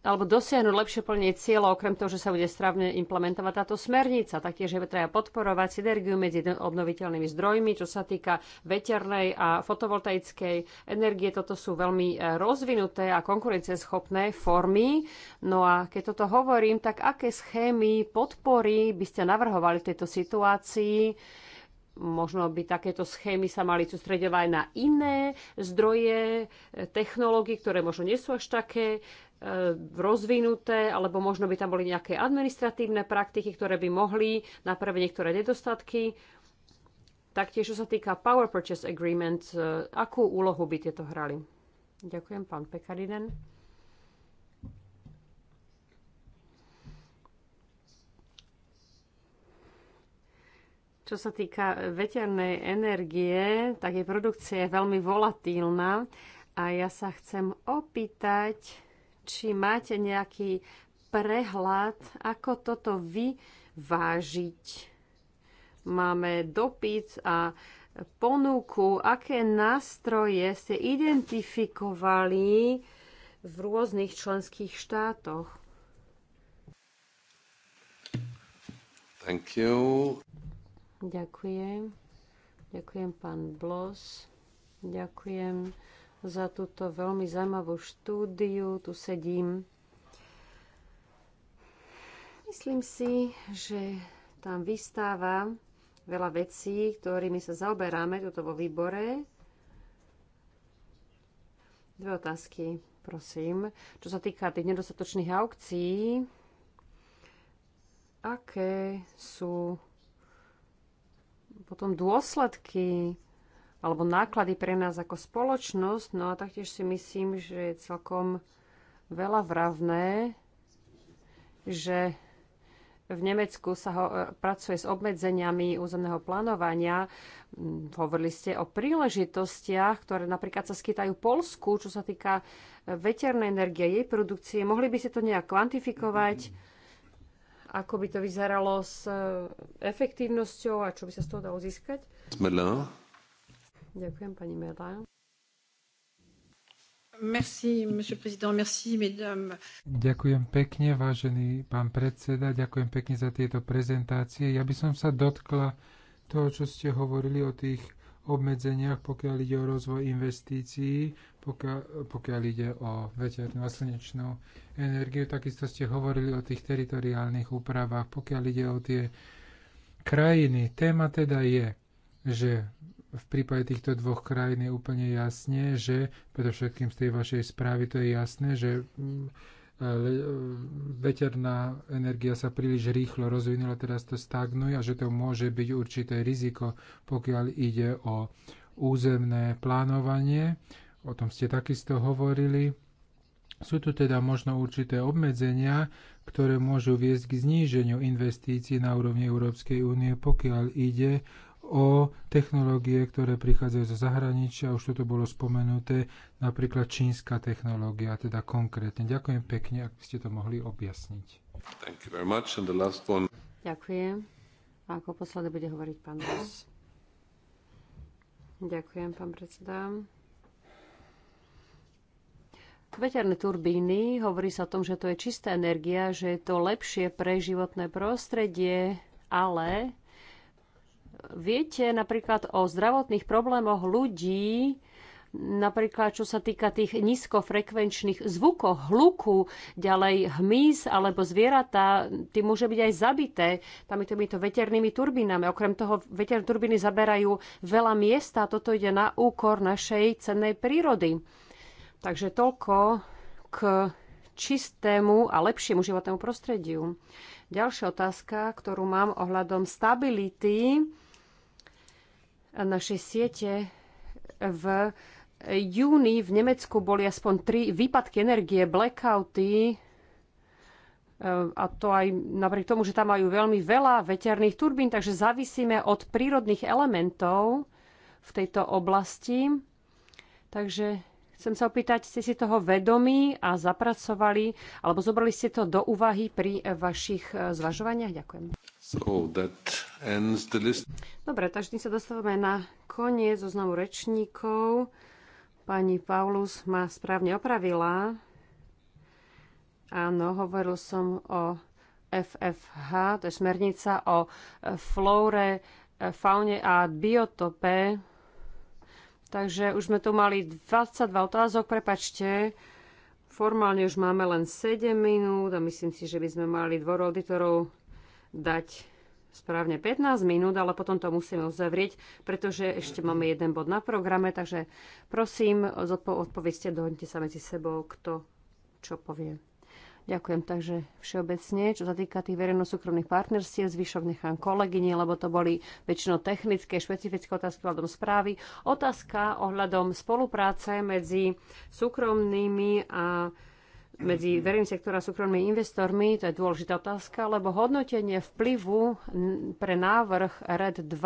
alebo dosiahnuť lepšie plnenie cieľa, okrem toho, že sa bude správne implementovať táto smernica. Taktiež je treba podporovať synergiu medzi obnoviteľnými zdrojmi, čo sa týka veternej a fotovoltaickej energie. Toto sú veľmi e, rozvinuté a konkurencieschopné formy. No a keď toto hovorím, tak aké schémy podpory by ste navrhovali v tejto situácii? možno by takéto schémy sa mali sústredovať na iné zdroje e, technológií, ktoré možno nie sú až také rozvinuté, alebo možno by tam boli nejaké administratívne praktiky, ktoré by mohli napraviť niektoré nedostatky. Taktiež, čo sa týka Power Purchase Agreement, e, akú úlohu by tieto hrali? Ďakujem, pán Pekarinen. Čo sa týka veternej energie, tak je produkcia veľmi volatílna a ja sa chcem opýtať, či máte nejaký prehľad, ako toto vyvážiť. Máme dopyt a ponuku, aké nástroje ste identifikovali v rôznych členských štátoch. Thank you. Ďakujem. Ďakujem, pán Blos. Ďakujem za túto veľmi zaujímavú štúdiu. Tu sedím. Myslím si, že tam vystáva veľa vecí, ktorými sa zaoberáme toto vo výbore. Dve otázky, prosím. Čo sa týka tých nedostatočných aukcií, aké sú potom dôsledky alebo náklady pre nás ako spoločnosť. No a taktiež si myslím, že je celkom veľa vravné, že v Nemecku sa ho, e, pracuje s obmedzeniami územného plánovania. Mm, hovorili ste o príležitostiach, ktoré napríklad sa skýtajú Polsku, čo sa týka e, veternej energie, jej produkcie. Mohli by ste to nejak kvantifikovať? Ako by to vyzeralo s e, efektívnosťou a čo by sa z toho dalo získať? Ďakujem, pani Merla. Merci, monsieur président, merci, mesdames. Ďakujem pekne, vážený pán predseda, ďakujem pekne za tieto prezentácie. Ja by som sa dotkla toho, čo ste hovorili o tých obmedzeniach, pokiaľ ide o rozvoj investícií, pokiaľ, pokiaľ ide o veternú a slnečnú energiu. Takisto ste hovorili o tých teritoriálnych úpravách, pokiaľ ide o tie krajiny. Téma teda je, že v prípade týchto dvoch krajín je úplne jasne, že predovšetkým z tej vašej správy to je jasné, že mm, e, e, veterná energia sa príliš rýchlo rozvinula, teraz to stagnuje a že to môže byť určité riziko, pokiaľ ide o územné plánovanie. O tom ste takisto hovorili. Sú tu teda možno určité obmedzenia, ktoré môžu viesť k zníženiu investícií na úrovni Európskej únie, pokiaľ ide o technológie, ktoré prichádzajú zo zahraničia, už toto bolo spomenuté, napríklad čínska technológia, teda konkrétne. Ďakujem pekne, ak by ste to mohli objasniť. Ďakujem. A ako posledný bude hovoriť pán Ross. Ďakujem, pán predseda. Veterné turbíny, hovorí sa o tom, že to je čistá energia, že je to lepšie pre životné prostredie, ale viete napríklad o zdravotných problémoch ľudí, napríklad čo sa týka tých nízkofrekvenčných zvukov, hluku, ďalej hmyz alebo zvieratá, tým môže byť aj zabité tam týmito veternými turbínami. Okrem toho veterné turbíny zaberajú veľa miesta a toto ide na úkor našej cennej prírody. Takže toľko k čistému a lepšiemu životnému prostrediu. Ďalšia otázka, ktorú mám ohľadom stability naše siete v júni v Nemecku boli aspoň tri výpadky energie, blackouty, eh, a to aj napriek tomu, že tam majú veľmi veľa veterných turbín, takže závisíme od prírodných elementov v tejto oblasti. Takže Chcem sa opýtať, ste si toho vedomí a zapracovali, alebo zobrali ste to do úvahy pri vašich e, zvažovaniach? Ďakujem. So that ends the list. Dobre, takže sa dostávame na koniec zoznamu rečníkov. Pani Paulus ma správne opravila. Áno, hovoril som o FFH, to je smernica o e, flóre, e, faune a biotope Takže už sme tu mali 22 otázok, prepačte. Formálne už máme len 7 minút a myslím si, že by sme mali dvor auditorov dať správne 15 minút, ale potom to musíme uzavrieť, pretože ešte máme jeden bod na programe, takže prosím, odpovedzte, dohodnite sa medzi sebou, kto čo povie. Ďakujem. Takže všeobecne, čo sa týka tých verejno-súkromných partnerstiev, zvyšok nechám kolegyne, lebo to boli väčšinou technické, špecifické otázky ohľadom správy. Otázka ohľadom spolupráce medzi súkromnými a medzi verejným sektorom a súkromnými investormi, to je dôležitá otázka, lebo hodnotenie vplyvu pre návrh RED 2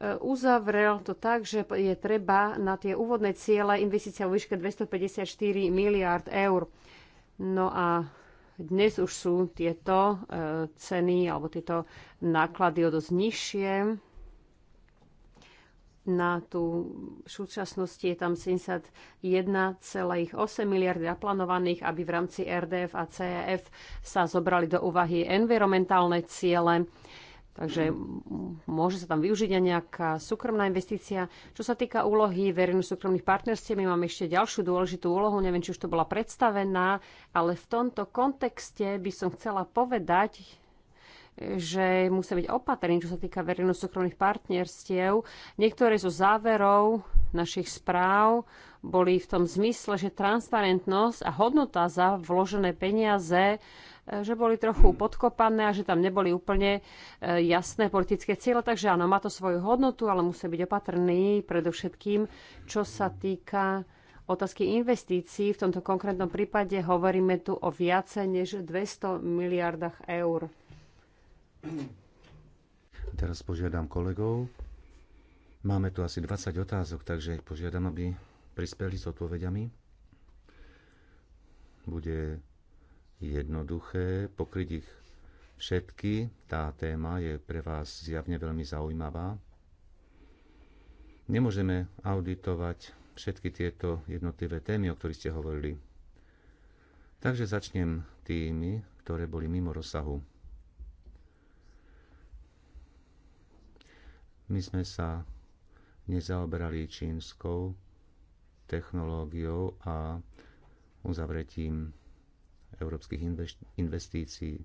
Eh, uzavrel to tak, že je treba na tie úvodné ciele investícia vo výške 254 miliard eur. No a dnes už sú tieto eh, ceny alebo tieto náklady o dosť nižšie. Na tú v súčasnosti je tam 71,8 miliardy naplánovaných, aby v rámci RDF a CEF sa zobrali do úvahy environmentálne ciele Takže môže sa tam využiť aj nejaká súkromná investícia. Čo sa týka úlohy verejných súkromných partnerstiev, my máme ešte ďalšiu dôležitú úlohu, neviem, či už to bola predstavená, ale v tomto kontexte by som chcela povedať, že musia byť opatrný, čo sa týka verejno-súkromných partnerstiev. Niektoré zo záverov našich správ boli v tom zmysle, že transparentnosť a hodnota za vložené peniaze E, že boli trochu podkopané a že tam neboli úplne e, jasné politické cieľe. Takže áno, má to svoju hodnotu, ale musí byť opatrný predovšetkým, čo sa týka otázky investícií. V tomto konkrétnom prípade hovoríme tu o viacej než 200 miliardách eur. Teraz požiadam kolegov. Máme tu asi 20 otázok, takže požiadam, aby prispeli s odpovediami. Bude jednoduché pokryť ich všetky. Tá téma je pre vás zjavne veľmi zaujímavá. Nemôžeme auditovať všetky tieto jednotlivé témy, o ktorých ste hovorili. Takže začnem tými, ktoré boli mimo rozsahu. My sme sa nezaoberali čínskou technológiou a uzavretím európskych investícií.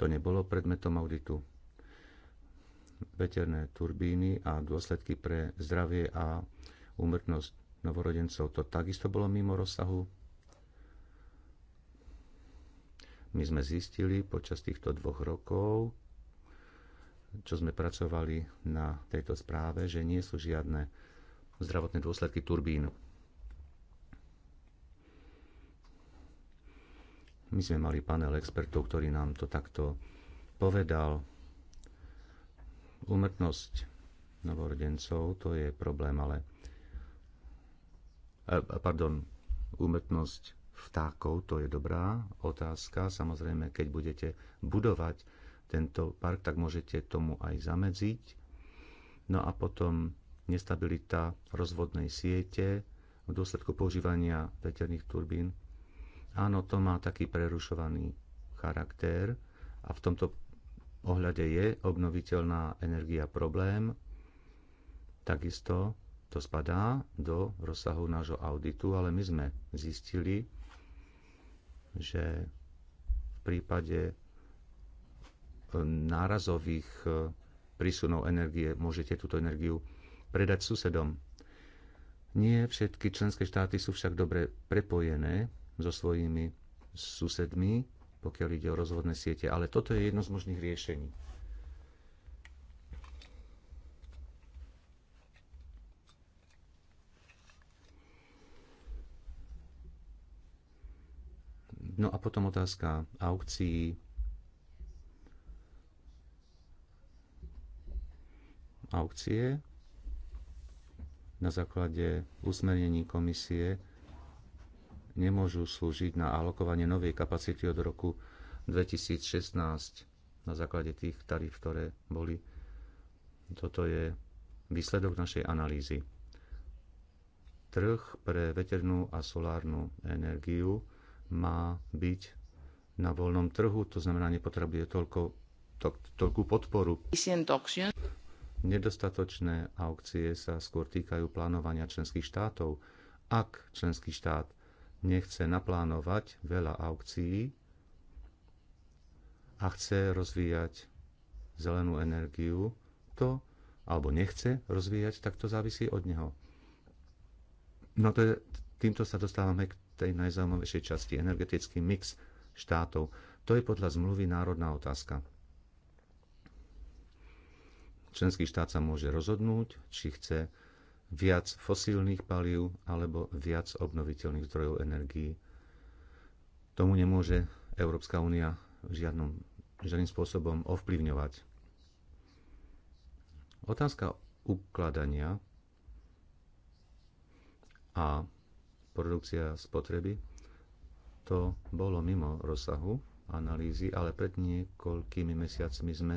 To nebolo predmetom auditu. Veterné turbíny a dôsledky pre zdravie a úmrtnosť novorodencov, to takisto bolo mimo rozsahu. My sme zistili počas týchto dvoch rokov, čo sme pracovali na tejto správe, že nie sú žiadne zdravotné dôsledky turbínu. My sme mali panel expertov, ktorý nám to takto povedal. Umrtnosť novorodencov, to je problém, ale e, e, pardon, úmrtnosť vtákov, to je dobrá otázka. Samozrejme, keď budete budovať tento park, tak môžete tomu aj zamedziť. No a potom nestabilita rozvodnej siete v dôsledku používania veterných turbín. Áno, to má taký prerušovaný charakter a v tomto ohľade je obnoviteľná energia problém. Takisto to spadá do rozsahu nášho auditu, ale my sme zistili, že v prípade e, nárazových e, prísunov energie môžete túto energiu predať susedom. Nie všetky členské štáty sú však dobre prepojené so svojimi susedmi, pokiaľ ide o rozhodné siete. Ale toto je jedno z možných riešení. No a potom otázka aukcií. Aukcie na základe usmernení komisie nemôžu slúžiť na alokovanie novej kapacity od roku 2016 na základe tých tarif, ktoré boli. Toto je výsledok našej analýzy. Trh pre veternú a solárnu energiu má byť na voľnom trhu, to znamená, nepotrebuje toľko, to, toľkú podporu. Nedostatočné aukcie sa skôr týkajú plánovania členských štátov. Ak členský štát nechce naplánovať veľa aukcií a chce rozvíjať zelenú energiu, to alebo nechce rozvíjať, tak to závisí od neho. No to je, týmto sa dostávame k tej najzaujímavejšej časti, energetický mix štátov. To je podľa zmluvy národná otázka. Členský štát sa môže rozhodnúť, či chce viac fosílnych palív alebo viac obnoviteľných zdrojov energií. Tomu nemôže Európska únia žiadnom, žiadnym spôsobom ovplyvňovať. Otázka ukladania a produkcia spotreby to bolo mimo rozsahu analýzy, ale pred niekoľkými mesiacmi sme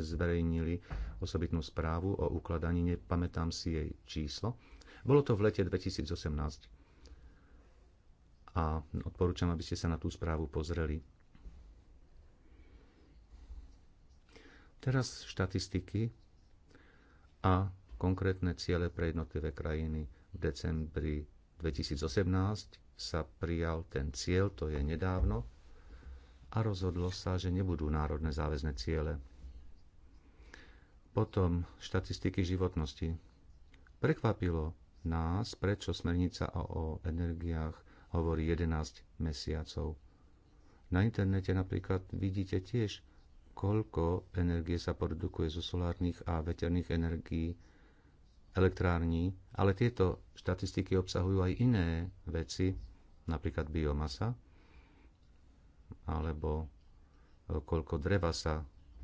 zverejnili osobitnú správu o ukladaní, nepamätám si jej číslo. Bolo to v lete 2018 a odporúčam, aby ste sa na tú správu pozreli. Teraz štatistiky a konkrétne ciele pre jednotlivé krajiny. V decembri 2018 sa prijal ten cieľ, to je nedávno, a rozhodlo sa, že nebudú národné záväzne ciele. Potom štatistiky životnosti. Prekvapilo nás, prečo smernica o energiách hovorí 11 mesiacov. Na internete napríklad vidíte tiež, koľko energie sa produkuje zo solárnych a veterných energií elektrární, ale tieto štatistiky obsahujú aj iné veci, napríklad biomasa, alebo e, koľko dreva sa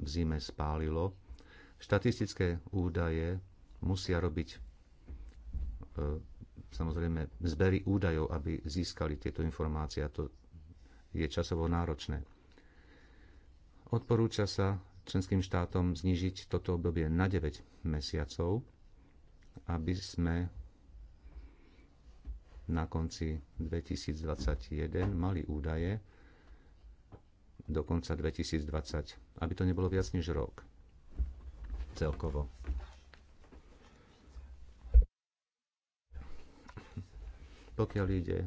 v zime spálilo. Štatistické údaje musia robiť e, samozrejme zbery údajov, aby získali tieto informácie a to je časovo náročné. Odporúča sa členským štátom znižiť toto obdobie na 9 mesiacov, aby sme na konci 2021 mali údaje, do konca 2020, aby to nebolo viac než rok celkovo. Pokiaľ ide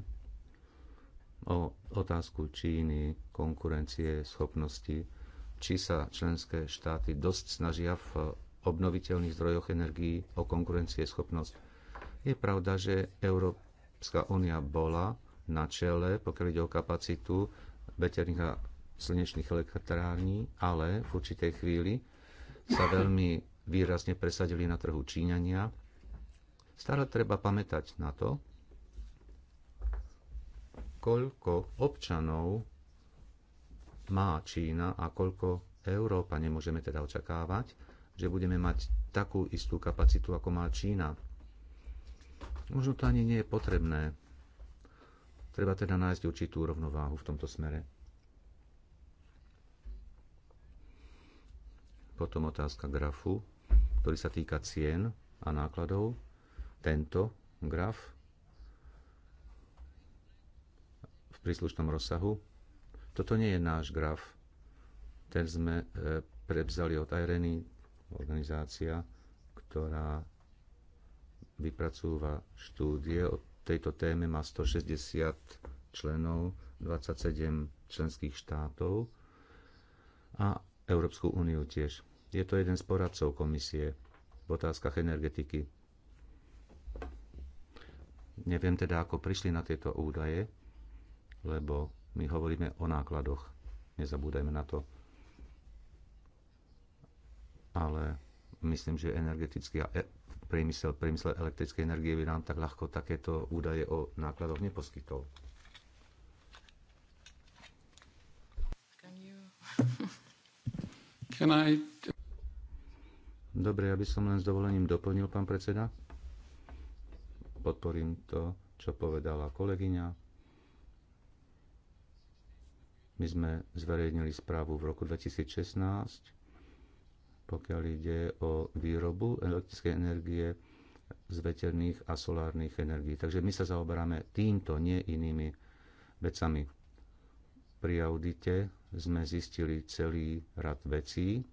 o otázku Číny, konkurencie, schopnosti, či sa členské štáty dosť snažia v obnoviteľných zdrojoch energií o konkurencie schopnosť. Je pravda, že Európska únia bola na čele, pokiaľ ide o kapacitu veterných a slnečných elektrární, ale v určitej chvíli sa veľmi výrazne presadili na trhu Číňania. Stále treba pamätať na to, koľko občanov má Čína a koľko Európa. Nemôžeme teda očakávať, že budeme mať takú istú kapacitu, ako má Čína. Možno to ani nie je potrebné. Treba teda nájsť určitú rovnováhu v tomto smere. Potom otázka grafu, ktorý sa týka cien a nákladov. Tento graf v príslušnom rozsahu. Toto nie je náš graf. Ten sme e, prevzali od Ireny, organizácia, ktorá vypracúva štúdie o tejto téme, má 160 členov, 27 členských štátov a Európsku úniu tiež. Je to jeden z poradcov komisie v otázkach energetiky. Neviem teda, ako prišli na tieto údaje, lebo my hovoríme o nákladoch. Nezabúdajme na to. Ale myslím, že energetický a e- priemysel, priemysel elektrickej energie by nám tak ľahko takéto údaje o nákladoch neposkytol. Dobre, aby som len s dovolením doplnil, pán predseda. Podporím to, čo povedala kolegyňa. My sme zverejnili správu v roku 2016, pokiaľ ide o výrobu elektrickej energie z veterných a solárnych energií. Takže my sa zaoberáme týmto, nie inými vecami. Pri audite sme zistili celý rad vecí,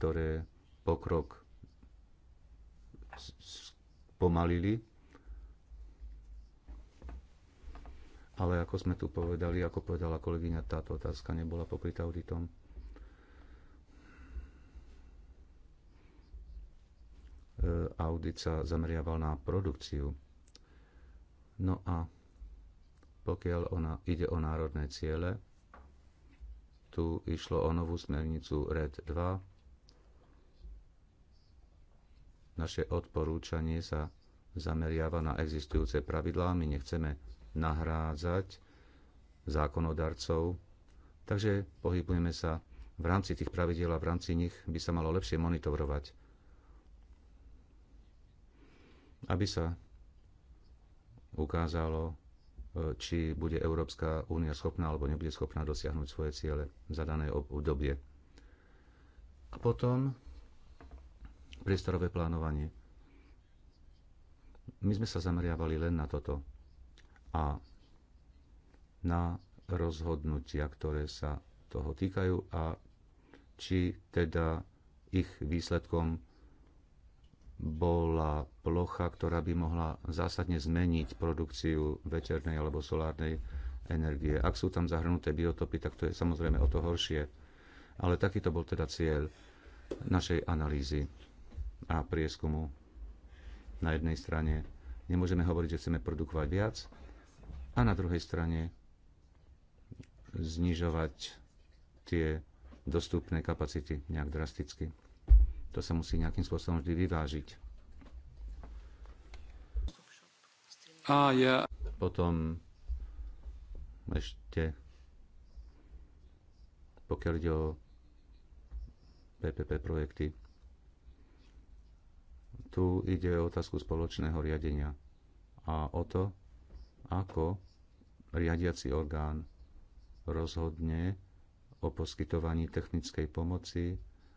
ktoré pokrok pomalili. Ale ako sme tu povedali, ako povedala kolegyňa, táto otázka nebola pokrytá auditom. E, audit sa zameriaval na produkciu. No a pokiaľ ona, ide o národné ciele, tu išlo o novú smernicu RED 2. Naše odporúčanie sa zameriava na existujúce pravidlá. My nechceme nahrádzať zákonodarcov, takže pohybujeme sa v rámci tých pravidiel a v rámci nich by sa malo lepšie monitorovať, aby sa ukázalo, či bude Európska únia schopná alebo nebude schopná dosiahnuť svoje ciele v zadanej obdobie. A potom priestorové plánovanie. My sme sa zameriavali len na toto a na rozhodnutia, ktoré sa toho týkajú a či teda ich výsledkom bola plocha, ktorá by mohla zásadne zmeniť produkciu veternej alebo solárnej energie. Ak sú tam zahrnuté biotopy, tak to je samozrejme o to horšie. Ale takýto bol teda cieľ našej analýzy a prieskumu. Na jednej strane nemôžeme hovoriť, že chceme produkovať viac a na druhej strane znižovať tie dostupné kapacity nejak drasticky. To sa musí nejakým spôsobom vždy vyvážiť. A ja... Potom ešte pokiaľ ide o PPP projekty. Tu ide o otázku spoločného riadenia a o to, ako riadiaci orgán rozhodne o poskytovaní technickej pomoci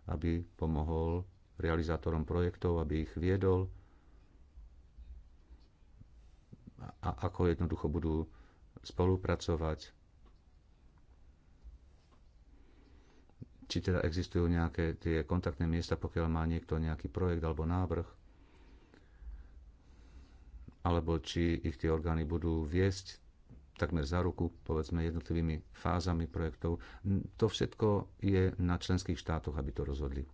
aby pomohol realizátorom projektov, aby ich viedol a ako jednoducho budú spolupracovať. Či teda existujú nejaké tie kontaktné miesta, pokiaľ má niekto nejaký projekt alebo návrh, alebo či ich tie orgány budú viesť takmer za ruku, povedzme, jednotlivými fázami projektov. To všetko je na členských štátoch, aby to rozhodli.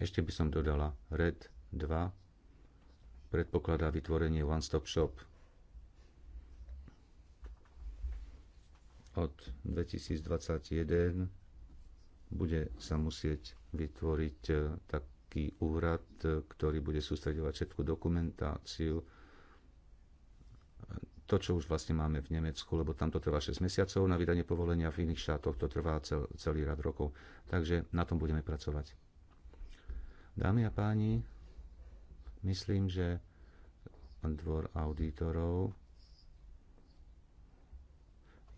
Ešte by som dodala, RED 2 predpokladá vytvorenie One Stop Shop od 2021 bude sa musieť vytvoriť e, taký úrad, e, ktorý bude sústredovať všetku dokumentáciu, e, to, čo už vlastne máme v Nemecku, lebo tam to trvá 6 mesiacov, na vydanie povolenia v iných štátoch to trvá cel, celý rad rokov. Takže na tom budeme pracovať. Dámy a páni, myslím, že dvor auditorov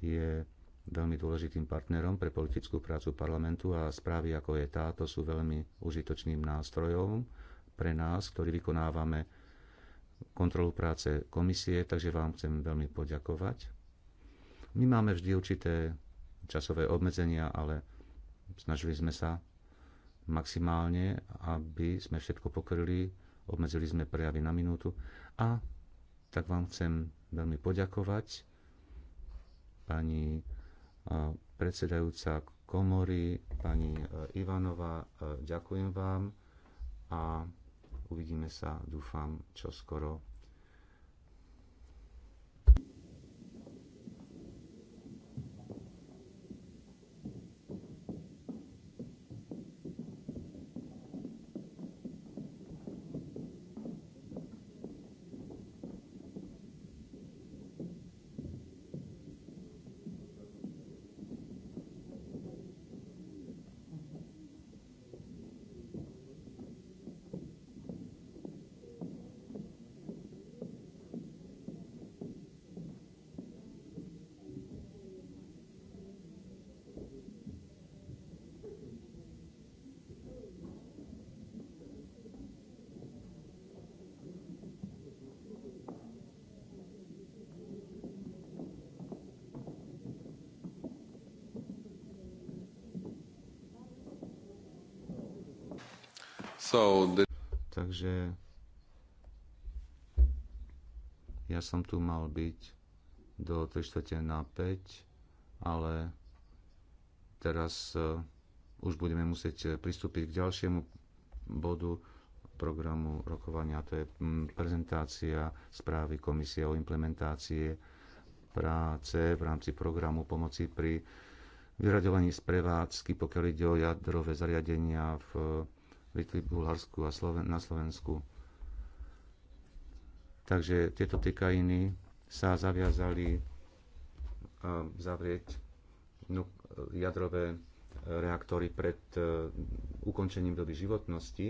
je veľmi dôležitým partnerom pre politickú prácu parlamentu a správy ako je táto sú veľmi užitočným nástrojom pre nás, ktorý vykonávame kontrolu práce komisie, takže vám chcem veľmi poďakovať. My máme vždy určité časové obmedzenia, ale snažili sme sa maximálne, aby sme všetko pokryli, obmedzili sme prejavy na minútu a tak vám chcem veľmi poďakovať pani predsedajúca komory, pani e, Ivanová, e, ďakujem vám a uvidíme sa, dúfam, čo skoro Takže ja som tu mal byť do 3 na 5, ale teraz e, už budeme musieť e, pristúpiť k ďalšiemu bodu programu rokovania, to je prezentácia správy Komisie o implementácie práce v rámci programu pomoci pri vyraďovaní z prevádzky, pokiaľ ide o jadrové zariadenia v Litvi, Bulharsku a Sloven- na Slovensku. Takže tieto tri krajiny sa zaviazali e, zavrieť jadrové e, reaktory pred e, ukončením doby životnosti.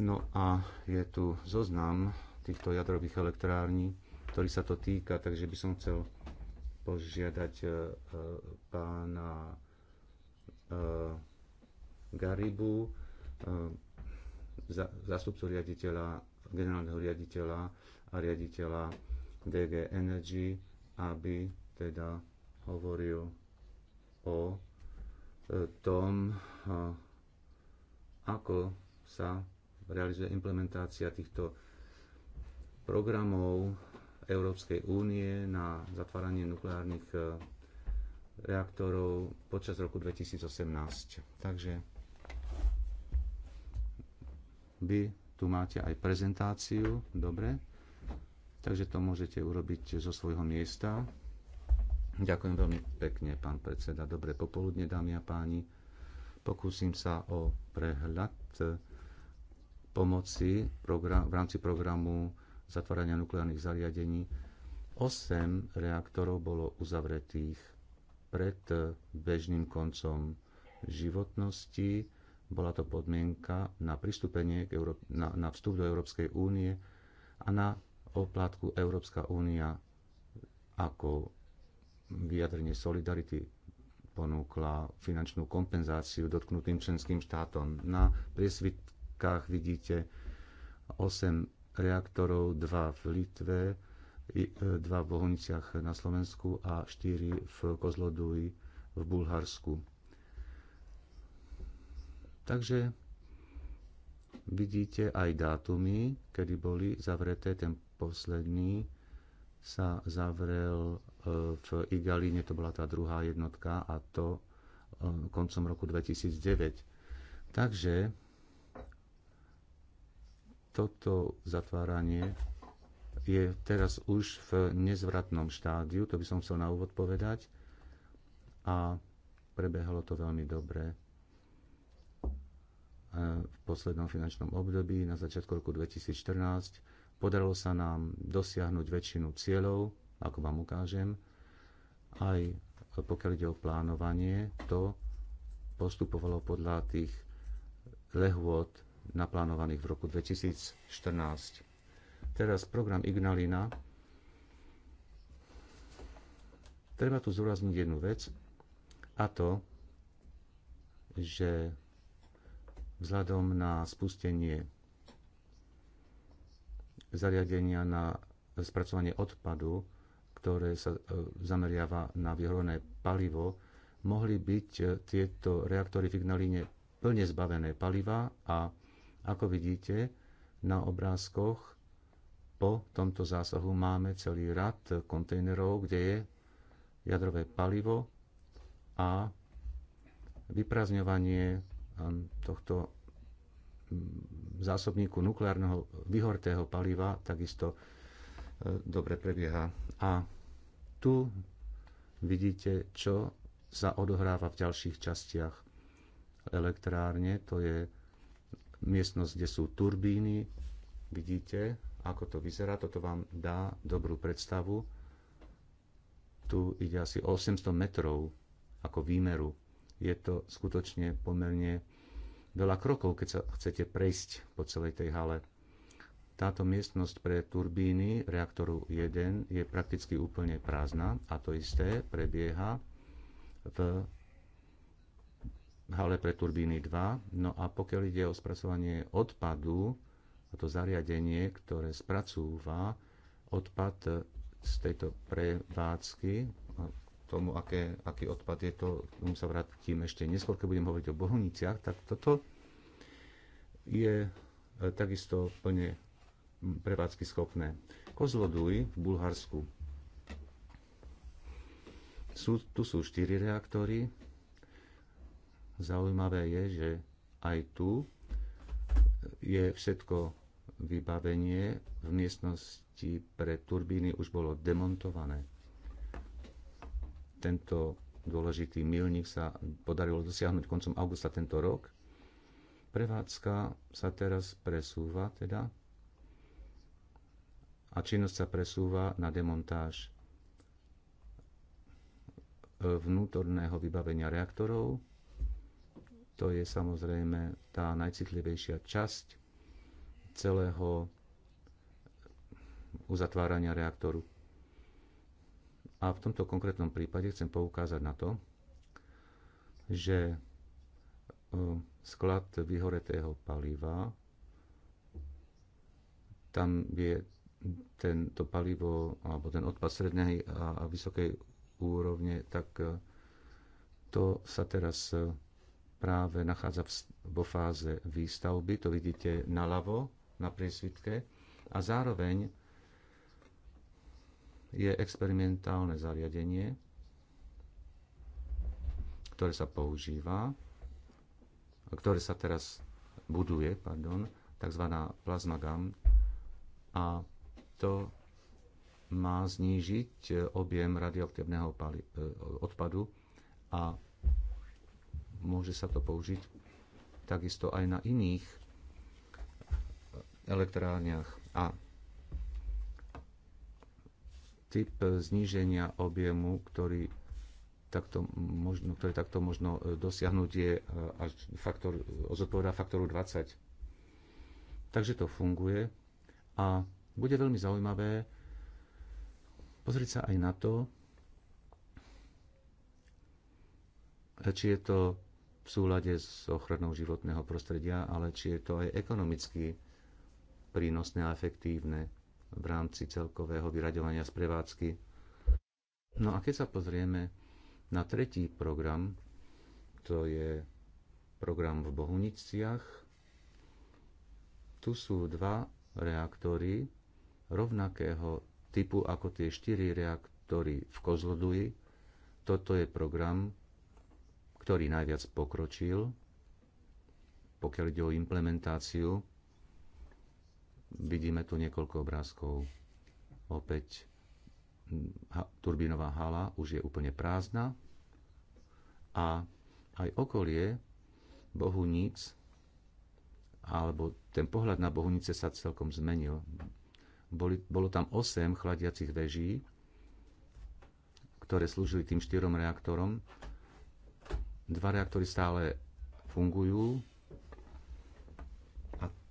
No a je tu zoznam týchto jadrových elektrární, ktorý sa to týka, takže by som chcel požiadať pána Garibu, eh, zástupcu riaditeľa, generálneho riaditeľa a riaditeľa DG Energy, aby teda hovoril o eh, tom, eh, ako sa realizuje implementácia týchto programov Európskej únie na zatváranie nukleárnych reaktorov počas roku 2018. Takže vy tu máte aj prezentáciu, dobre. Takže to môžete urobiť zo svojho miesta. Ďakujem veľmi pekne, pán predseda. Dobre popoludne, dámy a páni. Pokúsim sa o prehľad pomoci program, v rámci programu zatvárania nukleárnych zariadení. 8 reaktorov bolo uzavretých pred bežným koncom životnosti bola to podmienka na pristúpenie k Euró- na, na vstup do Európskej únie a na oplátku Európska únia ako vyjadrenie solidarity ponúkla finančnú kompenzáciu dotknutým členským štátom. Na priesvitkách vidíte 8 reaktorov, 2 v Litve, 2 e, v Bohuniciach na Slovensku a 4 v Kozloduji v Bulharsku. Takže vidíte aj dátumy, kedy boli zavreté. Ten posledný sa zavrel e, v Igalíne, to bola tá druhá jednotka a to e, koncom roku 2009. Takže toto zatváranie je teraz už v nezvratnom štádiu, to by som chcel na úvod povedať. A prebehlo to veľmi dobre. E, v poslednom finančnom období na začiatku roku 2014. Podarilo sa nám dosiahnuť väčšinu cieľov, ako vám ukážem, aj pokiaľ ide o plánovanie, to postupovalo podľa tých lehôd naplánovaných v roku 2014. Teraz program Ignalina. Treba tu zúrazniť jednu vec, a to, že vzhľadom na spustenie zariadenia na spracovanie odpadu, ktoré sa e, zameriava na vyhorené palivo, mohli byť e, tieto reaktory v Ignalíne plne zbavené paliva a ako vidíte na obrázkoch, po tomto zásahu máme celý rad kontejnerov, kde je jadrové palivo a vyprazňovanie tohto mm, zásobníku nukleárneho vyhortého paliva takisto e, dobre prebieha. A tu vidíte, čo sa odohráva v ďalších častiach elektrárne. To je miestnosť, kde sú turbíny. Vidíte, ako to vyzerá. Toto vám dá dobrú predstavu. Tu ide asi 800 metrov ako výmeru je to skutočne pomerne veľa krokov, keď sa chcete prejsť po celej tej hale. Táto miestnosť pre turbíny reaktoru 1 je prakticky úplne prázdna a to isté prebieha v hale pre turbíny 2. No a pokiaľ ide o spracovanie odpadu, to zariadenie, ktoré spracúva odpad z tejto prevádzky, tomu, aké, aký odpad je to, k tomu sa vrátim ešte neskôr, keď budem hovoriť o bohuniciach, tak toto je e, takisto plne prevádzky schopné. Kozloduj v Bulharsku. Sú, tu sú 4 reaktory. Zaujímavé je, že aj tu je všetko vybavenie v miestnosti pre turbíny už bolo demontované. Tento dôležitý milník sa podarilo dosiahnuť koncom augusta tento rok. Prevádzka sa teraz presúva teda a činnosť sa presúva na demontáž vnútorného vybavenia reaktorov. To je samozrejme tá najcitlivejšia časť celého uzatvárania reaktoru. A v tomto konkrétnom prípade chcem poukázať na to, že e, sklad vyhoretého paliva, tam je tento palivo alebo ten odpad srednej a vysokej úrovne, tak e, to sa teraz e, práve nachádza vo fáze výstavby, to vidíte naľavo na priesvitke, a zároveň je experimentálne zariadenie, ktoré sa používa, ktoré sa teraz buduje, pardon, tzv. plazmagam a to má znížiť e, objem radioaktívneho e, odpadu a môže sa to použiť takisto aj na iných e, elektrárniach. A typ e, zníženia objemu, ktorý takto možno, ktoré takto možno e, dosiahnuť je e, až faktor, zodpovedá faktoru 20. Takže to funguje a bude veľmi zaujímavé pozrieť sa aj na to, či je to v súlade s ochranou životného prostredia, ale či je to aj ekonomicky prínosné a efektívne v rámci celkového vyraďovania z prevádzky. No a keď sa pozrieme na tretí program, to je program v Bohuniciach, tu sú dva reaktory rovnakého typu ako tie štyri reaktory v Kozloduji. Toto je program, ktorý najviac pokročil, pokiaľ ide o implementáciu Vidíme tu niekoľko obrázkov. Opäť hm, turbínová hala už je úplne prázdna a aj okolie Bohuníc alebo ten pohľad na Bohunice sa celkom zmenil. Boli, bolo tam 8 chladiacich veží, ktoré slúžili tým štyrom reaktorom. Dva reaktory stále fungujú,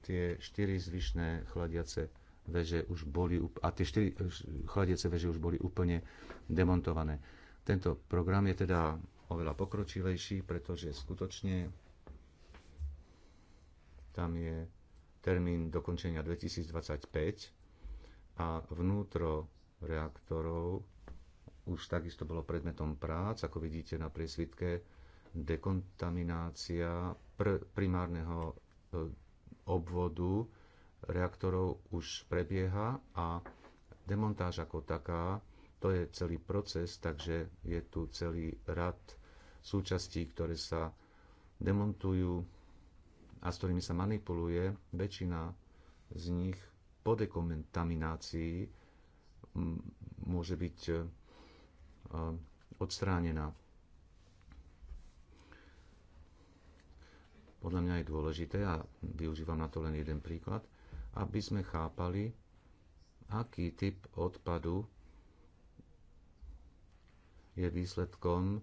tie štyri zvyšné chladiace veže už boli, a tie štyri eh, chladiace veže už boli úplne demontované. Tento program je teda oveľa pokročilejší, pretože skutočne tam je termín dokončenia 2025 a vnútro reaktorov už takisto bolo predmetom prác, ako vidíte na priesvitke, dekontaminácia primárneho eh, obvodu reaktorov už prebieha a demontáž ako taká, to je celý proces, takže je tu celý rad súčastí, ktoré sa demontujú a s ktorými sa manipuluje. Väčšina z nich po dekontaminácii môže byť eh, odstránená. podľa mňa je dôležité, a využívam na to len jeden príklad, aby sme chápali, aký typ odpadu je výsledkom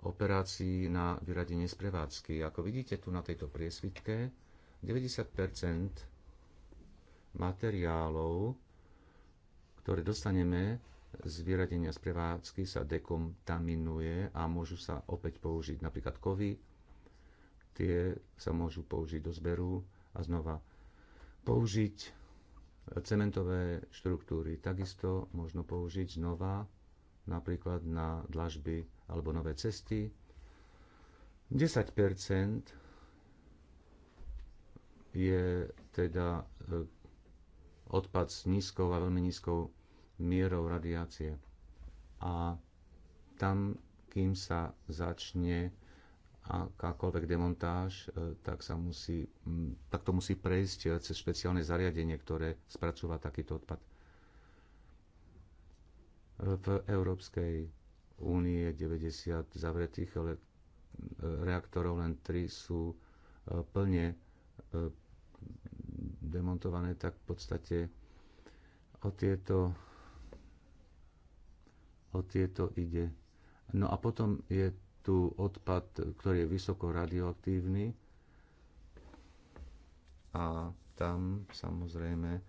operácií na vyradenie z prevádzky. Ako vidíte tu na tejto priesvitke, 90 materiálov, ktoré dostaneme z vyradenia z prevádzky, sa dekontaminuje a môžu sa opäť použiť napríklad kovy, tie sa môžu použiť do zberu a znova použiť cementové štruktúry. Takisto možno použiť znova napríklad na dlažby alebo nové cesty. 10 je teda e, odpad s nízkou a veľmi nízkou mierou radiácie. A tam, kým sa začne akákoľvek demontáž, e, tak, sa musí, tak to musí prejsť e, cez špeciálne zariadenie, ktoré spracúva takýto odpad. E, v Európskej únii je 90 zavretých reaktorov, len 3 sú plne demontované, tak v podstate o tieto, o tieto ide. No a potom je tu odpad, ktorý je vysoko radioaktívny a tam samozrejme e,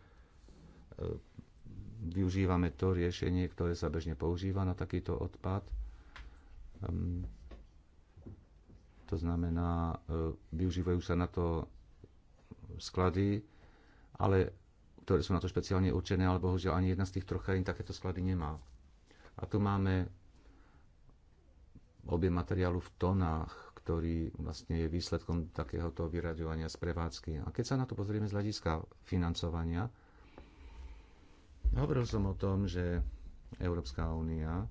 využívame to riešenie, ktoré sa bežne používa na takýto odpad. Ehm, to znamená, e, využívajú sa na to sklady, ale ktoré sú na to špeciálne určené, ale bohužiaľ ani jedna z tých troch krajín takéto sklady nemá. A tu máme objem materiálu v tonách, ktorý vlastne je výsledkom takéhoto vyraďovania z prevádzky. A keď sa na to pozrieme z hľadiska financovania, hovoril som o tom, že Európska únia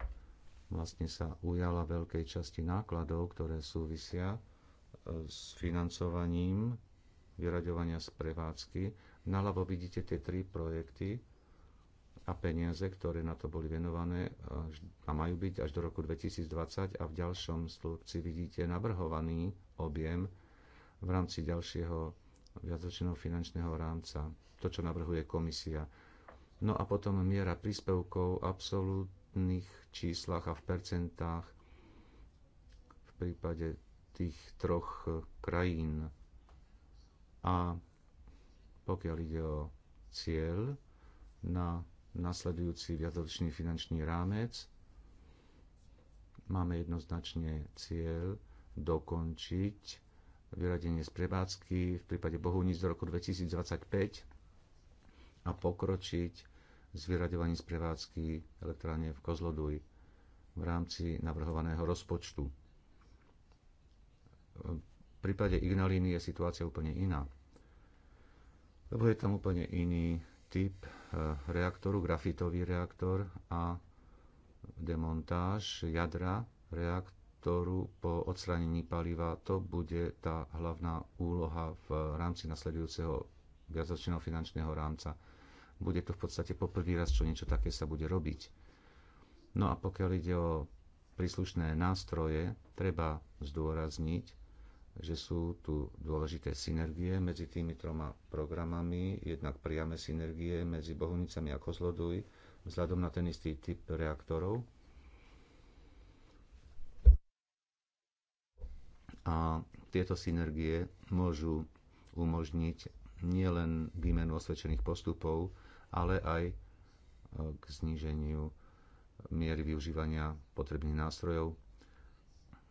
vlastne sa ujala veľkej časti nákladov, ktoré súvisia e, s financovaním vyraďovania z prevádzky. Naľavo vidíte tie tri projekty, a peniaze, ktoré na to boli venované a majú byť až do roku 2020 a v ďalšom stĺpci vidíte navrhovaný objem v rámci ďalšieho viacročného finančného rámca, to, čo navrhuje komisia. No a potom miera príspevkov v absolútnych číslach a v percentách v prípade tých troch e, krajín. A pokiaľ ide o cieľ na nasledujúci viacročný finančný rámec. Máme jednoznačne cieľ dokončiť vyradenie z prevádzky v prípade Bohuníc do roku 2025 a pokročiť s vyradovaním z prevádzky elektrárne v Kozloduj v rámci navrhovaného rozpočtu. V prípade Ignalíny je situácia úplne iná. Lebo je tam úplne iný typ e, reaktoru, grafitový reaktor a demontáž jadra reaktoru po odstranení paliva. To bude tá hlavná úloha v rámci nasledujúceho viacročného finančného rámca. Bude to v podstate poprvý raz, čo niečo také sa bude robiť. No a pokiaľ ide o príslušné nástroje, treba zdôrazniť, že sú tu dôležité synergie medzi tými troma programami, jednak priame synergie medzi Bohunicami a Kozloduj vzhľadom na ten istý typ reaktorov. A tieto synergie môžu umožniť nielen výmenu osvedčených postupov, ale aj e, k zníženiu miery využívania potrebných nástrojov.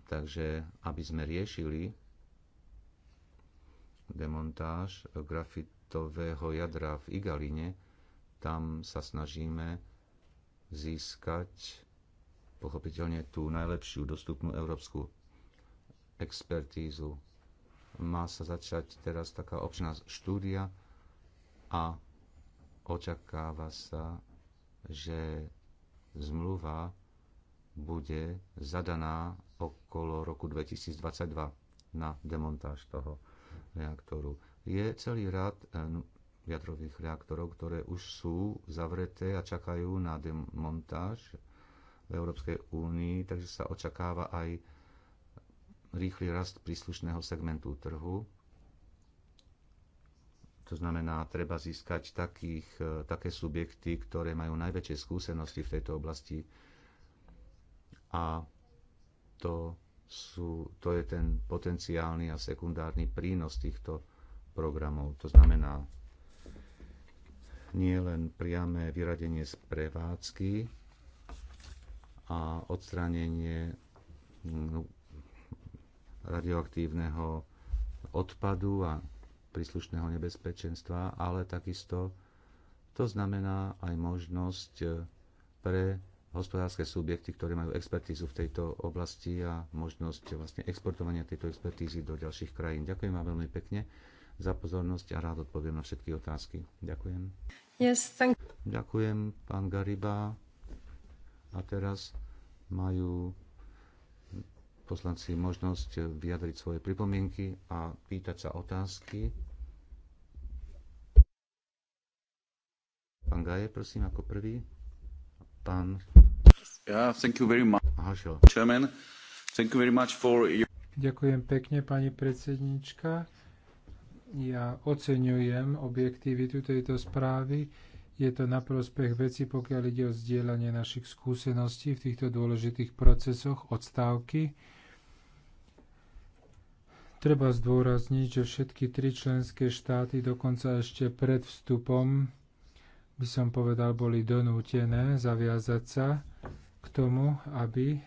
Takže aby sme riešili demontáž grafitového jadra v Igaline. Tam sa snažíme získať pochopiteľne tú najlepšiu dostupnú európsku expertízu. Má sa začať teraz taká občná štúdia a očakáva sa, že zmluva bude zadaná okolo roku 2022 na demontáž toho reaktoru. Je celý rad eh, jadrových reaktorov, ktoré už sú zavreté a čakajú na demontáž v Európskej únii, takže sa očakáva aj rýchly rast príslušného segmentu trhu. To znamená, treba získať takých, eh, také subjekty, ktoré majú najväčšie skúsenosti v tejto oblasti a to sú, to je ten potenciálny a sekundárny prínos týchto programov. To znamená nie len priame vyradenie z prevádzky a odstránenie mm, no, radioaktívneho odpadu a príslušného nebezpečenstva, ale takisto to znamená aj možnosť pre hospodárske subjekty, ktoré majú expertízu v tejto oblasti a možnosť vlastne exportovania tejto expertízy do ďalších krajín. Ďakujem vám veľmi pekne za pozornosť a rád odpoviem na všetky otázky. Ďakujem. Yes, thank... Ďakujem, pán Gariba. A teraz majú poslanci možnosť vyjadriť svoje pripomienky a pýtať sa otázky. Pán Gaje, prosím, ako prvý pán... Hašel. Ďakujem pekne, pani predsednička. Ja oceňujem objektivitu tejto správy. Je to na prospech veci, pokiaľ ide o zdieľanie našich skúseností v týchto dôležitých procesoch odstávky. Treba zdôrazniť, že všetky tri členské štáty, dokonca ešte pred vstupom by som povedal, boli donútené zaviazať sa k tomu, aby e,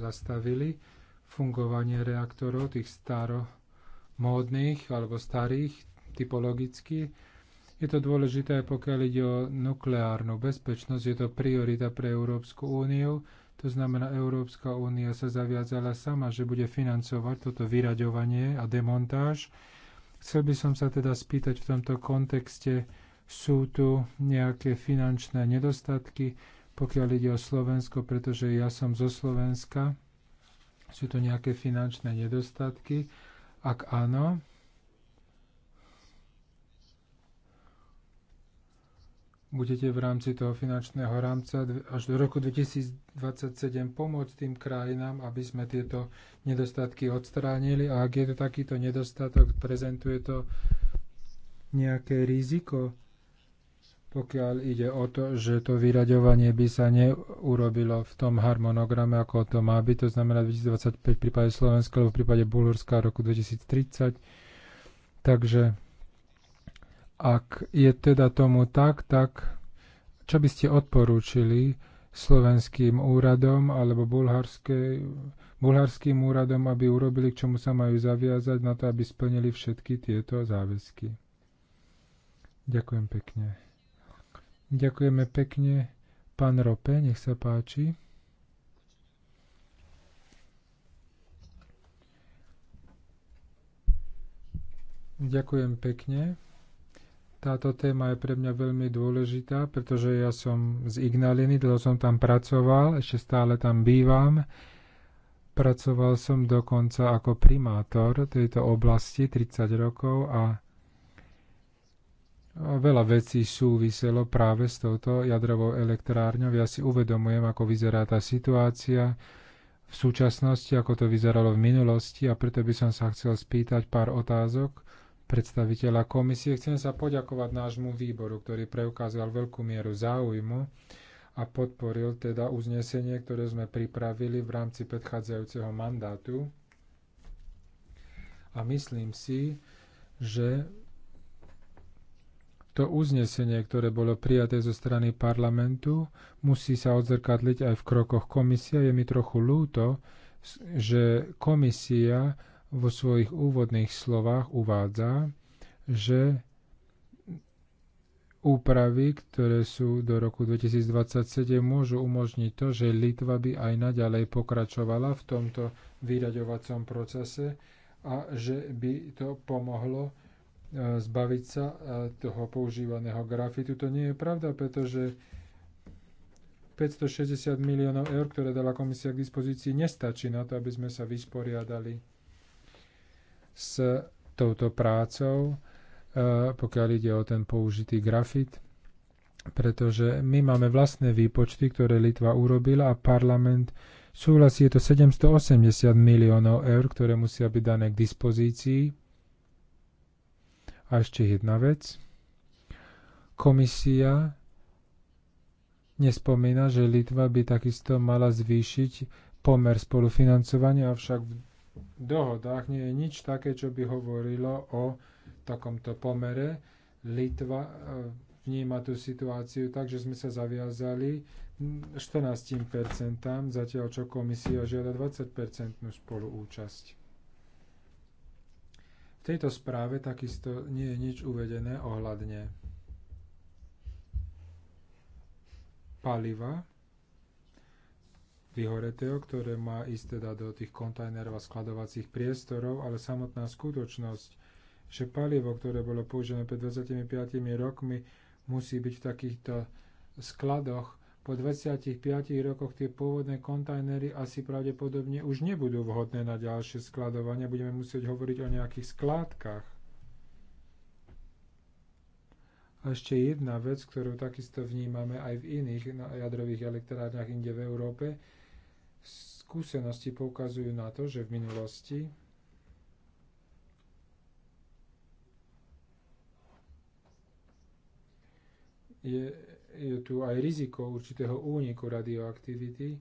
zastavili fungovanie reaktorov, tých staromódnych alebo starých typologicky. Je to dôležité, pokiaľ ide o nukleárnu bezpečnosť, je to priorita pre Európsku úniu. To znamená, Európska únia sa zaviazala sama, že bude financovať toto vyraďovanie a demontáž. Chcel by som sa teda spýtať v tomto kontexte, sú tu nejaké finančné nedostatky, pokiaľ ide o Slovensko, pretože ja som zo Slovenska, sú tu nejaké finančné nedostatky. Ak áno, budete v rámci toho finančného rámca až do roku 2027 pomôcť tým krajinám, aby sme tieto nedostatky odstránili. A ak je to takýto nedostatok, prezentuje to nejaké riziko pokiaľ ide o to, že to vyraďovanie by sa neurobilo v tom harmonograme, ako to má byť, to znamená 2025 v prípade Slovenska alebo v prípade Bulharska roku 2030. Takže ak je teda tomu tak, tak čo by ste odporúčili slovenským úradom alebo bulharským úradom, aby urobili, k čomu sa majú zaviazať na to, aby splnili všetky tieto záväzky? Ďakujem pekne. Ďakujeme pekne. Pán Rope, nech sa páči. Ďakujem pekne. Táto téma je pre mňa veľmi dôležitá, pretože ja som z Ignaliny, dlho som tam pracoval, ešte stále tam bývam. Pracoval som dokonca ako primátor tejto oblasti 30 rokov a Veľa vecí súviselo práve s touto jadrovou elektrárňou. Ja si uvedomujem, ako vyzerá tá situácia v súčasnosti, ako to vyzeralo v minulosti a preto by som sa chcel spýtať pár otázok predstaviteľa komisie. Chcem sa poďakovať nášmu výboru, ktorý preukázal veľkú mieru záujmu a podporil teda uznesenie, ktoré sme pripravili v rámci predchádzajúceho mandátu. A myslím si, že to uznesenie, ktoré bolo prijaté zo strany parlamentu, musí sa odzrkadliť aj v krokoch komisia. Je mi trochu ľúto, že komisia vo svojich úvodných slovách uvádza, že úpravy, ktoré sú do roku 2027, môžu umožniť to, že Litva by aj naďalej pokračovala v tomto vyraďovacom procese a že by to pomohlo zbaviť sa toho používaného grafitu. To nie je pravda, pretože 560 miliónov eur, ktoré dala komisia k dispozícii, nestačí na to, aby sme sa vysporiadali s touto prácou, pokiaľ ide o ten použitý grafit, pretože my máme vlastné výpočty, ktoré Litva urobila a parlament súhlasí, je to 780 miliónov eur, ktoré musia byť dané k dispozícii a ešte jedna vec. Komisia nespomína, že Litva by takisto mala zvýšiť pomer spolufinancovania, avšak v dohodách nie je nič také, čo by hovorilo o takomto pomere. Litva e, vníma tú situáciu tak, že sme sa zaviazali 14%, zatiaľ čo komisia žiada 20% spoluúčasť. V tejto správe takisto nie je nič uvedené ohľadne paliva vyhoretého, ktoré má ísť teda do tých kontajnerov a skladovacích priestorov, ale samotná skutočnosť, že palivo, ktoré bolo použené pred 25 rokmi, musí byť v takýchto skladoch, po 25 rokoch tie pôvodné kontajnery asi pravdepodobne už nebudú vhodné na ďalšie skladovanie. Budeme musieť hovoriť o nejakých skládkach. A ešte jedna vec, ktorú takisto vnímame aj v iných jadrových elektrárniach inde v Európe, skúsenosti poukazujú na to, že v minulosti je je tu aj riziko určitého úniku radioaktivity.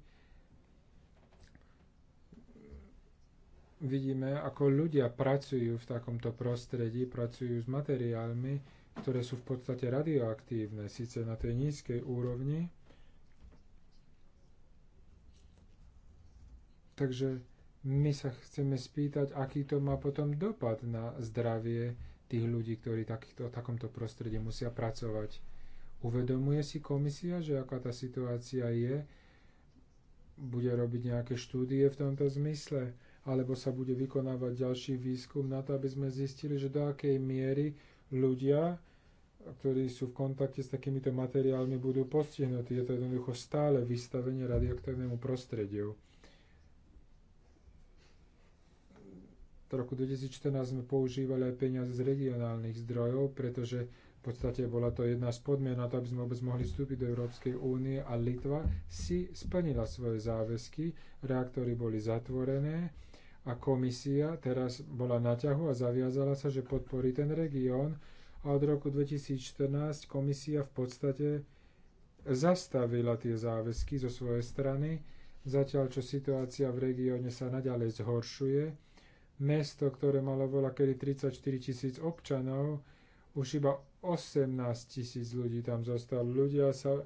Vidíme, ako ľudia pracujú v takomto prostredí, pracujú s materiálmi, ktoré sú v podstate radioaktívne, síce na tej nízkej úrovni. Takže my sa chceme spýtať, aký to má potom dopad na zdravie tých ľudí, ktorí takýchto, v takomto prostredí musia pracovať. Uvedomuje si komisia, že aká tá situácia je, bude robiť nejaké štúdie v tomto zmysle, alebo sa bude vykonávať ďalší výskum na to, aby sme zistili, že do akej miery ľudia, ktorí sú v kontakte s takýmito materiálmi, budú postihnutí. Je to jednoducho stále vystavenie radioaktívnemu prostrediu. V roku 2014 sme používali aj peniaze z regionálnych zdrojov, pretože v podstate bola to jedna z podmien na to, aby sme vôbec mohli vstúpiť do Európskej únie a Litva si splnila svoje záväzky, reaktory boli zatvorené a komisia teraz bola na ťahu a zaviazala sa, že podporí ten región a od roku 2014 komisia v podstate zastavila tie záväzky zo svojej strany, zatiaľ čo situácia v regióne sa naďalej zhoršuje. Mesto, ktoré malo bola kedy 34 tisíc občanov, už iba 18 tisíc ľudí tam zostalo. Ľudia sa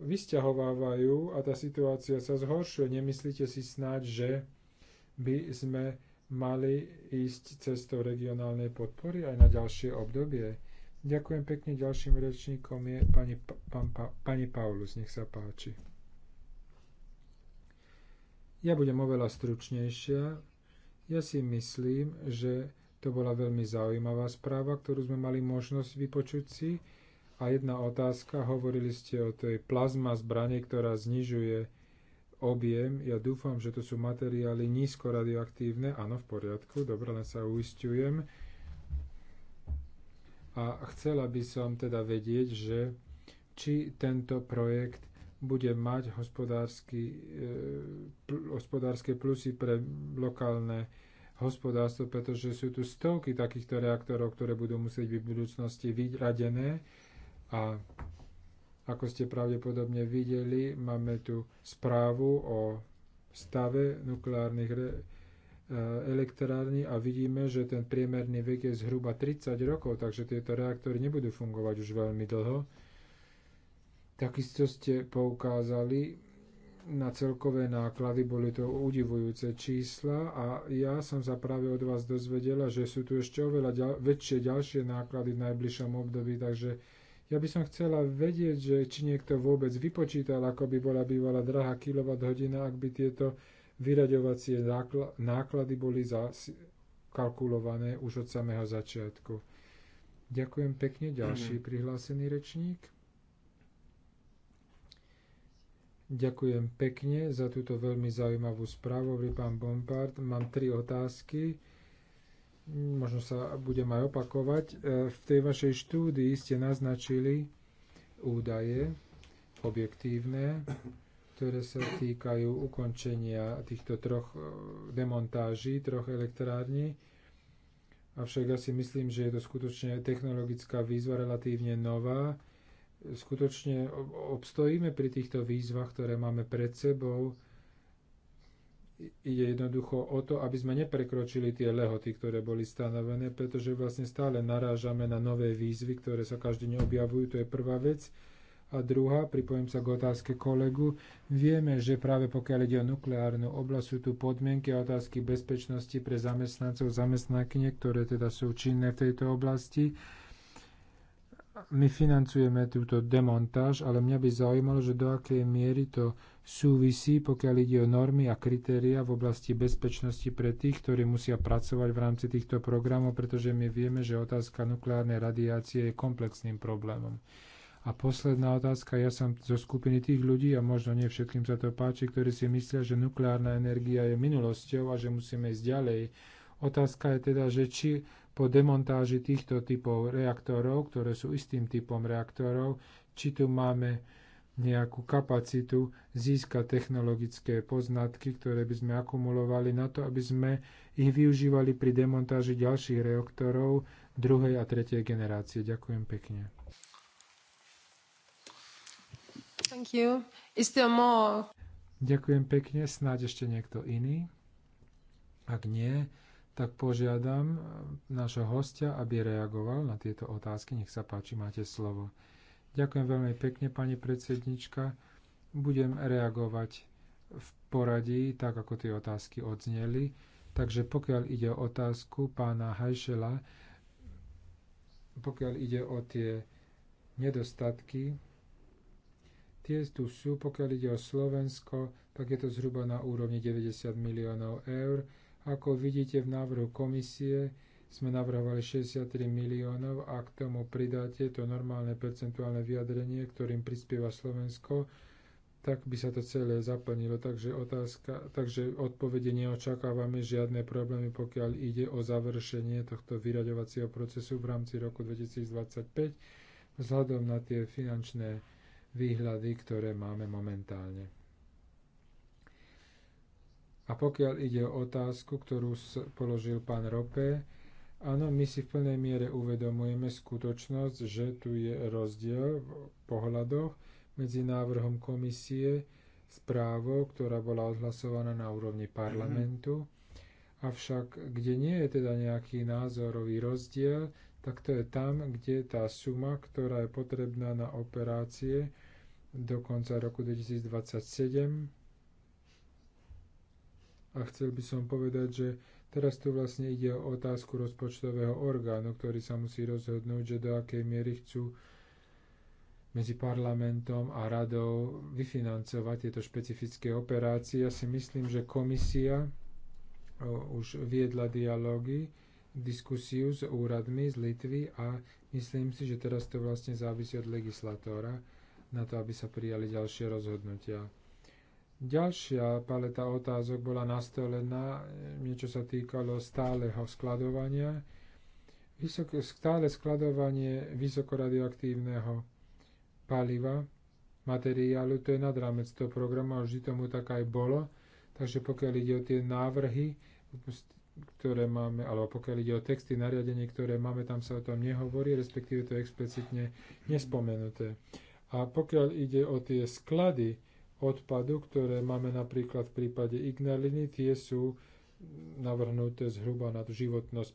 vysťahovávajú a tá situácia sa zhoršuje. Nemyslíte si snáď, že by sme mali ísť cestou regionálnej podpory aj na ďalšie obdobie? Ďakujem pekne. Ďalším rečníkom je pani, pa, pa, pani Paulus. Nech sa páči. Ja budem oveľa stručnejšia. Ja si myslím, že to bola veľmi zaujímavá správa, ktorú sme mali možnosť vypočuť si. A jedna otázka, hovorili ste o tej plazma zbrane, ktorá znižuje objem. Ja dúfam, že to sú materiály nízko radioaktívne. Áno, v poriadku, dobre, len sa uistujem. A chcela by som teda vedieť, že či tento projekt bude mať e, hospodárske plusy pre lokálne hospodárstvo, pretože sú tu stovky takýchto reaktorov, ktoré budú musieť byť v budúcnosti vyradené a ako ste pravdepodobne videli, máme tu správu o stave nukleárnych eh, elektrárny a vidíme, že ten priemerný vek je zhruba 30 rokov, takže tieto reaktory nebudú fungovať už veľmi dlho. Takisto ste poukázali na celkové náklady. Boli to udivujúce čísla a ja som sa práve od vás dozvedela, že sú tu ešte oveľa ďal, väčšie ďalšie náklady v najbližšom období, takže ja by som chcela vedieť, že či niekto vôbec vypočítal, ako by bola bývala drahá hodina, ak by tieto vyraďovacie náklady boli kalkulované už od samého začiatku. Ďakujem pekne. Ďalší mhm. prihlásený rečník. Ďakujem pekne za túto veľmi zaujímavú správu, hovorí pán Bompard. Mám tri otázky, možno sa budem aj opakovať. E, v tej vašej štúdii ste naznačili údaje objektívne, ktoré sa týkajú ukončenia týchto troch e, demontáží, troch elektrární. Avšak ja si myslím, že je to skutočne technologická výzva relatívne nová skutočne obstojíme pri týchto výzvach, ktoré máme pred sebou. Ide jednoducho o to, aby sme neprekročili tie lehoty, ktoré boli stanovené, pretože vlastne stále narážame na nové výzvy, ktoré sa každý deň objavujú. To je prvá vec. A druhá, pripojím sa k otázke kolegu, vieme, že práve pokiaľ ide o nukleárnu oblasť, sú tu podmienky a otázky bezpečnosti pre zamestnancov, zamestnankyne, ktoré teda sú činné v tejto oblasti my financujeme túto demontáž, ale mňa by zaujímalo, že do akej miery to súvisí, pokiaľ ide o normy a kritéria v oblasti bezpečnosti pre tých, ktorí musia pracovať v rámci týchto programov, pretože my vieme, že otázka nukleárnej radiácie je komplexným problémom. A posledná otázka, ja som zo skupiny tých ľudí, a možno nie všetkým sa to páči, ktorí si myslia, že nukleárna energia je minulosťou a že musíme ísť ďalej. Otázka je teda, že či po demontáži týchto typov reaktorov, ktoré sú istým typom reaktorov, či tu máme nejakú kapacitu získať technologické poznatky, ktoré by sme akumulovali na to, aby sme ich využívali pri demontáži ďalších reaktorov druhej a tretej generácie. Ďakujem pekne. Thank you. Is there more? Ďakujem pekne. Snáď ešte niekto iný? Ak nie, tak požiadam eh, nášho hostia, aby reagoval na tieto otázky. Nech sa páči, máte slovo. Ďakujem veľmi pekne, pani predsednička. Budem reagovať v poradí, tak ako tie otázky odzneli. Takže pokiaľ ide o otázku pána Hajšela, pokiaľ ide o tie nedostatky, tie tu sú, pokiaľ ide o Slovensko, tak je to zhruba na úrovni 90 miliónov eur ako vidíte v návrhu komisie, sme navrhovali 63 miliónov a k tomu pridáte to normálne percentuálne vyjadrenie, ktorým prispieva Slovensko, tak by sa to celé zaplnilo. Takže, otázka, takže odpovede neočakávame žiadne problémy, pokiaľ ide o završenie tohto vyraďovacieho procesu v rámci roku 2025 vzhľadom na tie finančné výhľady, ktoré máme momentálne. A pokiaľ ide o otázku, ktorú položil pán Rope, áno, my si v plnej miere uvedomujeme skutočnosť, že tu je rozdiel v pohľadoch medzi návrhom komisie, správou, ktorá bola odhlasovaná na úrovni mhm. parlamentu. Avšak, kde nie je teda nejaký názorový rozdiel, tak to je tam, kde tá suma, ktorá je potrebná na operácie do konca roku 2027, a chcel by som povedať, že teraz tu vlastne ide o otázku rozpočtového orgánu, ktorý sa musí rozhodnúť, že do akej miery chcú medzi parlamentom a radou vyfinancovať tieto špecifické operácie. Ja si myslím, že komisia už viedla dialógy, diskusiu s úradmi z Litvy a myslím si, že teraz to vlastne závisí od legislatóra na to, aby sa prijali ďalšie rozhodnutia. Ďalšia paleta otázok bola nastolená, niečo sa týkalo stáleho skladovania, Vysok, stále skladovanie vysokoradioaktívneho paliva, materiálu, to je nadrámec toho programu a vždy tomu tak aj bolo. Takže pokiaľ ide o tie návrhy, ktoré máme, alebo pokiaľ ide o texty, nariadenie, ktoré máme, tam sa o tom nehovorí, respektíve to je explicitne nespomenuté. A pokiaľ ide o tie sklady, odpadu, ktoré máme napríklad v prípade Ignaliny, tie sú navrhnuté zhruba na životnosť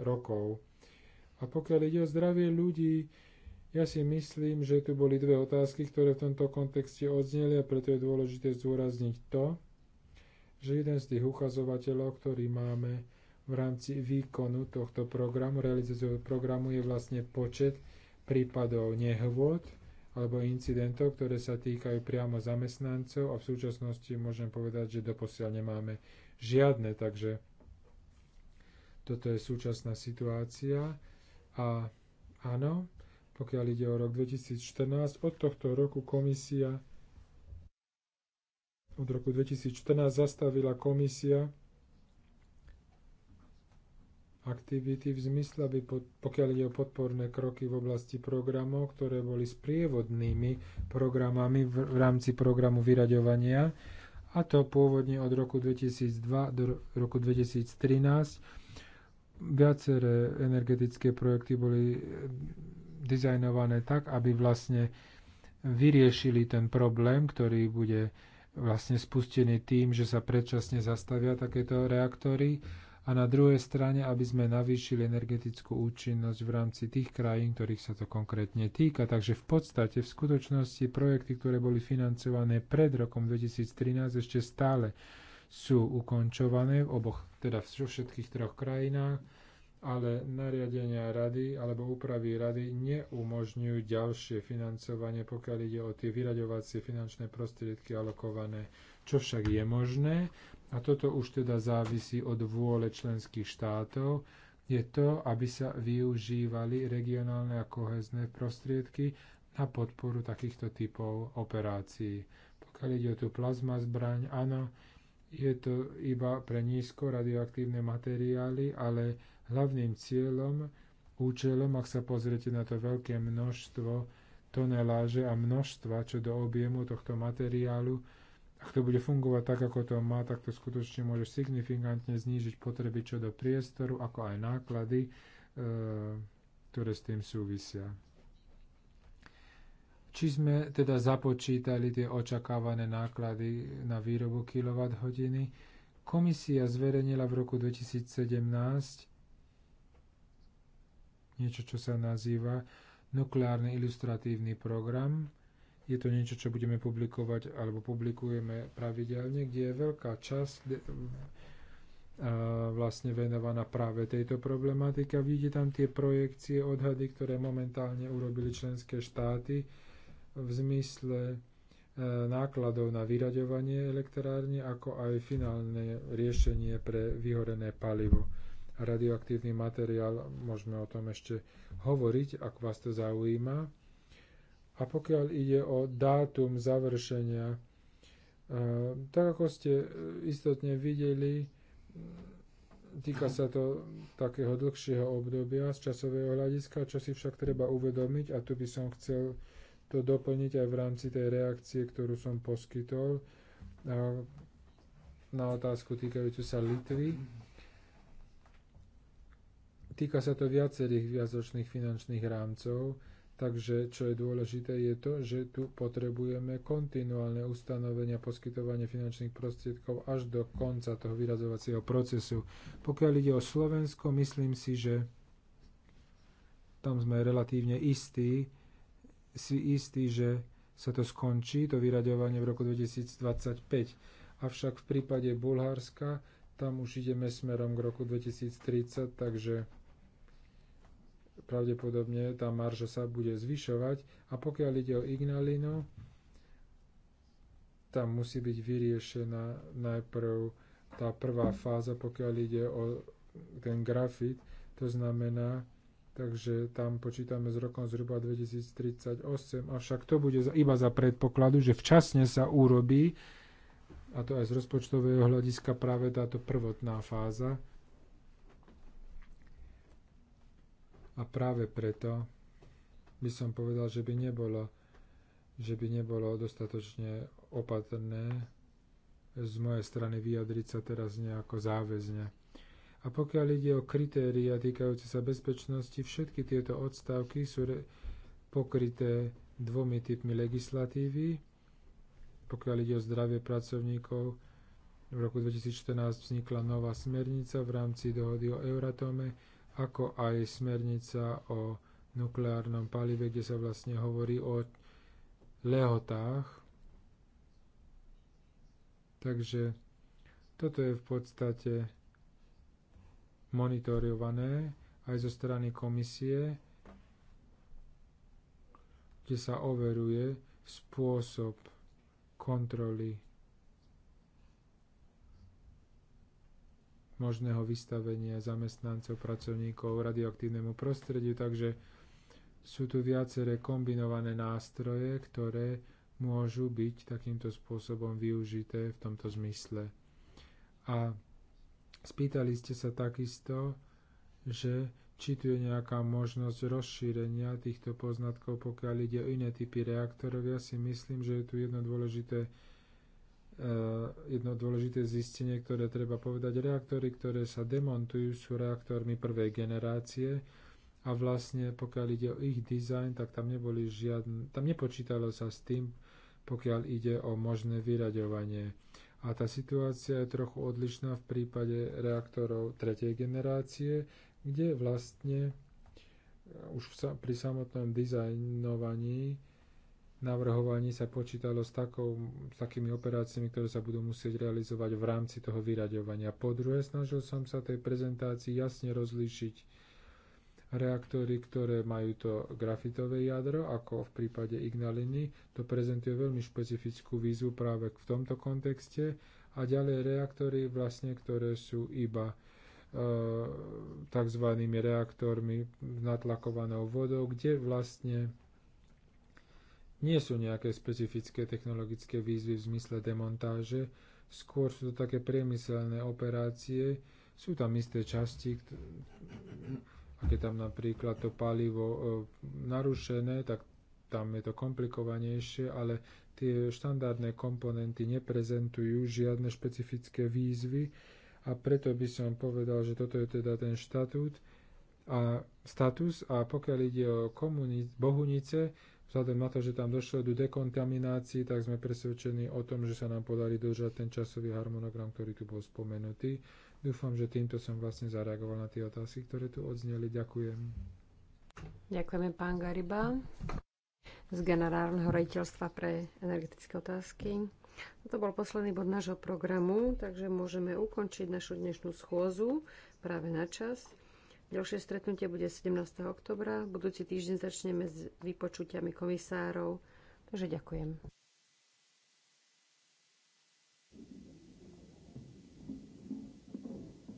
50 rokov. A pokiaľ ide o zdravie ľudí, ja si myslím, že tu boli dve otázky, ktoré v tomto kontexte odzneli a preto je dôležité zdôrazniť to, že jeden z tých ukazovateľov, ktorý máme v rámci výkonu tohto programu, realizáciu programu je vlastne počet prípadov nehôd, alebo incidentov, ktoré sa týkajú priamo zamestnancov a v súčasnosti môžem povedať, že doposiaľ nemáme žiadne, takže toto je súčasná situácia a áno, pokiaľ ide o rok 2014, od tohto roku komisia od roku 2014 zastavila komisia aktivity v zmysle, aby pod, pokiaľ ide o podporné kroky v oblasti programov, ktoré boli sprievodnými programami v, v rámci programu vyraďovania, a to pôvodne od roku 2002 do roku 2013. Viaceré energetické projekty boli eh, dizajnované tak, aby vlastne vyriešili ten problém, ktorý bude vlastne spustený tým, že sa predčasne zastavia takéto reaktory a na druhej strane, aby sme navýšili energetickú účinnosť v rámci tých krajín, ktorých sa to konkrétne týka. Takže v podstate, v skutočnosti, projekty, ktoré boli financované pred rokom 2013, ešte stále sú ukončované v oboch, teda vo všetkých troch krajinách, ale nariadenia rady alebo úpravy rady neumožňujú ďalšie financovanie, pokiaľ ide o tie vyraďovacie finančné prostriedky alokované, čo však je možné, a toto už teda závisí od vôle členských štátov, je to, aby sa využívali regionálne a kohezné prostriedky na podporu takýchto typov operácií. Pokiaľ ide o tú plazma zbraň, áno, je to iba pre nízko radioaktívne materiály, ale hlavným cieľom, účelom, ak sa pozriete na to veľké množstvo toneláže a množstva čo do objemu tohto materiálu, ak to bude fungovať tak, ako to má, tak to skutočne môže signifikantne znížiť potreby čo do priestoru, ako aj náklady, e, ktoré s tým súvisia. Či sme teda započítali tie očakávané náklady na výrobu kWh, komisia zverejnila v roku 2017 niečo, čo sa nazýva nukleárny ilustratívny program, je to niečo, čo budeme publikovať alebo publikujeme pravidelne, kde je veľká časť mm, vlastne venovaná práve tejto problematike. Vidíte tam tie projekcie, odhady, ktoré momentálne urobili členské štáty v zmysle e, nákladov na vyraďovanie elektrárne, ako aj finálne riešenie pre vyhorené palivo. Radioaktívny materiál, môžeme o tom ešte hovoriť, ak vás to zaujíma a pokiaľ ide o dátum završenia, e, tak ako ste istotne videli, týka sa to takého dlhšieho obdobia z časového hľadiska, čo si však treba uvedomiť, a tu by som chcel to doplniť aj v rámci tej reakcie, ktorú som poskytol e, na otázku týkajúcu sa Litvy. Týka sa to viacerých viacročných finančných rámcov, Takže čo je dôležité je to, že tu potrebujeme kontinuálne ustanovenia poskytovania finančných prostriedkov až do konca toho vyrazovacieho procesu. Pokiaľ ide o Slovensko, myslím si, že tam sme relatívne istí, si istí, že sa to skončí, to vyraďovanie v roku 2025. Avšak v prípade Bulharska tam už ideme smerom k roku 2030, takže pravdepodobne tá marža sa bude zvyšovať a pokiaľ ide o Ignalinu, tam musí byť vyriešená najprv tá prvá fáza, pokiaľ ide o ten grafit, to znamená, takže tam počítame s rokom zhruba 2038, avšak to bude iba za predpokladu, že včasne sa urobí, a to aj z rozpočtového hľadiska práve táto prvotná fáza, A práve preto by som povedal, že by nebolo, že by nebolo dostatočne opatrné z mojej strany vyjadriť sa teraz nejako záväzne. A pokiaľ ide o kritéria týkajúce sa bezpečnosti, všetky tieto odstávky sú pokryté dvomi typmi legislatívy. Pokiaľ ide o zdravie pracovníkov, v roku 2014 vznikla nová smernica v rámci dohody o Euratome, ako aj smernica o nukleárnom palive, kde sa vlastne hovorí o lehotách. Takže toto je v podstate monitorované aj zo strany komisie, kde sa overuje spôsob kontroly možného vystavenia zamestnancov, pracovníkov radioaktívnemu prostrediu, takže sú tu viaceré kombinované nástroje, ktoré môžu byť takýmto spôsobom využité v tomto zmysle. A spýtali ste sa takisto, že či tu je nejaká možnosť rozšírenia týchto poznatkov, pokiaľ ide o iné typy reaktorov. Ja si myslím, že je tu jedno dôležité Eh, jedno dôležité zistenie, ktoré treba povedať. Reaktory, ktoré sa demontujú, sú reaktormi prvej generácie a vlastne pokiaľ ide o ich dizajn, tak tam neboli žiadne, tam nepočítalo sa s tým, pokiaľ ide o možné vyraďovanie. A tá situácia je trochu odlišná v prípade reaktorov tretej generácie, kde vlastne eh, už pri samotnom dizajnovaní navrhovaní sa počítalo s, takou, s takými operáciami, ktoré sa budú musieť realizovať v rámci toho vyraďovania. Po druhé, snažil som sa tej prezentácii jasne rozlíšiť reaktory, ktoré majú to grafitové jadro, ako v prípade Ignaliny. To prezentuje veľmi špecifickú výzvu práve v tomto kontexte. A ďalej reaktory, vlastne, ktoré sú iba e, tzv. reaktormi natlakovanou vodou, kde vlastne nie sú nejaké špecifické technologické výzvy v zmysle demontáže, skôr sú to také priemyselné operácie, sú tam isté časti, ak je tam napríklad to palivo e, narušené, tak tam je to komplikovanejšie, ale tie štandardné komponenty neprezentujú žiadne špecifické výzvy a preto by som povedal, že toto je teda ten štatút a status a pokiaľ ide o komunic, bohunice, Vzhľadom na to, že tam došlo do dekontaminácií, tak sme presvedčení o tom, že sa nám podarí dodržať ten časový harmonogram, ktorý tu bol spomenutý. Dúfam, že týmto som vlastne zareagoval na tie otázky, ktoré tu odzneli. Ďakujem. Ďakujeme, pán Gariba z Generálneho rejiteľstva pre energetické otázky. To bol posledný bod nášho programu, takže môžeme ukončiť našu dnešnú schôzu práve na čas. Ďalšie stretnutie bude 17. oktobra. Budúci týždeň začneme s vypočutiami komisárov. Takže ďakujem.